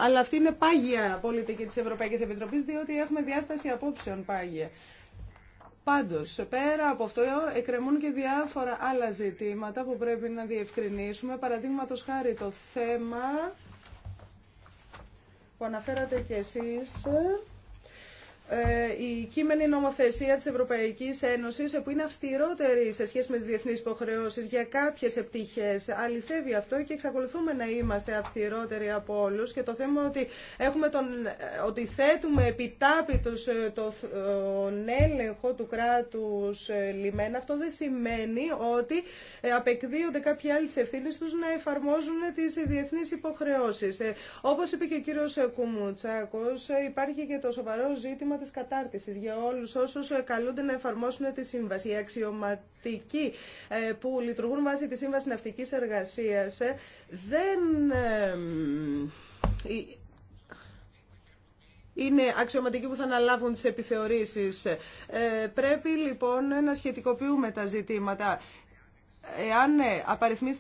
Αλλά αυτή είναι πάγια πολιτική της Ευρωπαϊκής Επιτροπής, διότι έχουμε διάσταση απόψεων πάγια. Πάντως, πέρα από αυτό, εκκρεμούν και διάφορα άλλα ζητήματα που πρέπει να διευκρινίσουμε. Παραδείγματο χάρη το θέμα που αναφέρατε κι εσείς ε, η κείμενη νομοθεσία της Ευρωπαϊκής Ένωσης ε, που είναι αυστηρότερη σε σχέση με τις διεθνείς υποχρεώσεις για κάποιες επιτυχές. Αληθεύει αυτό και εξακολουθούμε να είμαστε αυστηρότεροι από όλους και το θέμα ότι, έχουμε τον, ε, ότι θέτουμε επιτάπητος τον έλεγχο του κράτους λιμένα αυτό δεν σημαίνει ότι απεκδίονται κάποιοι άλλοι ευθύνε τους να εφαρμόζουν τις διεθνείς υποχρεώσεις. Όπως είπε και ο κύριος Κουμουτσάκος υπάρχει και το σοβαρό ζήτημα Τη κατάρτιση για όλους όσους ε, καλούνται να εφαρμόσουν τη σύμβαση. Οι αξιωματικοί ε, που λειτουργούν βάσει τη σύμβαση ναυτικής εργασίας ε, δεν είναι αξιωματικοί που θα αναλάβουν τις επιθεωρήσεις. πρέπει λοιπόν να σχετικοποιούμε τα ζητήματα. Εάν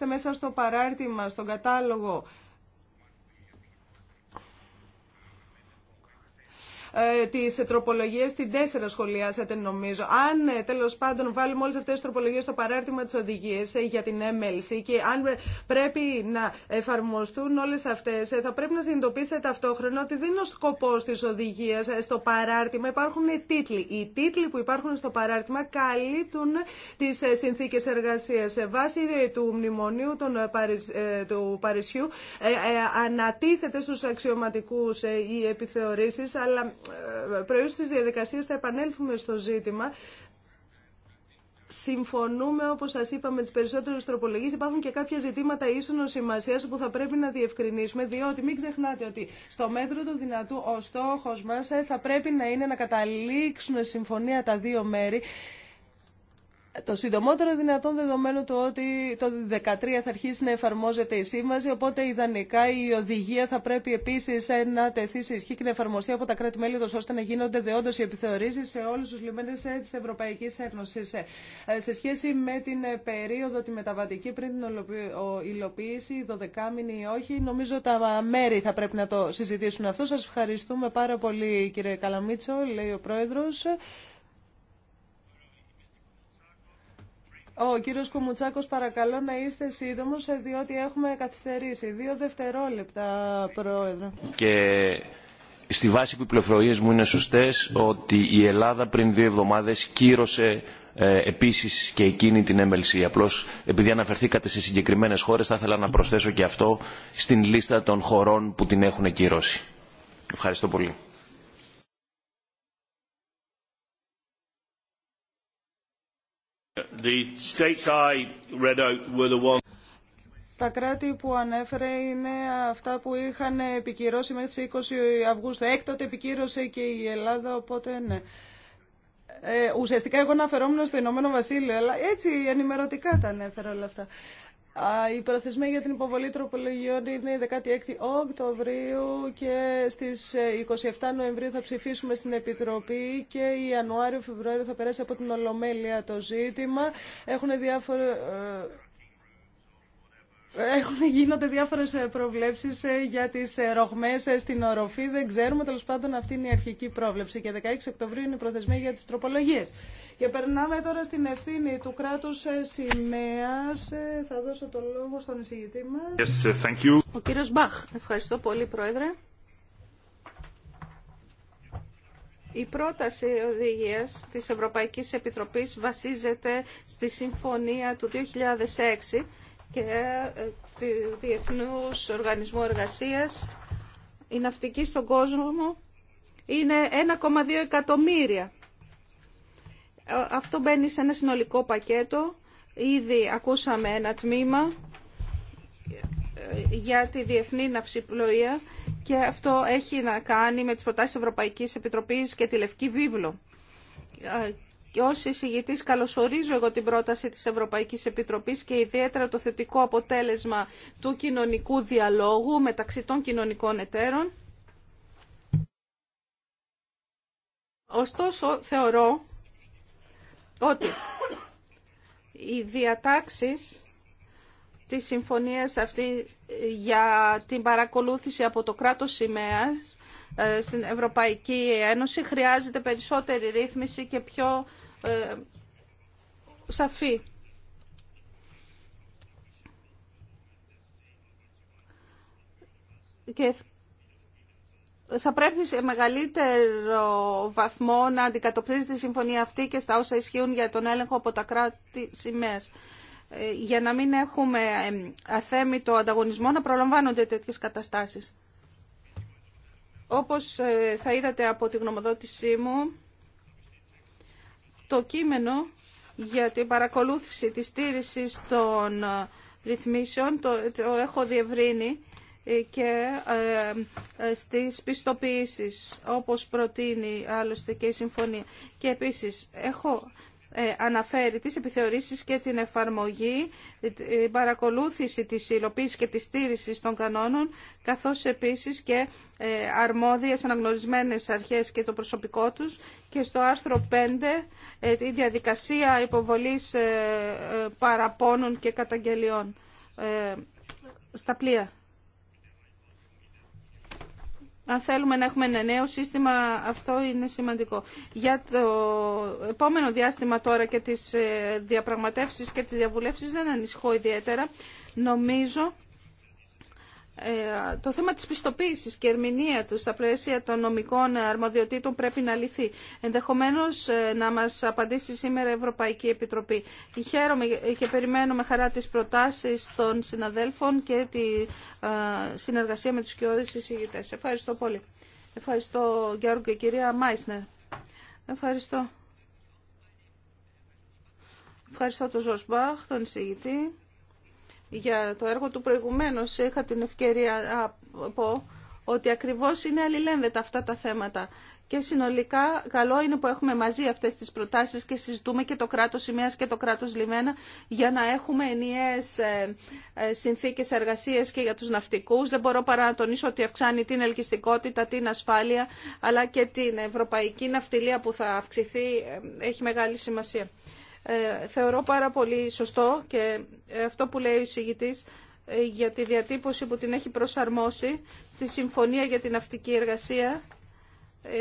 ε; μέσα στο παράρτημα, στον κατάλογο, Ε, τι τροπολογίε την 4 σχολιάσατε νομίζω. Αν ε, τέλο πάντων βάλουμε όλε αυτέ τι τροπολογίε στο παράρτημα τη οδηγία ε, για την MLC και αν πρέπει να εφαρμοστούν όλε αυτέ, θα πρέπει να συνειδητοποιήσετε ταυτόχρονα ότι δεν είναι ο σκοπό τη οδηγία στο παράρτημα. Υπάρχουν τίτλοι. Οι τίτλοι που υπάρχουν στο παράρτημα καλύπτουν τι συνθήκε εργασία. Σε βάση του μνημονίου του Παρισιού ανατίθεται στου αξιωματικού οι επιθεωρήσει, αλλά ε, προϊόν της διαδικασίας θα επανέλθουμε στο ζήτημα. Συμφωνούμε, όπω σα είπα, με τι περισσότερε τροπολογίε. Υπάρχουν και κάποια ζητήματα ίσονο σημασία που θα πρέπει να διευκρινίσουμε, διότι μην ξεχνάτε ότι στο μέτρο του δυνατού ο στόχο μα ε, θα πρέπει να είναι να καταλήξουν συμφωνία τα δύο μέρη το συντομότερο δυνατόν δεδομένου το ότι το 2013 θα αρχίσει να εφαρμόζεται η σύμβαση, οπότε ιδανικά η οδηγία θα πρέπει επίση να τεθεί σε ισχύ και να εφαρμοστεί από τα κράτη-μέλη, ώστε να γίνονται δεόντω οι επιθεωρήσει σε όλου του λιμένε ε, τη Ευρωπαϊκή Ένωση. Ε, σε σχέση με την ε, περίοδο τη μεταβατική πριν την υλοποίηση, 12 μήνη ή όχι, νομίζω τα μέρη θα πρέπει να το συζητήσουν αυτό. Σα ευχαριστούμε πάρα πολύ, κύριε Καλαμίτσο, λέει ο Πρόεδρο. Ο κύριο Κουμουτσάκο, παρακαλώ να είστε σύντομο, ε, διότι έχουμε καθυστερήσει. Δύο δευτερόλεπτα, Πρόεδρο. Και στη βάση που οι πληροφορίε μου είναι σωστέ, ότι η Ελλάδα πριν δύο εβδομάδε κύρωσε ε, επίσης και εκείνη την MLC. Απλώ, επειδή αναφερθήκατε σε συγκεκριμένε χώρε, θα ήθελα να προσθέσω και αυτό στην λίστα των χωρών που την έχουν κυρώσει. Ευχαριστώ πολύ. states I read out were the ones... Τα κράτη που ανέφερε είναι αυτά που είχαν επικυρώσει μέχρι τις 20 Αυγούστου. Έκτοτε επικύρωσε και η Ελλάδα, οπότε ναι. Ε, ουσιαστικά εγώ αναφερόμουν στο Ηνωμένο Βασίλειο, αλλά έτσι ενημερωτικά τα ανέφερα όλα αυτά. Η προθεσμία για την υποβολή τροπολογιών είναι 16 Οκτωβρίου και στις 27 ε, Νοεμβρίου θα ψηφίσουμε στην Επιτροπή και η Ιανουάριο-Φεβρουάριο θα περάσει από την Ολομέλεια το ζήτημα. Έχουν διάφορε έχουν γίνονται διάφορε προβλέψει ε, για τι ε, ρογμέ ε, στην οροφή. Δεν ξέρουμε, τέλο πάντων αυτή είναι η αρχική πρόβλεψη. Και 16 Οκτωβρίου είναι η προθεσμία για τι τροπολογίε. Και περνάμε τώρα στην ευθύνη του Κράτου σημαία. Θα δώσω το λόγο στον εισηγητή μα. Yes, Ο κύριο Μπαχ. Ευχαριστώ πολύ, Πρόεδρε. Η πρόταση οδηγίας της Ευρωπαϊκής Επιτροπής βασίζεται στη Συμφωνία του 2006 και ε, του Διεθνούς Οργανισμού Εργασίας, η ναυτική στον κόσμο είναι 1,2 εκατομμύρια. Ε, αυτό μπαίνει σε ένα συνολικό πακέτο. Ήδη ακούσαμε ένα τμήμα ε, για τη διεθνή ναυσιπλοεία και αυτό έχει να κάνει με τις προτάσεις Ευρωπαϊκής Επιτροπής και τη Λευκή Βίβλο ως εισηγητής καλωσορίζω εγώ την πρόταση της Ευρωπαϊκής Επιτροπής και ιδιαίτερα το θετικό αποτέλεσμα του κοινωνικού διαλόγου μεταξύ των κοινωνικών εταίρων. Ωστόσο, θεωρώ ότι οι διατάξεις της συμφωνίας αυτή για την παρακολούθηση από το κράτος σημαία ε, στην Ευρωπαϊκή Ένωση χρειάζεται περισσότερη ρύθμιση και πιο ε, σαφή. Και θα πρέπει σε μεγαλύτερο βαθμό να αντικατοπτρίζει τη συμφωνία αυτή και στα όσα ισχύουν για τον έλεγχο από τα κράτη σημαίες. Ε, για να μην έχουμε ε, αθέμητο ανταγωνισμό να προλαμβάνονται τέτοιες καταστάσεις. Όπως ε, θα είδατε από τη γνωμοδότησή μου, το κείμενο για την παρακολούθηση της στήρησης των ε, ρυθμίσεων το, έχω διευρύνει ε, και ε, ε, στις πιστοποιήσεις όπως προτείνει άλλωστε και η συμφωνία. Και επίσης έχω ε, αναφέρει τις επιθεωρήσεις και την εφαρμογή, την παρακολούθηση της υλοποίησης και της στήριξης των κανόνων, καθώς επίσης και ε, αρμόδιες αναγνωρισμένες αρχές και το προσωπικό τους και στο άρθρο 5 ε, η διαδικασία υποβολής παραπώνων και καταγγελιών στα πλοία. Αν θέλουμε να έχουμε ένα νέο σύστημα, αυτό είναι σημαντικό. Για το επόμενο διάστημα τώρα και τις ε, διαπραγματεύσεις και τις διαβουλεύσεις δεν ανησυχώ ιδιαίτερα. Νομίζω ε, το θέμα της πιστοποίησης και ερμηνεία του στα πλαίσια των νομικών αρμοδιοτήτων πρέπει να λυθεί. Ενδεχομένως ε, να μας απαντήσει σήμερα η Ευρωπαϊκή Επιτροπή. Χαίρομαι και περιμένω με χαρά τις προτάσεις των συναδέλφων και τη ε, συνεργασία με τους κοιόδες εισηγητές. Ευχαριστώ πολύ. Ευχαριστώ Γιώργο και κυρία Μάισνερ. Ευχαριστώ. Ευχαριστώ τον Ζωσμπαχ, τον εισηγητή για το έργο του προηγουμένως είχα την ευκαιρία να πω ότι ακριβώς είναι αλληλένδετα αυτά τα θέματα. Και συνολικά καλό είναι που έχουμε μαζί αυτές τις προτάσεις και συζητούμε και το κράτος σημαίας και το κράτος λιμένα για να έχουμε ενιαίες ε, ε, συνθήκες εργασίας και για τους ναυτικούς. Δεν μπορώ παρά να τονίσω ότι αυξάνει την ελκυστικότητα, την ασφάλεια αλλά και την ευρωπαϊκή ναυτιλία που θα αυξηθεί ε, έχει μεγάλη σημασία. Ε, θεωρώ πάρα πολύ σωστό και αυτό που λέει ο εισηγητής ε, για τη διατύπωση που την έχει προσαρμόσει στη Συμφωνία για την Αυτική Εργασία ε,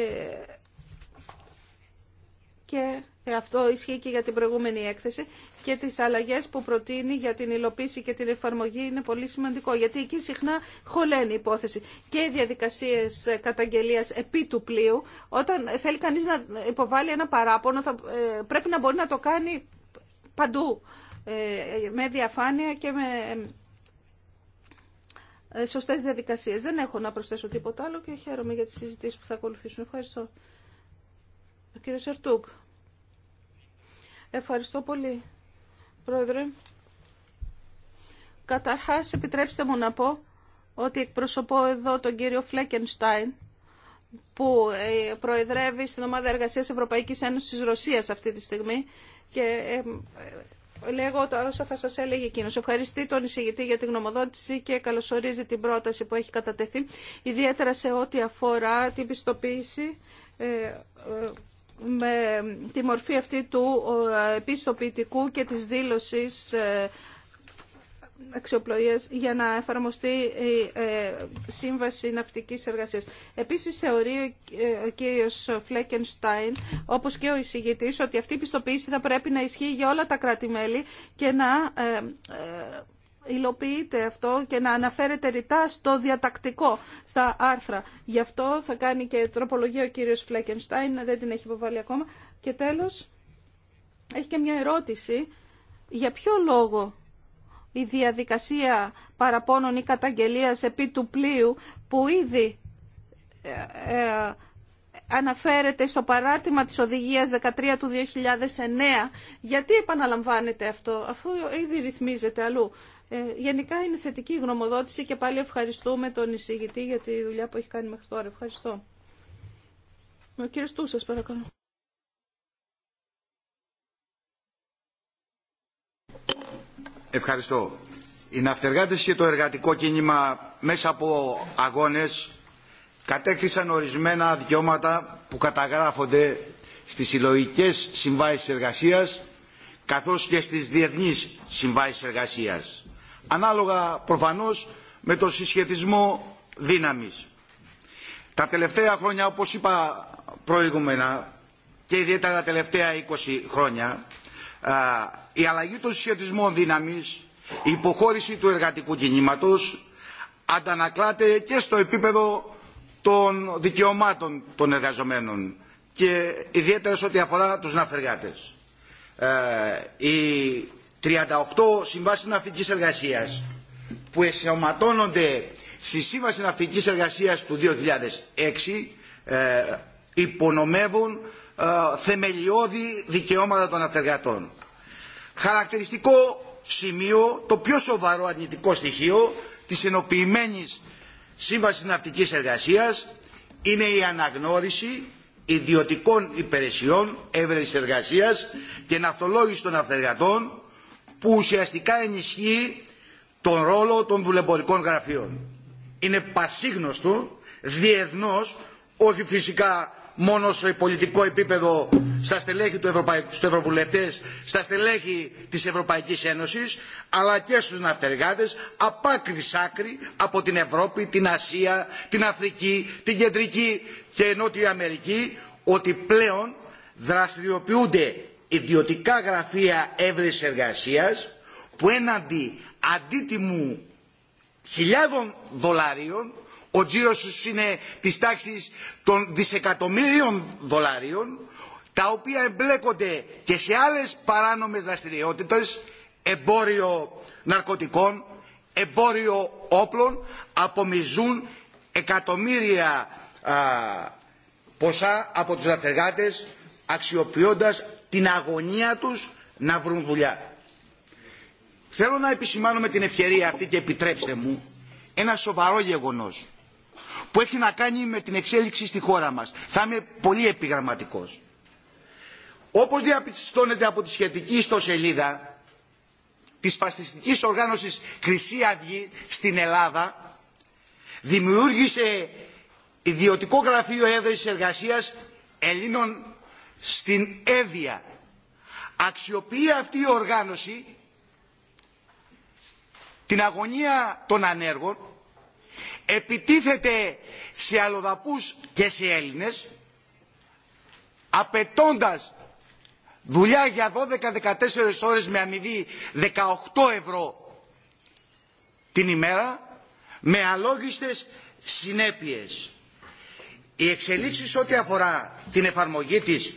και ε, αυτό ισχύει και για την προηγούμενη έκθεση, και τις αλλαγέ που προτείνει για την υλοποίηση και την εφαρμογή είναι πολύ σημαντικό, γιατί εκεί συχνά χωλαίνει η υπόθεση. Και οι διαδικασίες καταγγελίας επί του πλοίου, όταν θέλει κανείς να υποβάλει ένα παράπονο, θα, ε, πρέπει να μπορεί να το κάνει παντού, ε, με διαφάνεια και με σωστέ διαδικασίε. Δεν έχω να προσθέσω τίποτα άλλο και χαίρομαι για τι συζητήσει που θα ακολουθήσουν. Ευχαριστώ. Ο κύριο Ευχαριστώ πολύ, Πρόεδρε. Καταρχάς, επιτρέψτε μου να πω ότι εκπροσωπώ εδώ τον κύριο Φλέκενστάιν, που ε, προεδρεύει στην Ομάδα Εργασίας Ευρωπαϊκής Ένωσης Ρωσίας αυτή τη στιγμή και ε, λέγω το όσα θα σας έλεγε εκείνος. Ευχαριστεί τον εισηγητή για την γνωμοδότηση και καλωσορίζει την πρόταση που έχει κατατεθεί, ιδιαίτερα σε ό,τι αφορά την πιστοποίηση ε, με τη μορφή αυτή του ε, επιστοποιητικού και της δήλωσης ε, αξιοπλοείας για να εφαρμοστεί η ε, Σύμβαση Ναυτικής Εργασίας. Επίσης θεωρεί ο κύριος Φλέκενστάιν, όπως και ο εισηγητής, ότι αυτή η πιστοποίηση θα πρέπει να ισχύει για όλα τα κράτη-μέλη και να υλοποιείται αυτό και να αναφέρεται ρητά στο διατακτικό, στα άρθρα. Γι' αυτό θα κάνει και τροπολογία ο κύριος Φλέκενστάιν, δεν την έχει υποβάλει ακόμα. Και τέλος, έχει και μια ερώτηση. Για ποιο λόγο η διαδικασία παραπώνων ή καταγγελίας επί του πλοίου που ήδη ε, ε, αναφέρεται στο παράρτημα της οδηγίας 13 του 2009. Γιατί επαναλαμβάνεται αυτό, αφού ήδη ρυθμίζεται αλλού. Ε, γενικά είναι θετική η γνωμοδότηση και πάλι ευχαριστούμε τον εισηγητή για τη δουλειά που έχει κάνει μέχρι τώρα. Ευχαριστώ. Ο κύριος Τούσας, παρακαλώ. Ευχαριστώ. Οι ναυτεργάτες και το εργατικό κίνημα μέσα από αγώνες κατέκτησαν ορισμένα δικαιώματα που καταγράφονται στις συλλογικέ συμβάσεις εργασίας καθώς και στις διεθνείς συμβάσεις εργασίας ανάλογα προφανώς με το συσχετισμό δύναμης. Τα τελευταία χρόνια, όπως είπα προηγούμενα και ιδιαίτερα τα τελευταία 20 χρόνια, η αλλαγή των συσχετισμών δύναμης, η υποχώρηση του εργατικού κινήματος αντανακλάται και στο επίπεδο των δικαιωμάτων των εργαζομένων και ιδιαίτερα σε ό,τι αφορά τους Ε, 38 συμβάσει ναυτική εργασία που εσωματώνονται στη Σύμβαση Ναυτικής Εργασίας του 2006 ε, υπονομεύουν ε, θεμελιώδη δικαιώματα των αυτεργατών. Χαρακτηριστικό σημείο, το πιο σοβαρό αρνητικό στοιχείο της ενοποιημένης Σύμβασης Ναυτικής Εργασίας είναι η αναγνώριση ιδιωτικών υπηρεσιών εύρεσης εργασίας και ναυτολόγηση των αυτεργατών που ουσιαστικά ενισχύει τον ρόλο των δουλεμπορικών γραφείων. Είναι πασίγνωστο, διεθνώς, όχι φυσικά μόνο στο πολιτικό επίπεδο στα στελέχη του ευρωπαϊκού Ευρωβουλευτές, στα στελέχη της Ευρωπαϊκής Ένωσης, αλλά και στους ναυτεργάτες, από άκρη από την Ευρώπη, την Ασία, την Αφρική, την Κεντρική και Νότια Αμερική, ότι πλέον δραστηριοποιούνται ιδιωτικά γραφεία εύρης εργασίας που έναντι αντίτιμου χιλιάδων δολαρίων ο τζίρος τους είναι της τάξης των δισεκατομμύριων δολαρίων τα οποία εμπλέκονται και σε άλλες παράνομες δραστηριότητες εμπόριο ναρκωτικών, εμπόριο όπλων απομιζούν εκατομμύρια ποσά από τους λαθεργάτες αξιοποιώντας την αγωνία τους να βρουν δουλειά. Θέλω να επισημάνω με την ευκαιρία αυτή και επιτρέψτε μου ένα σοβαρό γεγονός που έχει να κάνει με την εξέλιξη στη χώρα μας. Θα είμαι πολύ επιγραμματικός. Όπως διαπιστώνεται από τη σχετική ιστοσελίδα της φασιστικής οργάνωσης Χρυσή Αυγή στην Ελλάδα δημιούργησε ιδιωτικό γραφείο έδρασης εργασίας Ελλήνων στην έδεια. Αξιοποιεί αυτή η οργάνωση την αγωνία των ανέργων, επιτίθεται σε αλλοδαπούς και σε Έλληνες, απαιτώντας δουλειά για 12-14 ώρες με αμοιβή 18 ευρώ την ημέρα, με αλόγιστες συνέπειες. Οι εξελίξεις ό,τι αφορά την εφαρμογή της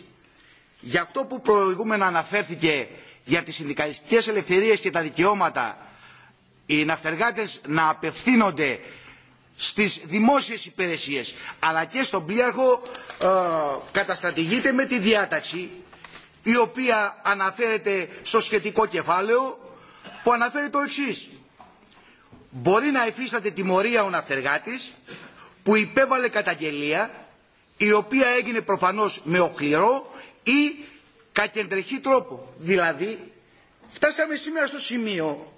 Γι' αυτό που προηγούμενα αναφέρθηκε για τις συνδικαλιστικές ελευθερίες και τα δικαιώματα οι ναυτεργάτες να απευθύνονται στις δημόσιες υπηρεσίες αλλά και στον πλοίαρχο ε, καταστρατηγείται με τη διάταξη η οποία αναφέρεται στο σχετικό κεφάλαιο που αναφέρει το εξή. Μπορεί να εφίσταται τιμωρία ο ναυτεργάτης που υπέβαλε καταγγελία η οποία έγινε προφανώς με οχληρό ή κακεντρεχή τρόπο. Δηλαδή, φτάσαμε σήμερα στο σημείο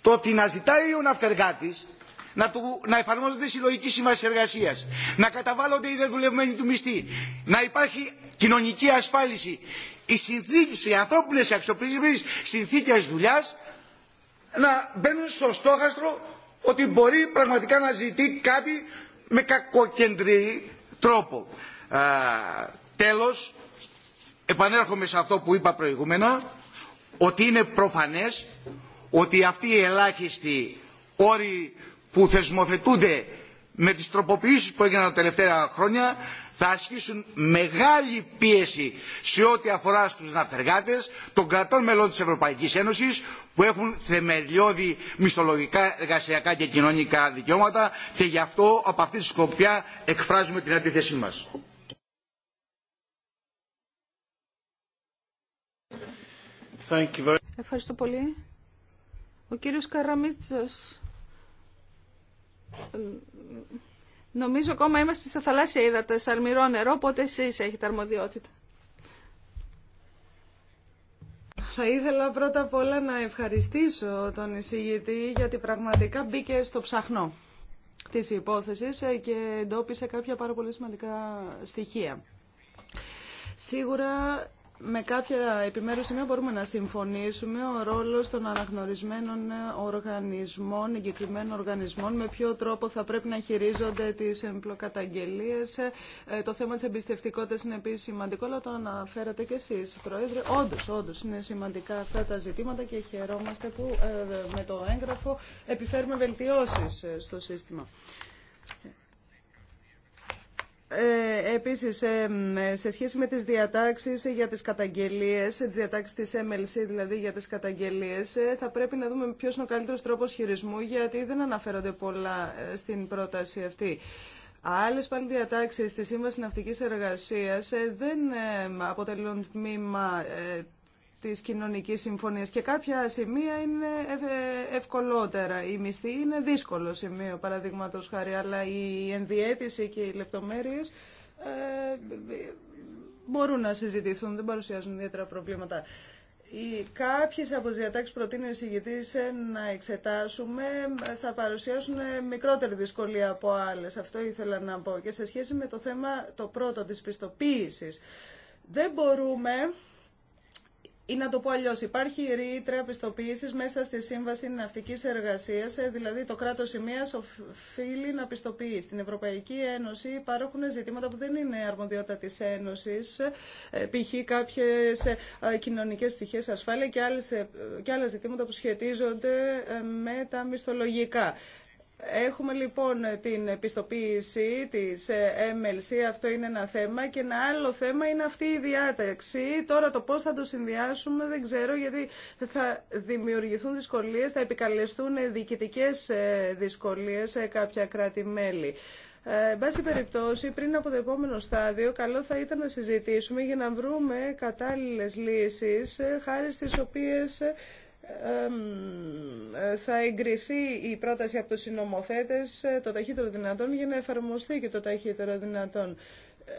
το ότι να ζητάει ο ναυτεργάτης να, του, εφαρμόζονται συλλογική σύμβαση εργασία, να καταβάλλονται οι δεδουλευμένοι του μισθοί, να υπάρχει κοινωνική ασφάλιση, οι συνθήκε, οι ανθρώπινε αξιοποιημένε συνθήκε δουλειά να μπαίνουν στο στόχαστρο ότι μπορεί πραγματικά να ζητεί κάτι με κακοκεντρή τρόπο. τέλος, επανέρχομαι σε αυτό που είπα προηγούμενα ότι είναι προφανές ότι αυτοί οι ελάχιστοι όροι που θεσμοθετούνται με τις τροποποιήσεις που έγιναν τα τελευταία χρόνια θα ασκήσουν μεγάλη πίεση σε ό,τι αφορά στους ναυτεργάτες των κρατών μελών της Ευρωπαϊκής Ένωσης που έχουν θεμελιώδη μισθολογικά, εργασιακά και κοινωνικά δικαιώματα και γι' αυτό από αυτή τη σκοπιά εκφράζουμε την αντίθεσή μας. Thank you Ευχαριστώ πολύ. Ο κύριος Καραμίτσος. Νομίζω ακόμα είμαστε στα θαλάσσια ύδατα, σε αλμυρό νερό, οπότε εσείς έχετε αρμοδιότητα. Θα ήθελα πρώτα απ' όλα να ευχαριστήσω τον εισηγητή γιατί πραγματικά μπήκε στο ψαχνό της υπόθεσης και εντόπισε κάποια πάρα πολύ σημαντικά στοιχεία. Σίγουρα με κάποια επιμέρους σημεία μπορούμε να συμφωνήσουμε ο ρόλος των αναγνωρισμένων οργανισμών, εγκεκριμένων οργανισμών, με ποιο τρόπο θα πρέπει να χειρίζονται τις εμπλοκαταγγελίες. Ε, το θέμα της εμπιστευτικότητας είναι επίσης σημαντικό, αλλά το αναφέρατε και εσείς, Πρόεδρε. Όντως, όντως είναι σημαντικά αυτά τα ζητήματα και χαιρόμαστε που ε, με το έγγραφο επιφέρουμε βελτιώσεις ε, στο σύστημα. Ε, επίσης, ε, σε σχέση με τις διατάξεις για τις καταγγελίες, τις διατάξεις της MLC δηλαδή για τις καταγγελίες, ε, θα πρέπει να δούμε ποιος είναι ο καλύτερος τρόπος χειρισμού, γιατί δεν αναφέρονται πολλά στην πρόταση αυτή. Άλλες πάλι διατάξεις της Σύμβασης Ναυτικής Εργασίας δεν αποτελούν τμήμα Τη κοινωνική συμφωνίες και κάποια σημεία είναι ευκολότερα. Η μισθή είναι δύσκολο σημείο, παραδείγματος χάρη, αλλά η ενδιέτηση και οι λεπτομέρειες ε, μπορούν να συζητηθούν, δεν παρουσιάζουν ιδιαίτερα προβλήματα. Κάποιε κάποιες από τις διατάξεις προτείνει ο ε, να εξετάσουμε θα παρουσιάσουν ε, μικρότερη δυσκολία από άλλες. Αυτό ήθελα να πω. Και σε σχέση με το θέμα το πρώτο της πιστοποίησης. Δεν μπορούμε ή να το πω αλλιώ, υπάρχει ρήτρα πιστοποίηση μέσα στη Σύμβαση Ναυτική Εργασία, ε, δηλαδή το κράτο σημεία οφείλει να πιστοποιεί. Στην Ευρωπαϊκή Ένωση υπάρχουν ζητήματα που δεν είναι αρμοδιότητα τη Ένωση, ε, π.χ. κάποιε κοινωνικέ πτυχέ ασφάλεια και, άλλες, ε, και άλλα ζητήματα που σχετίζονται με τα μισθολογικά. Έχουμε λοιπόν την επιστοποίηση της ε, MLC, αυτό είναι ένα θέμα και ένα άλλο θέμα είναι αυτή η διάταξη. Τώρα το πώς θα το συνδυάσουμε δεν ξέρω γιατί θα δημιουργηθούν δυσκολίες, θα επικαλεστούν διοικητικές ε, δυσκολίες σε κάποια κράτη-μέλη. Ε, εν πάση περιπτώσει, πριν από το επόμενο στάδιο, καλό θα ήταν να συζητήσουμε για να βρούμε κατάλληλες λύσεις, ε, χάρη στις οποίες θα εγκριθεί η πρόταση από τους συνομοθέτες ε, το ταχύτερο δυνατόν για να εφαρμοστεί και το ταχύτερο δυνατόν. Ε,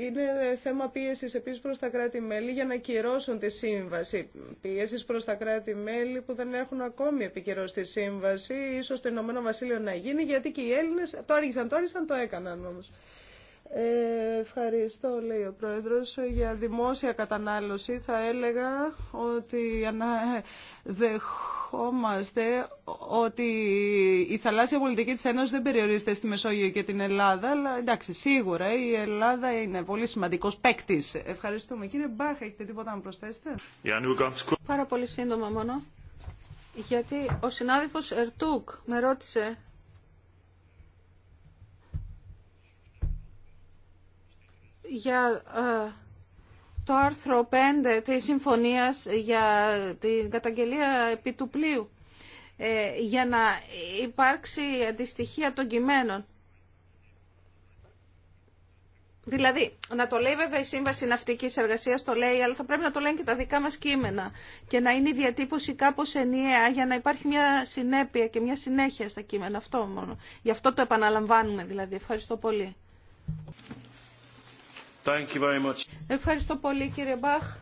ε, είναι θέμα πίεσης επίσης προς τα κράτη-μέλη για να κυρώσουν τη σύμβαση. Πίεσης προς τα κράτη-μέλη που δεν έχουν ακόμη επικυρώσει τη σύμβαση, ίσως το Ηνωμένο Βασίλειο να γίνει, γιατί και οι Έλληνες το άργησαν, το άργησαν, το έκαναν όμως. Ε, ευχαριστώ, λέει ο Πρόεδρος. Για δημόσια κατανάλωση θα έλεγα ότι δεχόμαστε ότι η θαλάσσια πολιτική της Ένωσης δεν περιορίζεται στη Μεσόγειο και την Ελλάδα, αλλά εντάξει, σίγουρα η Ελλάδα είναι πολύ σημαντικός παίκτη. Ευχαριστούμε. Κύριε Μπάχα, έχετε τίποτα να προσθέσετε. Πάρα πολύ σύντομα μόνο. Γιατί ο συνάδελφος Ερτούκ με ρώτησε για ε, το άρθρο 5 της Συμφωνίας για την καταγγελία επί του πλοίου ε, για να υπάρξει αντιστοιχεία των κειμένων. Δηλαδή, να το λέει βέβαια η Σύμβαση Ναυτικής Εργασίας, το λέει, αλλά θα πρέπει να το λένε και τα δικά μας κείμενα και να είναι η διατύπωση κάπως ενιαία για να υπάρχει μια συνέπεια και μια συνέχεια στα κείμενα. Αυτό μόνο. Γι' αυτό το επαναλαμβάνουμε δηλαδή. Ευχαριστώ πολύ. Ευχαριστώ πολύ κύριε Μπαχ.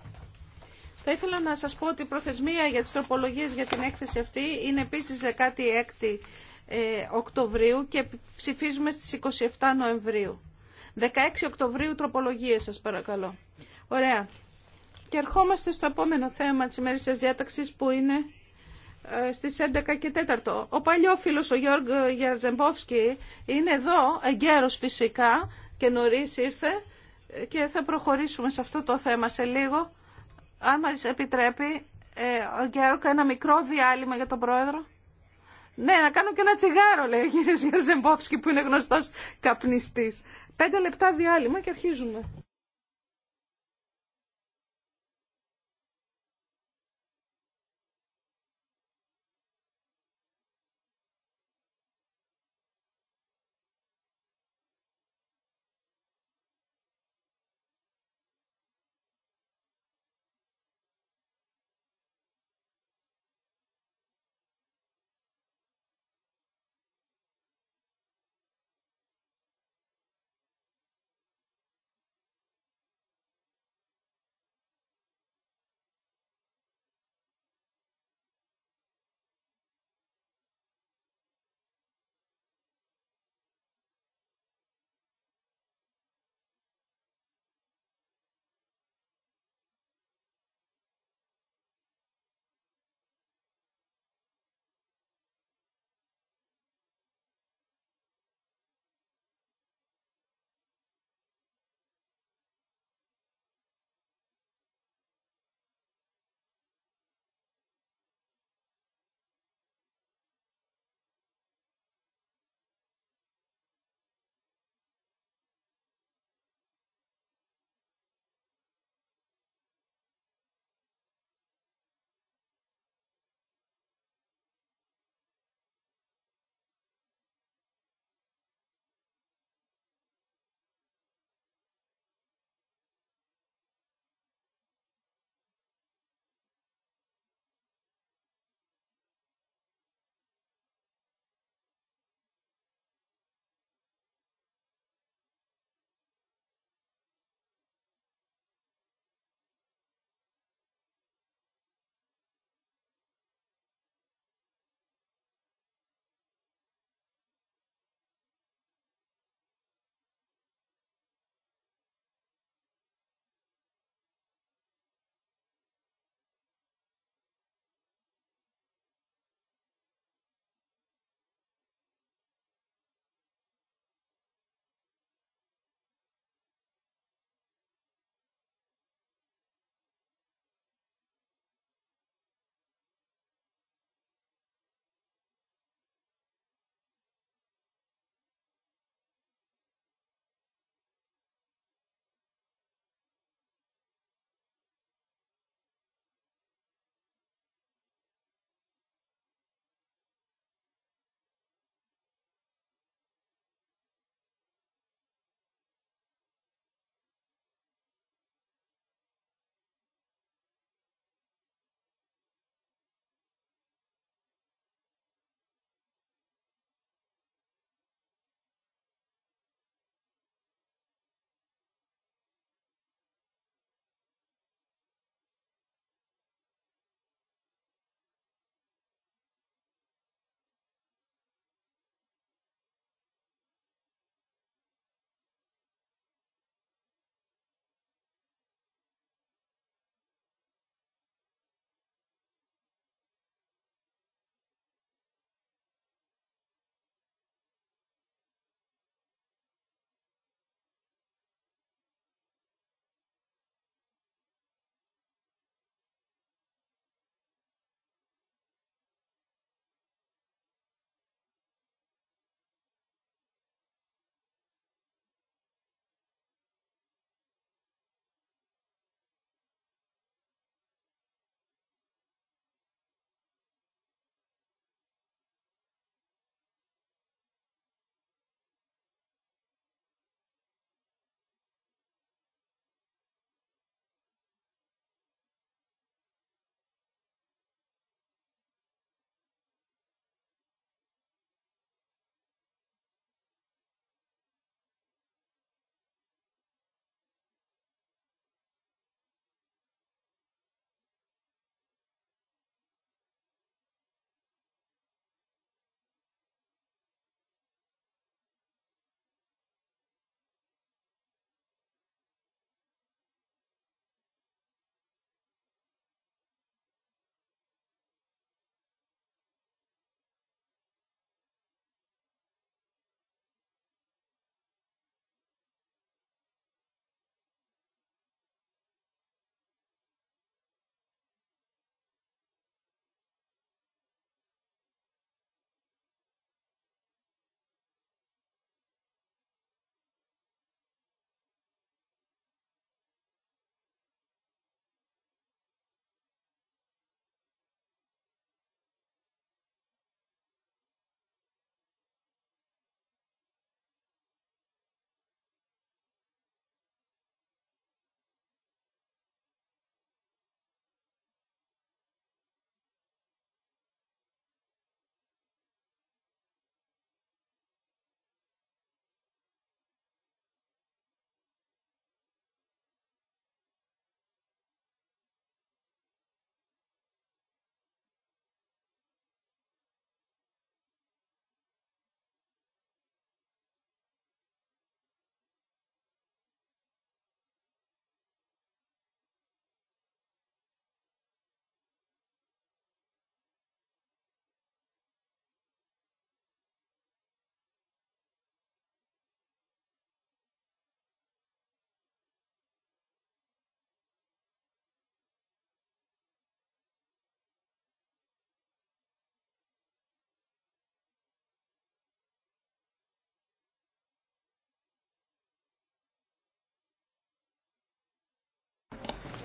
Θα ήθελα να σας πω ότι η προθεσμία για τις τροπολογίες για την έκθεση αυτή είναι επίσης 16 ε, Οκτωβρίου και ψηφίζουμε στις 27 Νοεμβρίου. 16 Οκτωβρίου τροπολογίες σας παρακαλώ. Ωραία. Και ερχόμαστε στο επόμενο θέμα της της διάταξης που είναι ε, στις 11 και 4. Ο παλιό φίλος ο Γιώργο Γερζεμπόφσκι είναι εδώ, εγκαίρος φυσικά και νωρίς ήρθε και θα προχωρήσουμε σε αυτό το θέμα σε λίγο. Αν μας επιτρέπει, ε, ο ένα μικρό διάλειμμα για τον Πρόεδρο. Ναι, να κάνω και ένα τσιγάρο, λέει ο κύριος Γερζεμπόφσκι, που είναι γνωστός καπνιστής. Πέντε λεπτά διάλειμμα και αρχίζουμε.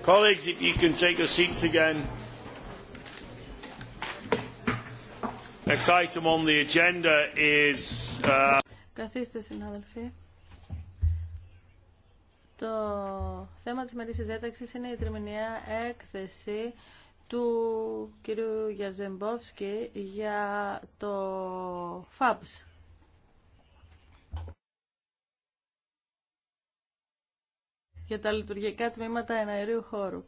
Colleagues, if you can take your seats again. Next item on the agenda is. Uh, Καθίστε, συνάδελφοι. Το θέμα της μερικής συζέταξης είναι η τριμηνιαία έκθεση του κυρίου Γιαζεμπόφσκι για το ΦΑΠΣ. για τα λειτουργικά τμήματα εναερίου χώρου.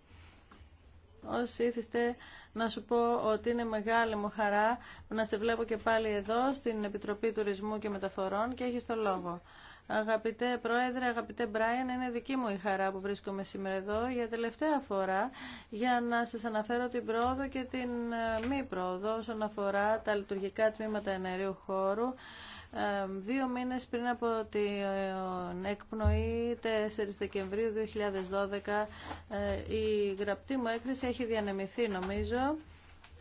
Όσοι ήθιστε να σου πω ότι είναι μεγάλη μου χαρά να σε βλέπω και πάλι εδώ στην Επιτροπή Τουρισμού και Μεταφορών και έχεις το λόγο. Αγαπητέ Πρόεδρε, αγαπητέ Μπράιν, είναι δική μου η χαρά που βρίσκομαι σήμερα εδώ για τελευταία φορά για να σας αναφέρω την πρόοδο και την ε, μη πρόοδο όσον αφορά τα λειτουργικά τμήματα ενερίου χώρου ε, δύο μήνες πριν από την εκπνοή 4 Δεκεμβρίου 2012 ε, η γραπτή μου έκθεση έχει διανεμηθεί νομίζω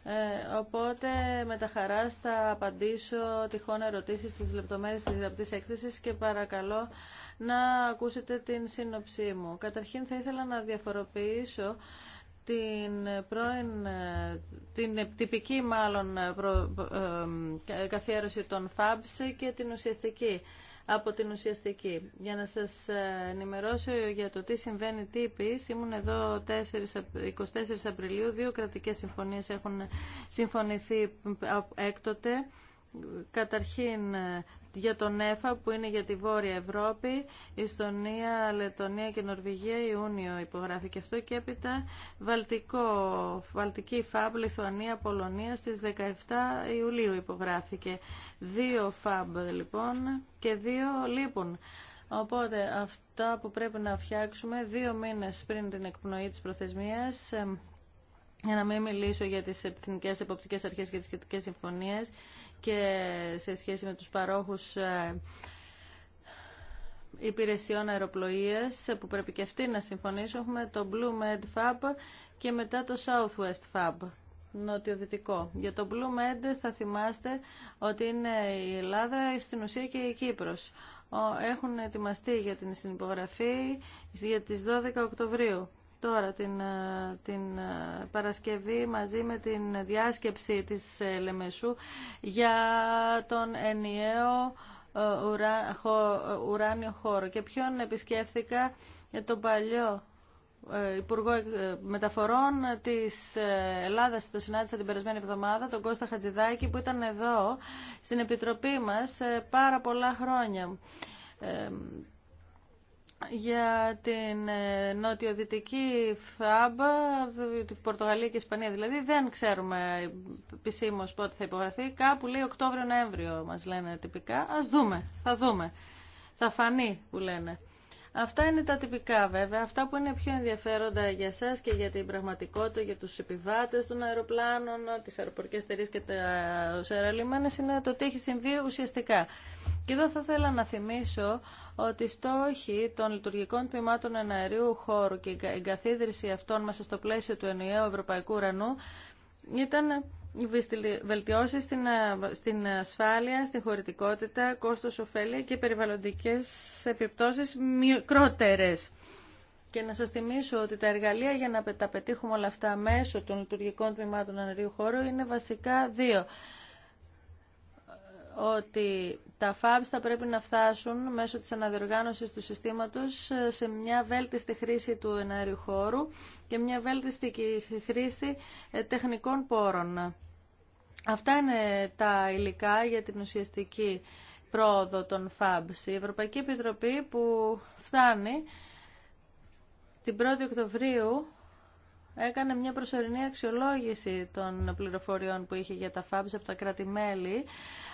ε, οπότε με τα χαρά θα απαντήσω τυχόν ερωτήσει στις λεπτομέρειες της διδαπτής έκθεσης και παρακαλώ να ακούσετε την σύνοψή μου. Καταρχήν θα ήθελα να διαφοροποιήσω την, πρώην, την τυπική μάλλον προ, ε, ε, καθιέρωση των ΦΑΜΣ και την ουσιαστική από την ουσιαστική. Για να σας ε, ενημερώσω για το τι συμβαίνει τύπης, ήμουν εδώ 24 Απριλίου, δύο κρατικές συμφωνίες έχουν συμφωνηθεί έκτοτε. Καταρχήν ε, για τον ΕΦΑ που είναι για τη Βόρεια Ευρώπη, Ιστονία, Λετωνία και Νορβηγία, Ιούνιο υπογράφει και αυτό και έπειτα Βαλτικό, Βαλτική ΦΑΜ, Λιθουανία, Πολωνία στις 17 Ιουλίου υπογράφηκε. Δύο ΦΑΜ λοιπόν και δύο λείπουν. Οπότε αυτά που πρέπει να φτιάξουμε δύο μήνες πριν την εκπνοή της προθεσμίας ε, για να μην μιλήσω για τις εθνικές εποπτικές αρχές και τις σχετικές συμφωνίες και σε σχέση με τους παρόχους ε, υπηρεσιών αεροπλοείας ε, που πρέπει και αυτοί να συμφωνήσουν. Έχουμε το Blue Med Fab και μετά το Southwest Fab νοτιοδυτικό. Για το Blue Med θα θυμάστε ότι είναι η Ελλάδα στην ουσία και η Κύπρος. Έχουν ετοιμαστεί για την συνυπογραφή για τις 12 Οκτωβρίου. Τώρα την, ε, την ε, Παρασκευή μαζί με την διάσκεψη της ε, Λεμεσού για τον ενιαίο ουρά, ουράνιο χώρο. Και ποιον επισκέφθηκα για τον παλιό Υπουργό Μεταφορών της Ελλάδας, το συνάντησα την περασμένη εβδομάδα, τον Κώστα Χατζηδάκη που ήταν εδώ στην Επιτροπή μας πάρα πολλά χρόνια για την ε, νότιο-δυτική ΦΑΜΠΑ, την Πορτογαλία και Ισπανία δηλαδή, δεν ξέρουμε επισήμω πότε θα υπογραφεί. Κάπου λέει Οκτώβριο-Νοέμβριο μας λένε τυπικά. Ας δούμε, θα δούμε. Θα φανεί που λένε. Αυτά είναι τα τυπικά βέβαια. Αυτά που είναι πιο ενδιαφέροντα για εσά και για την πραγματικότητα, για του επιβάτε των αεροπλάνων, τι αεροπορικέ εταιρείε και τα αερολιμάνε είναι το τι έχει συμβεί ουσιαστικά. Και εδώ θα ήθελα να θυμίσω ότι η στόχοι των λειτουργικών τμήματων εναερίου χώρου και η εγκαθίδρυση αυτών μέσα στο πλαίσιο του ενιαίου ευρωπαϊκού ουρανού ήταν βελτιώσει στην, ε, στην ασφάλεια, στη χωρητικότητα, κόστος ωφέλεια και περιβαλλοντικές επιπτώσεις μικρότερες. Και να σας θυμίσω ότι τα εργαλεία για να τα πετύχουμε όλα αυτά μέσω των λειτουργικών τμήματων ανερίου χώρου είναι βασικά δύο. Ότι τα FABs θα πρέπει να φτάσουν μέσω της αναδιοργάνωσης του συστήματος ε, σε μια βέλτιστη χρήση του εναέριου χώρου και μια βέλτιστη χρήση ε, τεχνικών πόρων. Αυτά είναι τα υλικά για την ουσιαστική πρόοδο των FABs. Η Ευρωπαϊκή Επιτροπή που φτάνει την 1η Οκτωβρίου έκανε μια προσωρινή αξιολόγηση των πληροφοριών που είχε για τα FABs από τα κράτη-μέλη.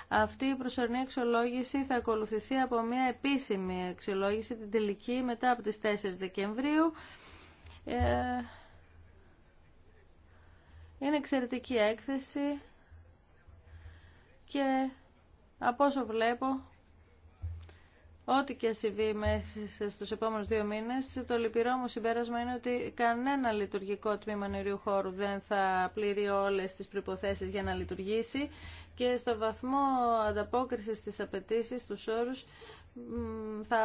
Αυτή η προσωρινή αξιολόγηση θα ακολουθηθεί από μια επίσημη αξιολόγηση, την τελική, μετά από τις 4 Δεκεμβρίου. Ε, είναι εξαιρετική έκθεση και από όσο βλέπω Ό,τι και συμβεί μέχρι στου επόμενου δύο μήνες, το λυπηρό μου συμπέρασμα είναι ότι κανένα λειτουργικό τμήμα νερίου χώρου δεν θα πληρεί όλες τις προϋποθέσεις για να λειτουργήσει και στο βαθμό ανταπόκριση στις απαιτήσει, του όρου, θα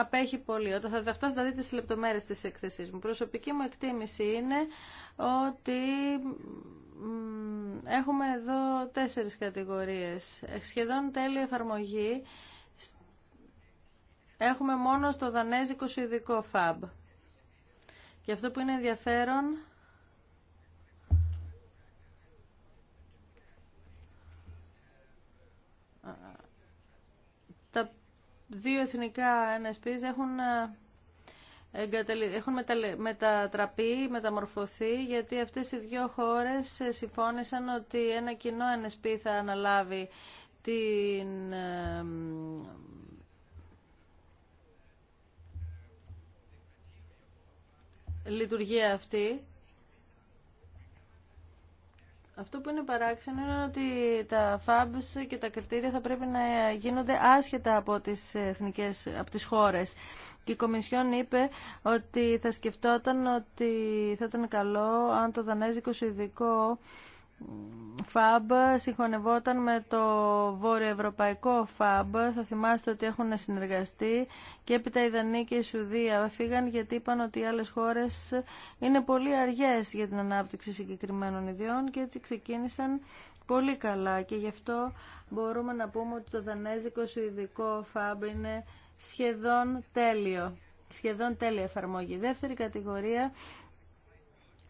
απέχει πολύ. Όταν θα, αυτά θα δείτε στις λεπτομέρειες της έκθεσής μου. Προσωπική μου εκτίμηση είναι ότι έχουμε εδώ τέσσερις κατηγορίες. Σχεδόν τέλειο εφαρμογή έχουμε μόνο στο δανέζικο ειδικό FAB. Και αυτό που είναι ενδιαφέρον τα δύο εθνικά NSPs έχουν έχουν μετατραπεί, μεταμορφωθεί, γιατί αυτές οι δύο χώρες συμφώνησαν ότι ένα κοινό NSP θα αναλάβει την λειτουργία αυτή. Αυτό που είναι παράξενο είναι ότι τα FABs και τα κριτήρια θα πρέπει να γίνονται άσχετα από τις, εθνικές, από τις χώρες και η Κομισιόν είπε ότι θα σκεφτόταν ότι θα ήταν καλό αν το δανέζικο σουηδικό ΦΑΜΠ συγχωνευόταν με το Ευρωπαϊκό ΦΑΜΠ. Θα θυμάστε ότι έχουν συνεργαστεί και έπειτα οι Δανείοι και η Σουδία φύγαν γιατί είπαν ότι οι άλλες χώρες είναι πολύ αργές για την ανάπτυξη συγκεκριμένων ιδιών και έτσι ξεκίνησαν πολύ καλά και γι' αυτό μπορούμε να πούμε ότι το δανέζικο-σουηδικό ΦΑΜΠ είναι σχεδόν τέλειο. Σχεδόν τέλεια εφαρμόγη. δεύτερη κατηγορία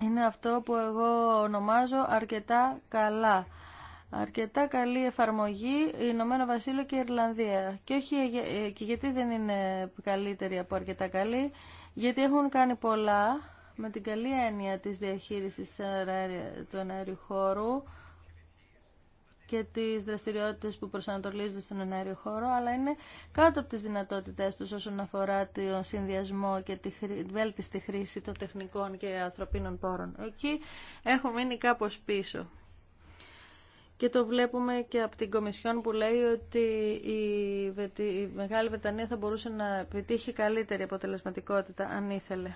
είναι αυτό που εγώ ονομάζω αρκετά καλά. Αρκετά καλή εφαρμογή Ηνωμένο Βασίλειο και Ιρλανδία. Και, όχι, και γιατί δεν είναι καλύτερη από αρκετά καλή, γιατί έχουν κάνει πολλά με την καλή έννοια της διαχείρισης του εναέριου και τι δραστηριότητες που προσανατολίζονται στον ενέργειο χώρο, αλλά είναι κάτω από τις δυνατότητές τους όσον αφορά τον συνδυασμό και τη βέλτιστη χρήση των τεχνικών και ανθρωπίνων πόρων. Εκεί έχουμε μείνει κάπω πίσω. Και το βλέπουμε και από την Κομισιόν που λέει ότι η Μεγάλη Βρετανία θα μπορούσε να επιτύχει καλύτερη αποτελεσματικότητα αν ήθελε.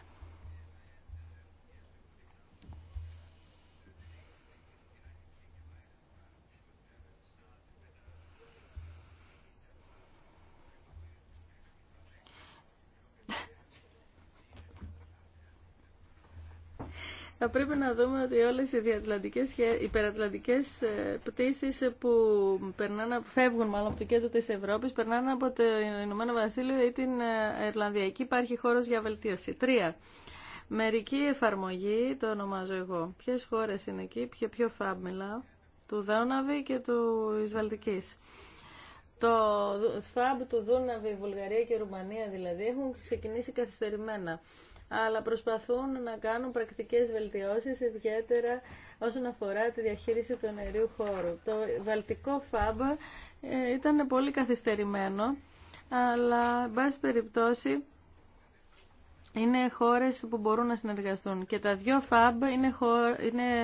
θα πρέπει να δούμε ότι όλες οι διατλαντικές και υπερατλαντικές ε, πτήσεις που περνάνε, φεύγουν μάλλον από το κέντρο της Ευρώπης περνάνε από το Ηνωμένο Βασίλειο ή την ε, Ιρλανδία. Εκεί υπάρχει χώρος για βελτίωση. Τρία. Μερική εφαρμογή, το ονομάζω εγώ. Ποιες χώρες είναι εκεί, ποιο, ποιο φάμιλα, του Δόναβη και του Ισβαλτικής. Το ΦΑΜ του Δούναβη, Βουλγαρία και Ρουμανία δηλαδή έχουν ξεκινήσει καθυστερημένα αλλά προσπαθούν να κάνουν πρακτικές βελτιώσεις, ιδιαίτερα όσον αφορά τη διαχείριση του νερίου χώρου. Το βαλτικό ΦΑΜΠ ε, ήταν πολύ καθυστερημένο, αλλά, εν πάση περιπτώσει, είναι χώρες που μπορούν να συνεργαστούν. Και τα δύο ΦΑΜΠ είναι, είναι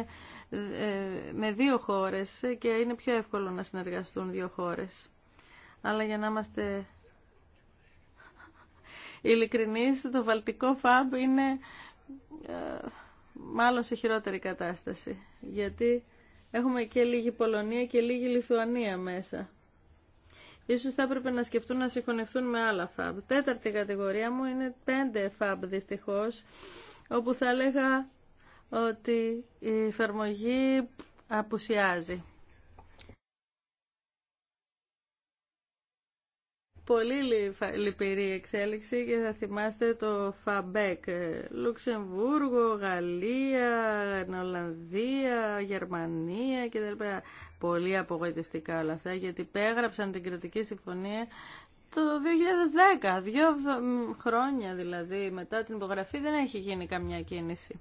ε, με δύο χώρες και είναι πιο εύκολο να συνεργαστούν δύο χώρες. Αλλά για να είμαστε ειλικρινή το βαλτικό φαμπ είναι ε, μάλλον σε χειρότερη κατάσταση. Γιατί έχουμε και λίγη Πολωνία και λίγη Λιθουανία μέσα. Ίσως θα έπρεπε να σκεφτούν να συγχωνευτούν με άλλα φαμπ. Τέταρτη κατηγορία μου είναι πέντε φαμπ δυστυχώς, όπου θα έλεγα ότι η εφαρμογή απουσιάζει. πολύ λυπηρή εξέλιξη και θα θυμάστε το Φαμπέκ. Λουξεμβούργο, Γαλλία, Ολλανδία, Γερμανία και κτλ. Πολύ απογοητευτικά όλα αυτά γιατί πέγραψαν την κρατική συμφωνία το 2010. Δύο χρόνια δηλαδή μετά την υπογραφή δεν έχει γίνει καμιά κίνηση.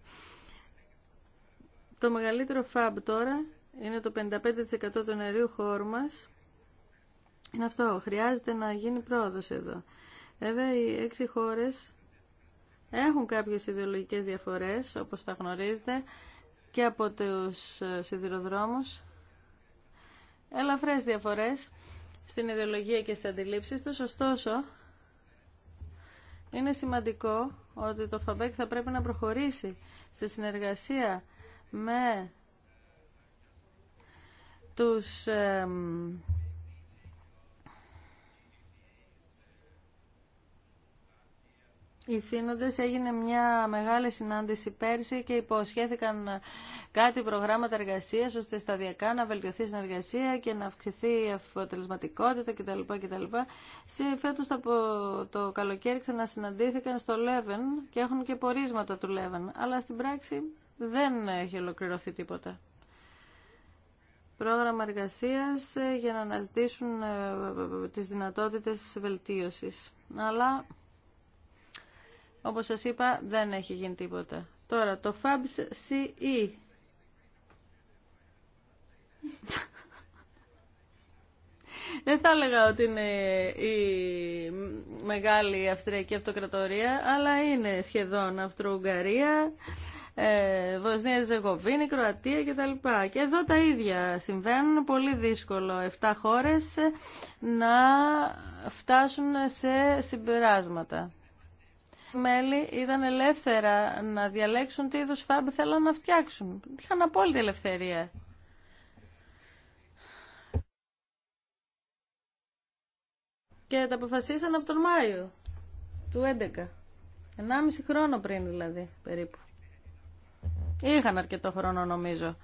Το μεγαλύτερο φαμπ τώρα είναι το 55% των νερίου χώρου μας είναι αυτό. Χρειάζεται να γίνει πρόοδος εδώ. Βέβαια, οι έξι χώρες έχουν κάποιες ιδεολογικές διαφορές, όπως τα γνωρίζετε, και από τους ε, σιδηροδρόμους. Ελαφρές διαφορές στην ιδεολογία και στις αντιλήψεις τους. Ωστόσο, είναι σημαντικό ότι το ΦΑΜΠΕΚ θα πρέπει να προχωρήσει σε συνεργασία με τους ε, οι θύνοντες έγινε μια μεγάλη συνάντηση πέρσι και υποσχέθηκαν κάτι προγράμματα εργασίας ώστε σταδιακά να βελτιωθεί η συνεργασία και να αυξηθεί η αποτελεσματικότητα κτλ. κτλ. φέτος το καλοκαίρι ξανασυναντήθηκαν στο Λέβεν και έχουν και πορίσματα του Λέβεν, αλλά στην πράξη δεν έχει ολοκληρωθεί τίποτα πρόγραμμα εργασίας ε, για να αναζητήσουν ε, τις δυνατότητες βελτίωσης. Αλλά όπως σας είπα, δεν έχει γίνει τίποτα. Τώρα, το Fabs CE. Δεν θα έλεγα ότι είναι η μεγάλη Αυστριακή Αυτοκρατορία, αλλά είναι σχεδόν ε, Βοσνία, Ζεγοβίνη, Κροατία κτλ. Και εδώ τα ίδια συμβαίνουν. Πολύ δύσκολο 7 χώρες να φτάσουν σε συμπεράσματα μέλη ήταν ελεύθερα να διαλέξουν τι είδους φαμπ θέλαν να φτιάξουν. Είχαν απόλυτη ελευθερία. Και τα αποφασίσαν από τον Μάιο του 11. 1,5 χρόνο πριν δηλαδή περίπου. Είχαν αρκετό χρόνο νομίζω.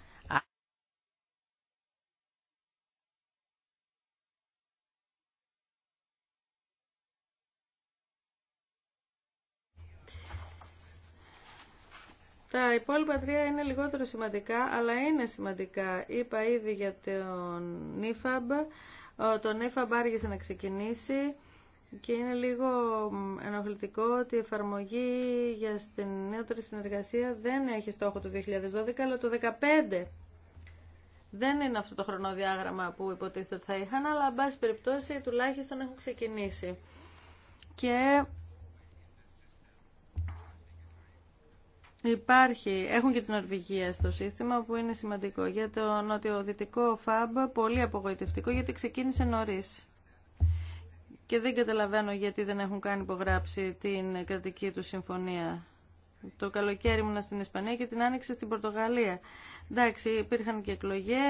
Τα υπόλοιπα τρία είναι λιγότερο σημαντικά, αλλά είναι σημαντικά. Είπα ήδη για τον Νίφαμπ. Το Νίφαμπ άργησε να ξεκινήσει και είναι λίγο ενοχλητικό ότι η εφαρμογή για την νεότερη συνεργασία δεν έχει στόχο το 2012, αλλά το 2015. Δεν είναι αυτό το χρονοδιάγραμμα που υποτίθεται ότι θα είχαν, αλλά, εν πάση περιπτώσει, τουλάχιστον έχουν ξεκινήσει. Και Υπάρχει, έχουν και την Νορβηγία στο σύστημα που είναι σημαντικό. Για το νοτιοδυτικό ΦΑΜΠ πολύ απογοητευτικό γιατί ξεκίνησε νωρί. Και δεν καταλαβαίνω γιατί δεν έχουν κάνει υπογράψει την κρατική του συμφωνία. Το καλοκαίρι ήμουν στην Ισπανία και την άνοιξε στην Πορτογαλία. Εντάξει, υπήρχαν και εκλογέ,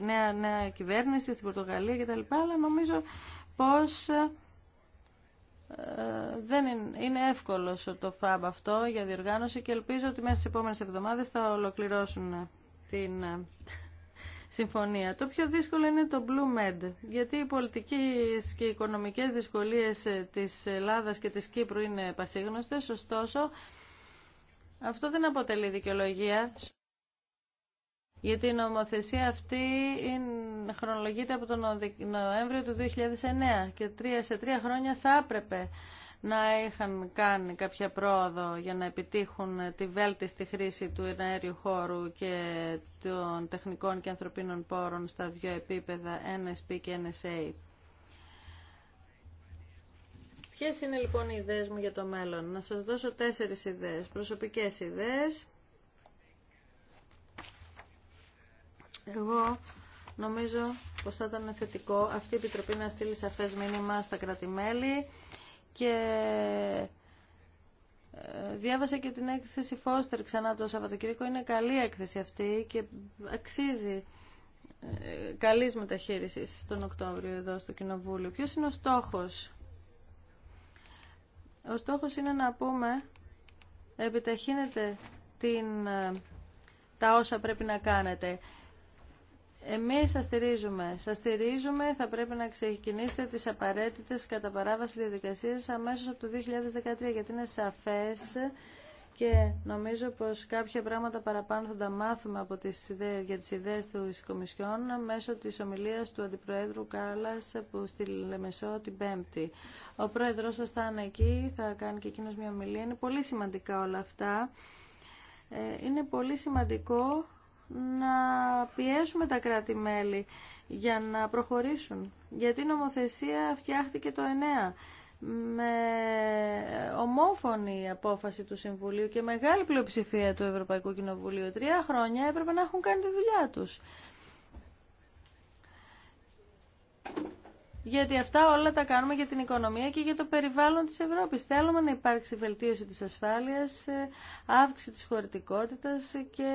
νέα, κυβέρνηση στην Πορτογαλία κτλ. Αλλά νομίζω πως ε, δεν είναι, είναι εύκολο το ΦΑΜ αυτό για διοργάνωση και ελπίζω ότι μέσα στις επόμενες εβδομάδες θα ολοκληρώσουν την ε, συμφωνία. Το πιο δύσκολο είναι το Blue Med, γιατί οι πολιτικές και οι οικονομικές δυσκολίες ε, της Ελλάδας και της Κύπρου είναι πασίγνωστες, ωστόσο αυτό δεν αποτελεί δικαιολογία γιατί η νομοθεσία αυτή χρονολογείται από τον Νοέμβριο του 2009 και τρία σε τρία χρόνια θα έπρεπε να είχαν κάνει κάποια πρόοδο για να επιτύχουν τη βέλτιστη χρήση του εναέριου χώρου και των τεχνικών και ανθρωπίνων πόρων στα δύο επίπεδα NSP και NSA. Ποιε είναι λοιπόν οι ιδέες μου για το μέλλον. Να σας δώσω τέσσερις ιδέες, προσωπικές ιδέες Εγώ νομίζω πως θα ήταν θετικό αυτή η Επιτροπή να στείλει σαφές μήνυμα στα κρατημέλη και ε, διάβασα και την έκθεση Φώστερ ξανά το Σαββατοκύριακο. Είναι καλή έκθεση αυτή και αξίζει ε, καλής μεταχείρισης τον Οκτώβριο εδώ στο Κοινοβούλιο. Ποιος είναι ο στόχος? Ο στόχος είναι να πούμε επιταχύνεται την, ε, τα όσα πρέπει να κάνετε. Εμείς σας στηρίζουμε. Σας στηρίζουμε, θα πρέπει να ξεκινήσετε τις απαραίτητες κατά παράβαση διαδικασίες αμέσως από το 2013, γιατί είναι σαφές και νομίζω πως κάποια πράγματα παραπάνω θα τα μάθουμε από τις ιδέες, για τις ιδέες του Κομισιόν μέσω της ομιλίας του Αντιπροέδρου Κάλλας που στη Λεμεσό την Πέμπτη. Ο Πρόεδρος σας θα είναι εκεί, θα κάνει και εκείνος μια ομιλία. Είναι πολύ σημαντικά όλα αυτά. Ε, είναι πολύ σημαντικό να πιέσουμε τα κράτη-μέλη για να προχωρήσουν. Γιατί η νομοθεσία φτιάχτηκε το 9 με ομόφωνη απόφαση του Συμβουλίου και μεγάλη πλειοψηφία του Ευρωπαϊκού Κοινοβουλίου. Τρία χρόνια έπρεπε να έχουν κάνει τη δουλειά τους. Γιατί αυτά όλα τα κάνουμε για την οικονομία και για το περιβάλλον της Ευρώπης. Θέλουμε να υπάρξει βελτίωση της ασφάλειας, ε, αύξηση της χωρητικότητας και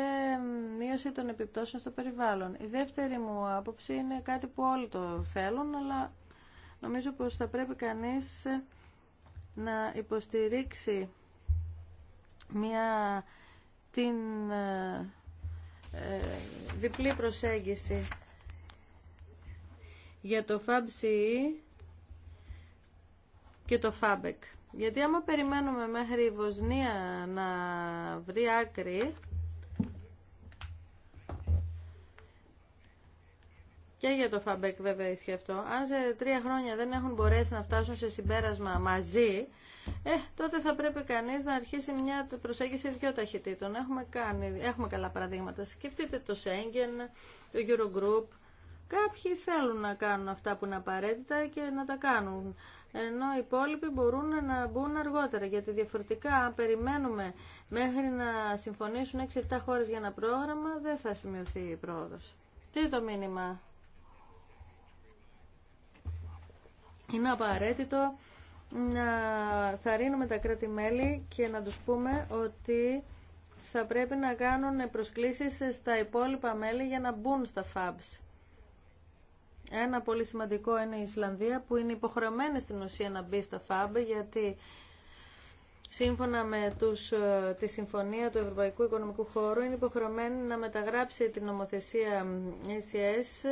μείωση των επιπτώσεων στο περιβάλλον. Η δεύτερη μου άποψη είναι κάτι που όλοι το θέλουν, αλλά νομίζω πως θα πρέπει κανείς ε, να υποστηρίξει μια την ε, διπλή προσέγγιση για το FabCE και το FABEC. Γιατί άμα περιμένουμε μέχρι η Βοσνία να βρει άκρη και για το FABEC βέβαια ισχύει αυτό, αν σε τρία χρόνια δεν έχουν μπορέσει να φτάσουν σε συμπέρασμα μαζί, ε, τότε θα πρέπει κανείς να αρχίσει μια προσέγγιση δυο ταχυτήτων. Έχουμε, κάνει, έχουμε καλά παραδείγματα. Σκεφτείτε το Schengen, το Eurogroup, Κάποιοι θέλουν να κάνουν αυτά που είναι απαραίτητα και να τα κάνουν ενώ οι υπόλοιποι μπορούν να μπουν αργότερα. Γιατί διαφορετικά, αν περιμένουμε μέχρι να συμφωνήσουν 6-7 χώρες για ένα πρόγραμμα, δεν θα σημειωθεί η πρόοδος. Τι είναι το μήνυμα. Είναι απαραίτητο να θαρρύνουμε τα κράτη-μέλη και να τους πούμε ότι θα πρέπει να κάνουν προσκλήσεις στα υπόλοιπα μέλη για να μπουν στα FABs. Ένα πολύ σημαντικό είναι η Ισλανδία που είναι υποχρεωμένη στην ουσία να μπει στα ΦΑΜΠ γιατί σύμφωνα με τους, ε, τη Συμφωνία του Ευρωπαϊκού Οικονομικού Χώρου είναι υποχρεωμένη να μεταγράψει την νομοθεσία ECS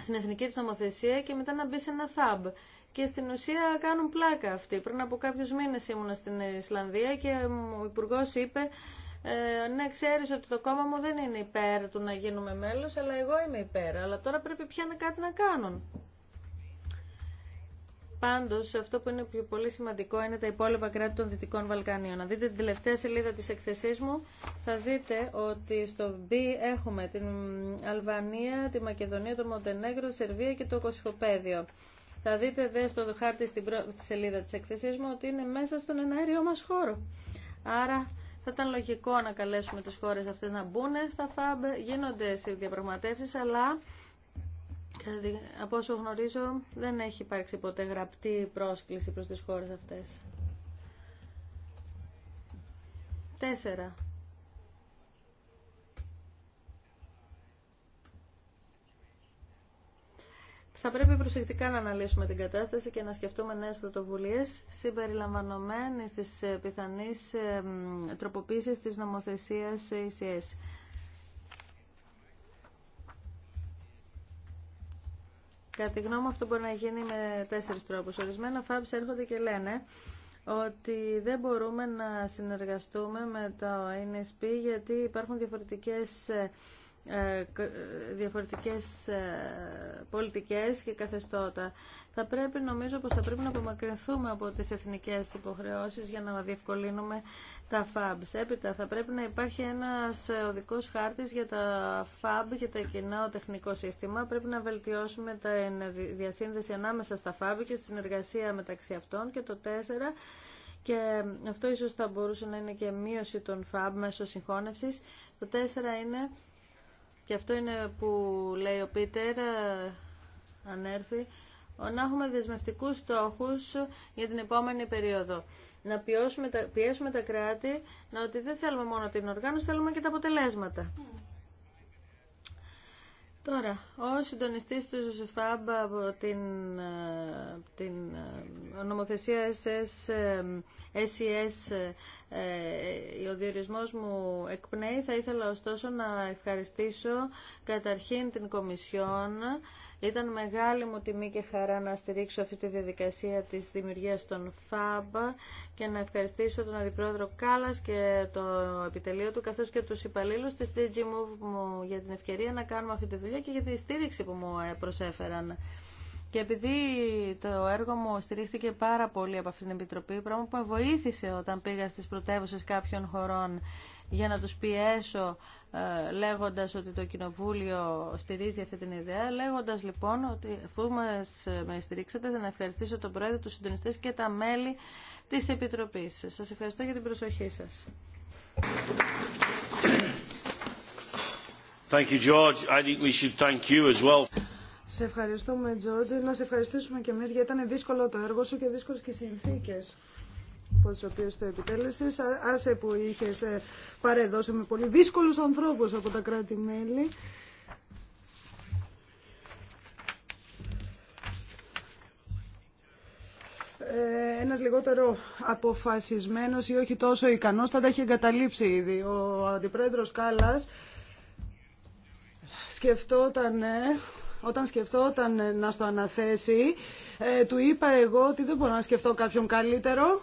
στην εθνική της νομοθεσία και μετά να μπει σε ένα ΦΑΜΠ. Και στην ουσία κάνουν πλάκα αυτοί. Πριν από κάποιους μήνες ήμουν στην Ισλανδία και ο υπουργό είπε ε, ναι, ξέρεις ότι το κόμμα μου δεν είναι υπέρ του να γίνουμε μέλος, αλλά εγώ είμαι υπέρ. Αλλά τώρα πρέπει πια να κάτι να κάνουν. Πάντως, αυτό που είναι πιο πολύ σημαντικό είναι τα υπόλοιπα κράτη των Δυτικών Βαλκανίων. Να δείτε την τελευταία σελίδα της εκθεσής μου, θα δείτε ότι στο B έχουμε την Αλβανία, τη Μακεδονία, το Μοντενέγρο, Σερβία και το Κωσυφοπαίδιο. Θα δείτε δε στο χάρτη στην πρώτη σελίδα της εκθεσής μου ότι είναι μέσα στον εναέριό μας χώρο. Άρα θα ήταν λογικό να καλέσουμε τις χώρες αυτές να μπουν στα ΦΑΜΠ. Γίνονται οι διαπραγματεύσεις, αλλά από όσο γνωρίζω δεν έχει υπάρξει ποτέ γραπτή πρόσκληση προς τις χώρες αυτές. Τέσσερα. Θα πρέπει προσεκτικά να αναλύσουμε την κατάσταση και να σκεφτούμε νέε πρωτοβουλίε συμπεριλαμβανομένε τη ε, πιθανή ε, τροποποίηση τη νομοθεσία ECS. Ε Κατά τη γνώμη μου αυτό μπορεί να γίνει με τέσσερις τρόπου. Ορισμένα φάβες έρχονται και λένε ότι δεν μπορούμε να συνεργαστούμε με το NSP γιατί υπάρχουν διαφορετικές ε, διαφορετικές ε, πολιτικές και καθεστώτα. Θα πρέπει, νομίζω πως θα πρέπει να απομακρυνθούμε από τις εθνικές υποχρεώσεις για να διευκολύνουμε τα FABs. Έπειτα θα πρέπει να υπάρχει ένας οδικός χάρτης για τα FAB, για τα κοινά τεχνικό σύστημα. Πρέπει να βελτιώσουμε τα διασύνδεση ανάμεσα στα FAB και τη συνεργασία μεταξύ αυτών. Και το 4, και αυτό ίσως θα μπορούσε να είναι και μείωση των FAB μέσω συγχώνευσης. Το τέσσερα είναι και αυτό είναι που λέει ο Πίτερ, ε, έρθει, να έχουμε δεσμευτικούς στόχους για την επόμενη περίοδο. Να πιέσουμε τα, πιέσουμε τα κράτη, να ότι δεν θέλουμε μόνο την οργάνωση, θέλουμε και τα αποτελέσματα. Mm. Τώρα, ο συντονιστής του Ζουσουφάμπ από την, ε, την ε, νομοθεσία SS, SES, ε, e ο διορισμός μου εκπνέει, θα ήθελα ωστόσο να ευχαριστήσω καταρχήν την Κομισιόν ήταν μεγάλη μου τιμή και χαρά να στηρίξω αυτή τη διαδικασία της δημιουργίας των ΦΑΜΠ και να ευχαριστήσω τον Αντιπρόεδρο Κάλλας και το επιτελείο του καθώς και τους υπαλλήλους της DG Move μου για την ευκαιρία να κάνουμε αυτή τη δουλειά και για τη στήριξη που μου ε, προσέφεραν. Και επειδή το έργο μου στηρίχθηκε πάρα πολύ από αυτήν την Επιτροπή, πράγμα που βοήθησε όταν πήγα στις πρωτεύουσες κάποιων χωρών για να τους πιέσω ε, λέγοντας ότι το Κοινοβούλιο στηρίζει αυτή την ιδέα, λέγοντας λοιπόν ότι αφού ε, με στηρίξατε θα να ευχαριστήσω τον Πρόεδρο, του συντονιστές και τα μέλη της Επιτροπής. Σας ευχαριστώ για την προσοχή σας. Thank you, George. I think we should thank you as well. Σε ευχαριστούμε, George. Να σε ευχαριστήσουμε και εμείς γιατί ήταν δύσκολο το έργο σου και δύσκολες και οι συνθήκες τι οποίο το επιτέλεσε. Άσε που είχες ε, παρεδώσει με πολύ δύσκολους ανθρώπους από τα κράτη-μέλη. Ε, ένας λιγότερο αποφασισμένος ή όχι τόσο ικανός θα τα έχει εγκαταλείψει ήδη. Ο αντιπρόεδρος Κάλλας σκεφτόταν, ε, όταν σκεφτόταν να στο αναθέσει, του είπα εγώ ότι δεν μπορώ να σκεφτώ κάποιον καλύτερο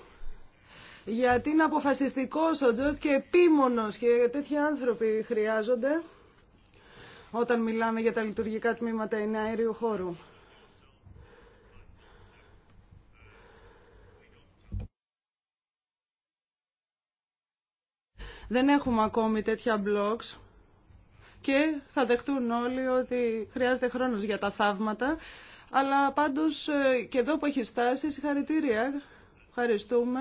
γιατί είναι αποφασιστικό ο Τζορτ και επίμονο και τέτοιοι άνθρωποι χρειάζονται όταν μιλάμε για τα λειτουργικά τμήματα εναέριου χώρου. Δεν έχουμε ακόμη τέτοια blogs και θα δεχτούν όλοι ότι χρειάζεται χρόνος για τα θαύματα. Αλλά πάντως ε, και εδώ που έχει στάσει, συγχαρητήρια. Ευχαριστούμε.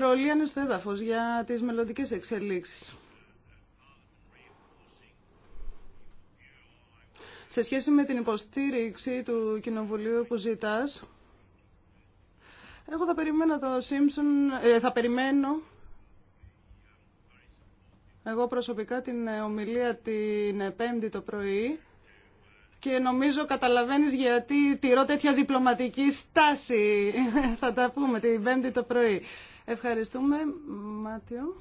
προλύανε στο έδαφος για τις μελλοντικέ εξελίξεις. Σε σχέση με την υποστήριξη του Κοινοβουλίου που ζητάς, εγώ θα περιμένω το Simpson, ε, θα περιμένω εγώ προσωπικά την ομιλία την πέμπτη το πρωί και νομίζω καταλαβαίνεις γιατί τηρώ τέτοια διπλωματική στάση. θα τα πούμε την πέμπτη το πρωί. Ευχαριστούμε, Μάτιο.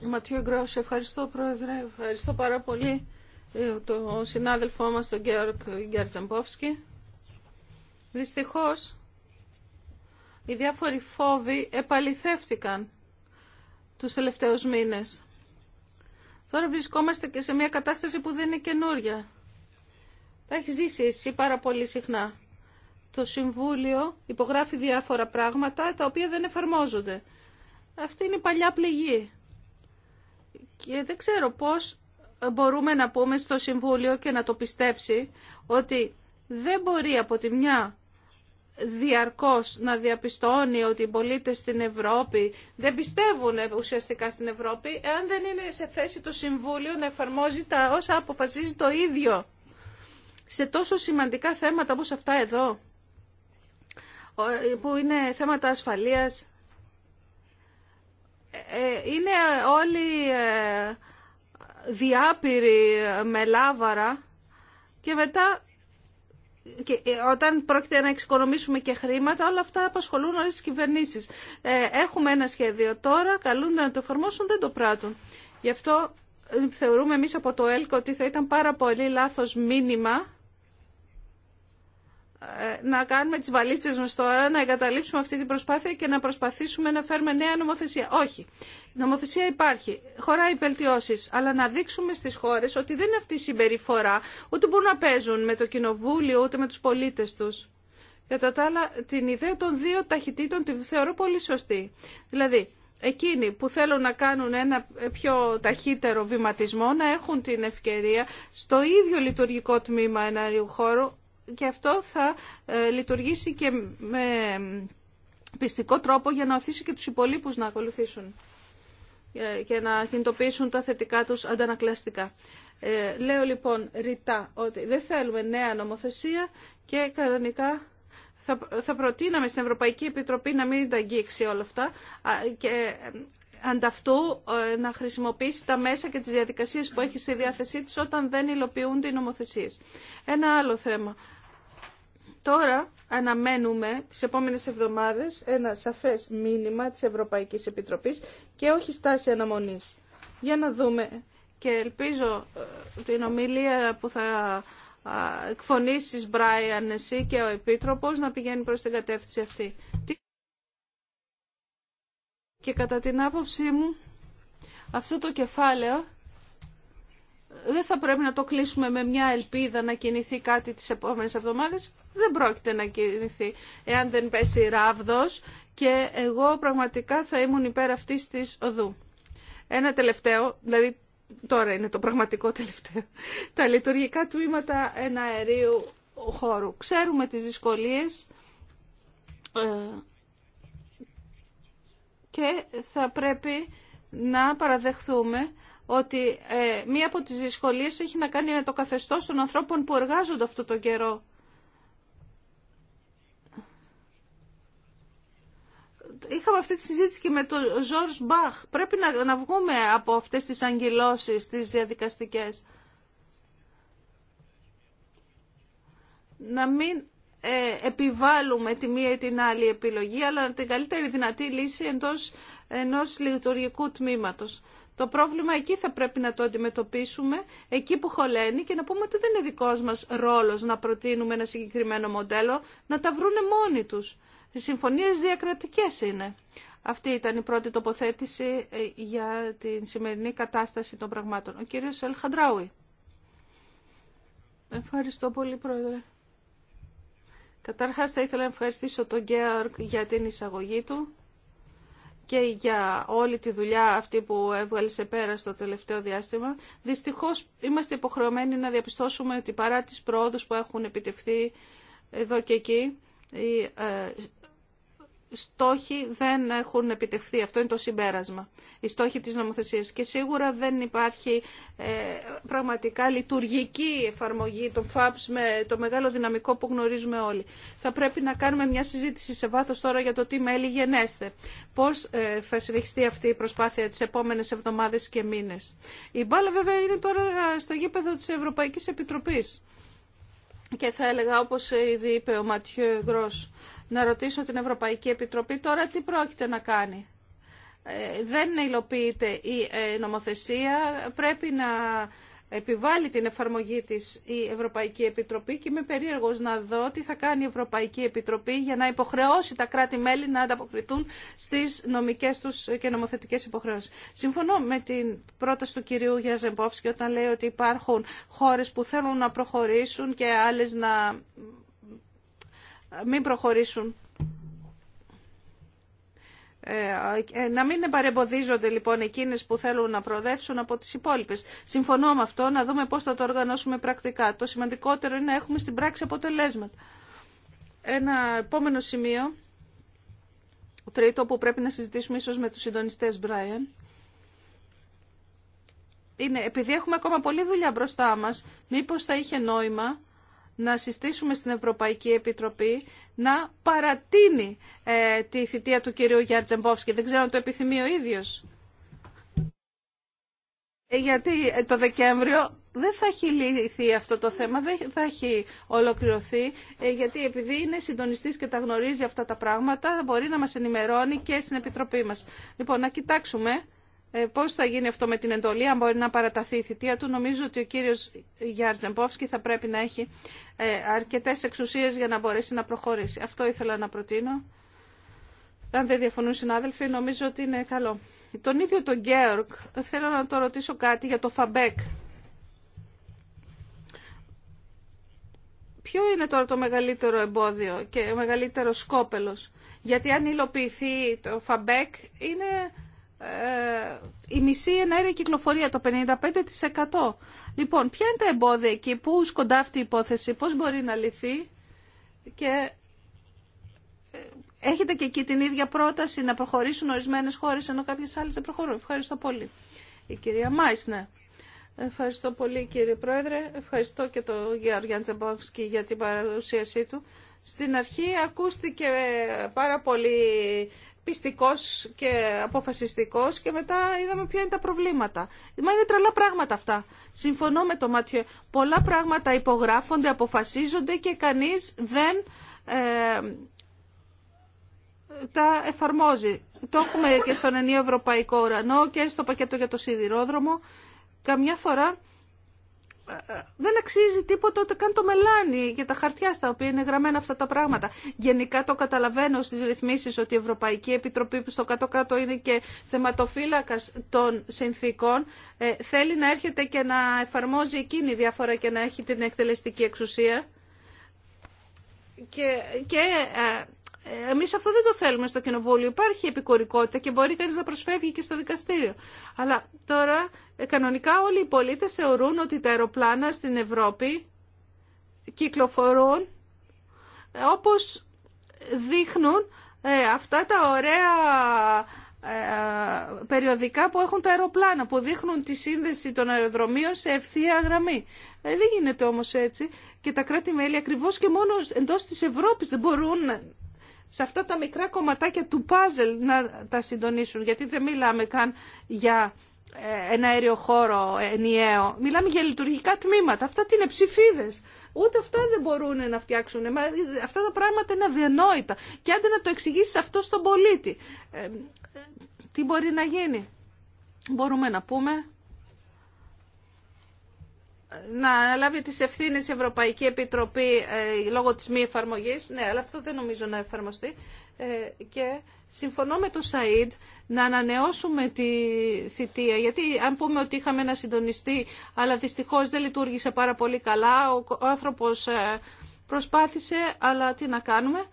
Ματιό ευχαριστώ Πρόεδρε, ευχαριστώ πάρα πολύ ε, τον συνάδελφό μας τον Γεώργ Γκέρτζαμπόφσκι. Δυστυχώς, οι διάφοροι φόβοι επαληθεύτηκαν τους τελευταίους μήνες. Τώρα βρισκόμαστε και σε μια κατάσταση που δεν είναι καινούρια. Τα έχει ζήσει εσύ πάρα πολύ συχνά το Συμβούλιο υπογράφει διάφορα πράγματα τα οποία δεν εφαρμόζονται. Αυτή είναι η παλιά πληγή. Και δεν ξέρω πώς μπορούμε να πούμε στο Συμβούλιο και να το πιστέψει ότι δεν μπορεί από τη μια διαρκώς να διαπιστώνει ότι οι πολίτες στην Ευρώπη δεν πιστεύουν ουσιαστικά στην Ευρώπη εάν δεν είναι σε θέση το Συμβούλιο να εφαρμόζει τα όσα αποφασίζει το ίδιο σε τόσο σημαντικά θέματα όπως αυτά εδώ που είναι θέματα ασφαλείας. Ε, ε, είναι όλοι ε, διάπηροι με λάβαρα και μετά και όταν πρόκειται να εξοικονομήσουμε και χρήματα, όλα αυτά απασχολούν όλες τις κυβερνήσεις. έχουμε ένα σχέδιο τώρα, καλούνται να το εφαρμόσουν, δεν το πράττουν. Γι' αυτό θεωρούμε εμείς από το ΕΛΚ ότι θα ήταν πάρα πολύ λάθος μήνυμα ε, να κάνουμε τις βαλίτσες μας τώρα, να εγκαταλείψουμε αυτή την προσπάθεια και να προσπαθήσουμε να φέρουμε νέα νομοθεσία. Όχι. Νομοθεσία υπάρχει. Χωράει βελτιώσει. Αλλά να δείξουμε στι χώρε ότι δεν είναι αυτή η συμπεριφορά, ούτε μπορούν να παίζουν με το κοινοβούλιο, ούτε με του πολίτε του. Κατά τα άλλα, την ιδέα των δύο ταχυτήτων τη θεωρώ πολύ σωστή. Δηλαδή, εκείνοι που θέλουν να κάνουν ένα πιο ταχύτερο βηματισμό να έχουν την ευκαιρία στο ίδιο λειτουργικό τμήμα εναριού χώρου και αυτό θα ε, λειτουργήσει και με πιστικό τρόπο για να οθήσει και τους υπολείπους να ακολουθήσουν ε, και να κινητοποιήσουν τα θετικά τους αντανακλαστικά. Ε, λέω λοιπόν ρητά ότι δεν θέλουμε νέα νομοθεσία και κανονικά θα, θα προτείναμε στην Ευρωπαϊκή Επιτροπή να μην τα αγγίξει όλα αυτά και ανταυτού ε, να χρησιμοποιήσει τα μέσα και τις διαδικασίες που έχει στη διάθεσή της όταν δεν υλοποιούνται οι νομοθεσίες. Ένα άλλο θέμα. Τώρα αναμένουμε τις επόμενες εβδομάδες ένα σαφές μήνυμα της Ευρωπαϊκής Επιτροπής και όχι στάση αναμονής. Για να δούμε και ελπίζω ε, την ομιλία που θα εκφωνήσεις Μπράιαν εσύ και ο Επίτροπος να πηγαίνει προς την κατεύθυνση αυτή. Και κατά την άποψή μου αυτό το κεφάλαιο δεν θα πρέπει να το κλείσουμε με μια ελπίδα να κινηθεί κάτι τις επόμενες εβδομάδες. Δεν πρόκειται να κινηθεί εάν δεν πέσει ράβδος και εγώ πραγματικά θα ήμουν υπέρ αυτής της οδού. Ένα τελευταίο, δηλαδή τώρα είναι το πραγματικό τελευταίο, τα λειτουργικά τμήματα εναερίου χώρου. Ξέρουμε τις δυσκολίες ε, και θα πρέπει να παραδεχθούμε ότι ε, μία από τις δυσκολίες έχει να κάνει με το καθεστώς των ανθρώπων που εργάζονται αυτό το καιρό. Είχαμε αυτή τη συζήτηση και με τον Ζόρς Μπαχ. Πρέπει να, να βγούμε από αυτές τις αγγυλώσεις, τις διαδικαστικές. Να μην ε, επιβάλλουμε τη μία ή την άλλη επιλογή, αλλά την καλύτερη δυνατή λύση εντός ενός λειτουργικού τμήματος. Το πρόβλημα εκεί θα πρέπει να το αντιμετωπίσουμε, εκεί που χωλαίνει και να πούμε ότι δεν είναι δικός μας ρόλος να προτείνουμε ένα συγκεκριμένο μοντέλο, να τα βρούνε μόνοι τους. Οι συμφωνίες διακρατικές είναι. Αυτή ήταν η πρώτη τοποθέτηση ε, για την σημερινή κατάσταση των πραγμάτων. Ο κύριος Ελχαντράουι. Ευχαριστώ πολύ, Πρόεδρε. Καταρχάς θα ήθελα να ευχαριστήσω τον Γκέαρκ για την εισαγωγή του και για όλη τη δουλειά αυτή που έβγαλε σε πέρα στο τελευταίο διάστημα. Δυστυχώς είμαστε υποχρεωμένοι να διαπιστώσουμε ότι παρά τις πρόοδους που έχουν επιτευχθεί εδώ και εκεί, ε, στόχοι δεν έχουν επιτευχθεί. Αυτό είναι το συμπέρασμα. Οι στόχοι της νομοθεσίας. Και σίγουρα δεν υπάρχει ε, πραγματικά λειτουργική εφαρμογή των FAPS με το μεγάλο δυναμικό που γνωρίζουμε όλοι. Θα πρέπει να κάνουμε μια συζήτηση σε βάθος τώρα για το τι μέλη γενέστε. Πώς ε, θα συνεχιστεί αυτή η προσπάθεια τις επόμενες εβδομάδες και μήνες. Η μπάλα βέβαια είναι τώρα στο γήπεδο της Ευρωπαϊκής Επιτροπής. Και θα έλεγα όπως ήδη είπε ο Ματιο Γκρός, να ρωτήσω την Ευρωπαϊκή Επιτροπή τώρα τι πρόκειται να κάνει. Ε, δεν υλοποιείται η ε, νομοθεσία, πρέπει να επιβάλλει την εφαρμογή της η Ευρωπαϊκή Επιτροπή και είμαι περίεργος να δω τι θα κάνει η Ευρωπαϊκή Επιτροπή για να υποχρεώσει τα κράτη-μέλη να ανταποκριθούν στις νομικές τους και νομοθετικές υποχρεώσεις. Συμφωνώ με την πρόταση του κυρίου Γιαζεμπόφσκη όταν λέει ότι υπάρχουν χώρες που θέλουν να προχωρήσουν και άλλες να μην προχωρήσουν. Ε, ε, να μην παρεμποδίζονται λοιπόν εκείνες που θέλουν να προοδεύσουν από τις υπόλοιπες. Συμφωνώ με αυτό, να δούμε πώς θα το οργανώσουμε πρακτικά. Το σημαντικότερο είναι να έχουμε στην πράξη αποτελέσματα. Ένα επόμενο σημείο, τρίτο που πρέπει να συζητήσουμε ίσως με τους συντονιστές, Μπράιεν. είναι επειδή έχουμε ακόμα πολλή δουλειά μπροστά μας, μήπως θα είχε νόημα να συστήσουμε στην Ευρωπαϊκή Επιτροπή να παρατείνει ε, τη θητεία του κυρίου Γιάρτζεμπόφσκι. Δεν ξέρω αν το επιθυμεί ο ίδιος. Ε, γιατί ε, το Δεκέμβριο δεν θα έχει λυθεί αυτό το θέμα, δεν θα έχει ολοκληρωθεί, γιατί επειδή είναι συντονιστής και τα γνωρίζει αυτά τα πράγματα, μπορεί να μας ενημερώνει και στην Επιτροπή μας. Λοιπόν, να κοιτάξουμε ε, πώς θα γίνει αυτό με την εντολή, αν μπορεί να παραταθεί η θητεία του. Νομίζω ότι ο κύριος Γιάρτζεμπόφσκι θα πρέπει να έχει ε, αρκετές εξουσίες για να μπορέσει να προχωρήσει. Αυτό ήθελα να προτείνω. Αν δεν διαφωνούν συνάδελφοι, νομίζω ότι είναι καλό. Τον ίδιο τον Γκέορκ, θέλω να το ρωτήσω κάτι για το Φαμπέκ. Ποιο είναι τώρα το μεγαλύτερο εμπόδιο και ο μεγαλύτερο σκόπελος. Γιατί αν υλοποιηθεί το Φαμπέκ είναι ε, η μισή ενέργεια κυκλοφορία, το 55%. Λοιπόν, ποια είναι τα εμπόδια εκεί, πού σκοντά αυτή η υπόθεση, πώς μπορεί να λυθεί και ε, έχετε και εκεί την ίδια πρόταση να προχωρήσουν ορισμένες χώρες ενώ κάποιες άλλες δεν προχωρούν. Ευχαριστώ πολύ. Η κυρία Μάισνε. Ευχαριστώ πολύ κύριε Πρόεδρε. Ευχαριστώ και τον Γιάννη για την παρουσίασή του. Στην αρχή ακούστηκε πάρα πολύ πιστικός και αποφασιστικός και μετά είδαμε ποια είναι τα προβλήματα. Μα είναι τρελά πράγματα αυτά. Συμφωνώ με το Μάτιο. Πολλά πράγματα υπογράφονται, αποφασίζονται και κανείς δεν ε, τα εφαρμόζει. Το έχουμε και στον ενίο ευρωπαϊκό ουρανό και στο πακέτο για το σιδηρόδρομο. Καμιά φορά δεν αξίζει τίποτα ούτε καν το μελάνι για τα χαρτιά στα οποία είναι γραμμένα αυτά τα πράγματα. Γενικά το καταλαβαίνω στις ρυθμίσει ότι η Ευρωπαϊκή Επιτροπή που στο κάτω-κάτω είναι και θεματοφύλακα των συνθήκων ε, θέλει να έρχεται και να εφαρμόζει εκείνη διάφορα και να έχει την εκτελεστική εξουσία και, και ε, Εμεί αυτό δεν το θέλουμε στο Κοινοβούλιο. Υπάρχει επικουρικότητα και μπορεί κανεί να προσφεύγει και στο δικαστήριο. Αλλά τώρα ε, κανονικά όλοι οι πολίτες θεωρούν ότι τα αεροπλάνα στην Ευρώπη κυκλοφορούν ε, όπως δείχνουν ε, αυτά τα ωραία περιοδικά που έχουν τα αεροπλάνα που δείχνουν τη σύνδεση των αεροδρομίων σε ευθεία γραμμή. δεν γίνεται όμως έτσι και τα κράτη-μέλη ακριβώς και μόνο εντός της Ευρώπης δεν μπορούν σε αυτά τα μικρά κομματάκια του πάζελ να τα συντονίσουν, γιατί δεν μιλάμε καν για ε, ένα αέριο χώρο ενιαίο. Μιλάμε για λειτουργικά τμήματα. Αυτά τι είναι ψηφίδε. Ούτε αυτά δεν μπορούν να φτιάξουν. Αυτά τα πράγματα είναι αδιανόητα. Και άντε να το εξηγήσει αυτό στον πολίτη. Ε, ε, τι μπορεί να γίνει. Μπορούμε να πούμε να λάβει τις ευθύνες η Ευρωπαϊκή Επιτροπή ε, λόγω της μη εφαρμογής. Ναι, αλλά αυτό δεν νομίζω να εφαρμοστεί. Ε, και συμφωνώ με τον Σαΐντ να ανανεώσουμε τη θητεία. Γιατί αν πούμε ότι είχαμε ένα συντονιστή, αλλά δυστυχώς δεν λειτουργήσε πάρα πολύ καλά, ο, άνθρωπος ε, προσπάθησε, αλλά τι να κάνουμε.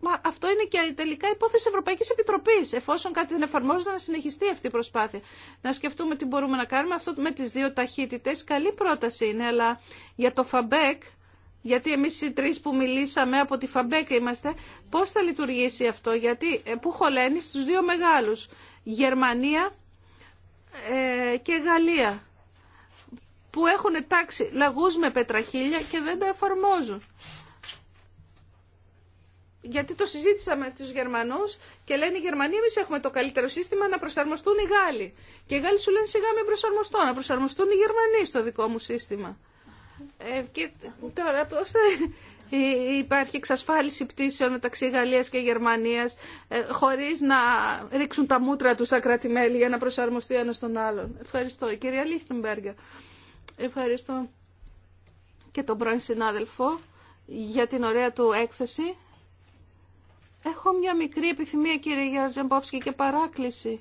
Μα αυτό είναι και τελικά υπόθεση Ευρωπαϊκή Επιτροπή. Εφόσον κάτι δεν εφαρμόζεται, να συνεχιστεί αυτή η προσπάθεια. Να σκεφτούμε τι μπορούμε να κάνουμε. Αυτό με τι δύο ταχύτητε. Καλή πρόταση είναι, αλλά για το ΦΑΜΠΕΚ, γιατί εμεί οι τρει που μιλήσαμε από τη ΦΑΜΠΕΚ είμαστε, πώ θα λειτουργήσει αυτό, γιατί ε, που χωλαίνει στου δύο μεγάλου, Γερμανία ε, και Γαλλία, που έχουν τάξει λαγού με πετραχίλια και δεν τα εφαρμόζουν γιατί το συζήτησα με τους Γερμανούς και λένε οι Γερμανοί εμείς έχουμε το καλύτερο σύστημα να προσαρμοστούν οι Γάλλοι. Και οι Γάλλοι σου λένε σιγά μην προσαρμοστώ, να προσαρμοστούν οι Γερμανοί στο δικό μου σύστημα. Ε, και τώρα πώς υπάρχει εξασφάλιση πτήσεων μεταξύ Γαλλίας και Γερμανίας ε, χωρίς να ρίξουν τα μούτρα του στα κρατη για να προσαρμοστεί ο ένας στον άλλον. Ευχαριστώ. Η κυρία Λίχτενμπέργκερ. Ευχαριστώ και τον πρώην συνάδελφο για την ωραία του έκθεση. Έχω μια μικρή επιθυμία κύριε Γιάννη και παράκληση.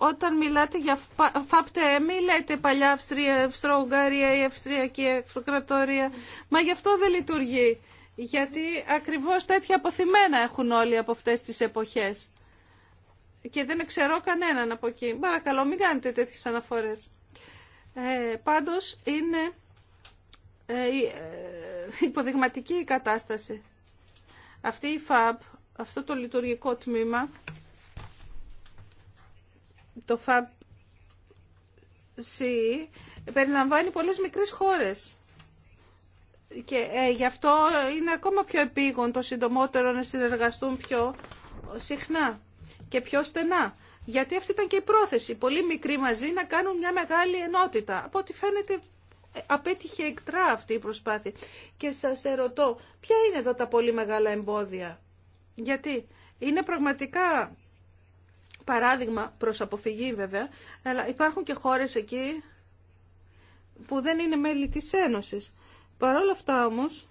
Όταν μιλάτε για ΦΑΠΤΕ, μη λέτε παλιά Αυστρία, Αυστρο-Ουγγαρία ή Αυστριακή Αυτοκρατορία. Μα γι' αυτό δεν λειτουργεί. Γιατί ακριβώς τέτοια αποθυμένα έχουν όλοι από αυτές τις εποχές. Και δεν ξέρω κανέναν από εκεί. Παρακαλώ, μην κάνετε τέτοιες αναφορές. Ε, πάντως, είναι ε, ε, υποδειγματική η κατάσταση. Αυτή η FAB, αυτό το λειτουργικό τμήμα, το FAB C, περιλαμβάνει πολλές μικρές χώρες. Και ε, γι' αυτό είναι ακόμα πιο επίγον το συντομότερο να συνεργαστούν πιο συχνά και πιο στενά. Γιατί αυτή ήταν και η πρόθεση. Πολύ μικρή μαζί να κάνουν μια μεγάλη ενότητα. Από ό,τι φαίνεται απέτυχε εκτρά αυτή η προσπάθεια. Και σας ερωτώ, ποια είναι εδώ τα πολύ μεγάλα εμπόδια. Γιατί είναι πραγματικά παράδειγμα προς αποφυγή βέβαια, αλλά υπάρχουν και χώρες εκεί που δεν είναι μέλη της Ένωσης. Παρ' όλα αυτά όμως,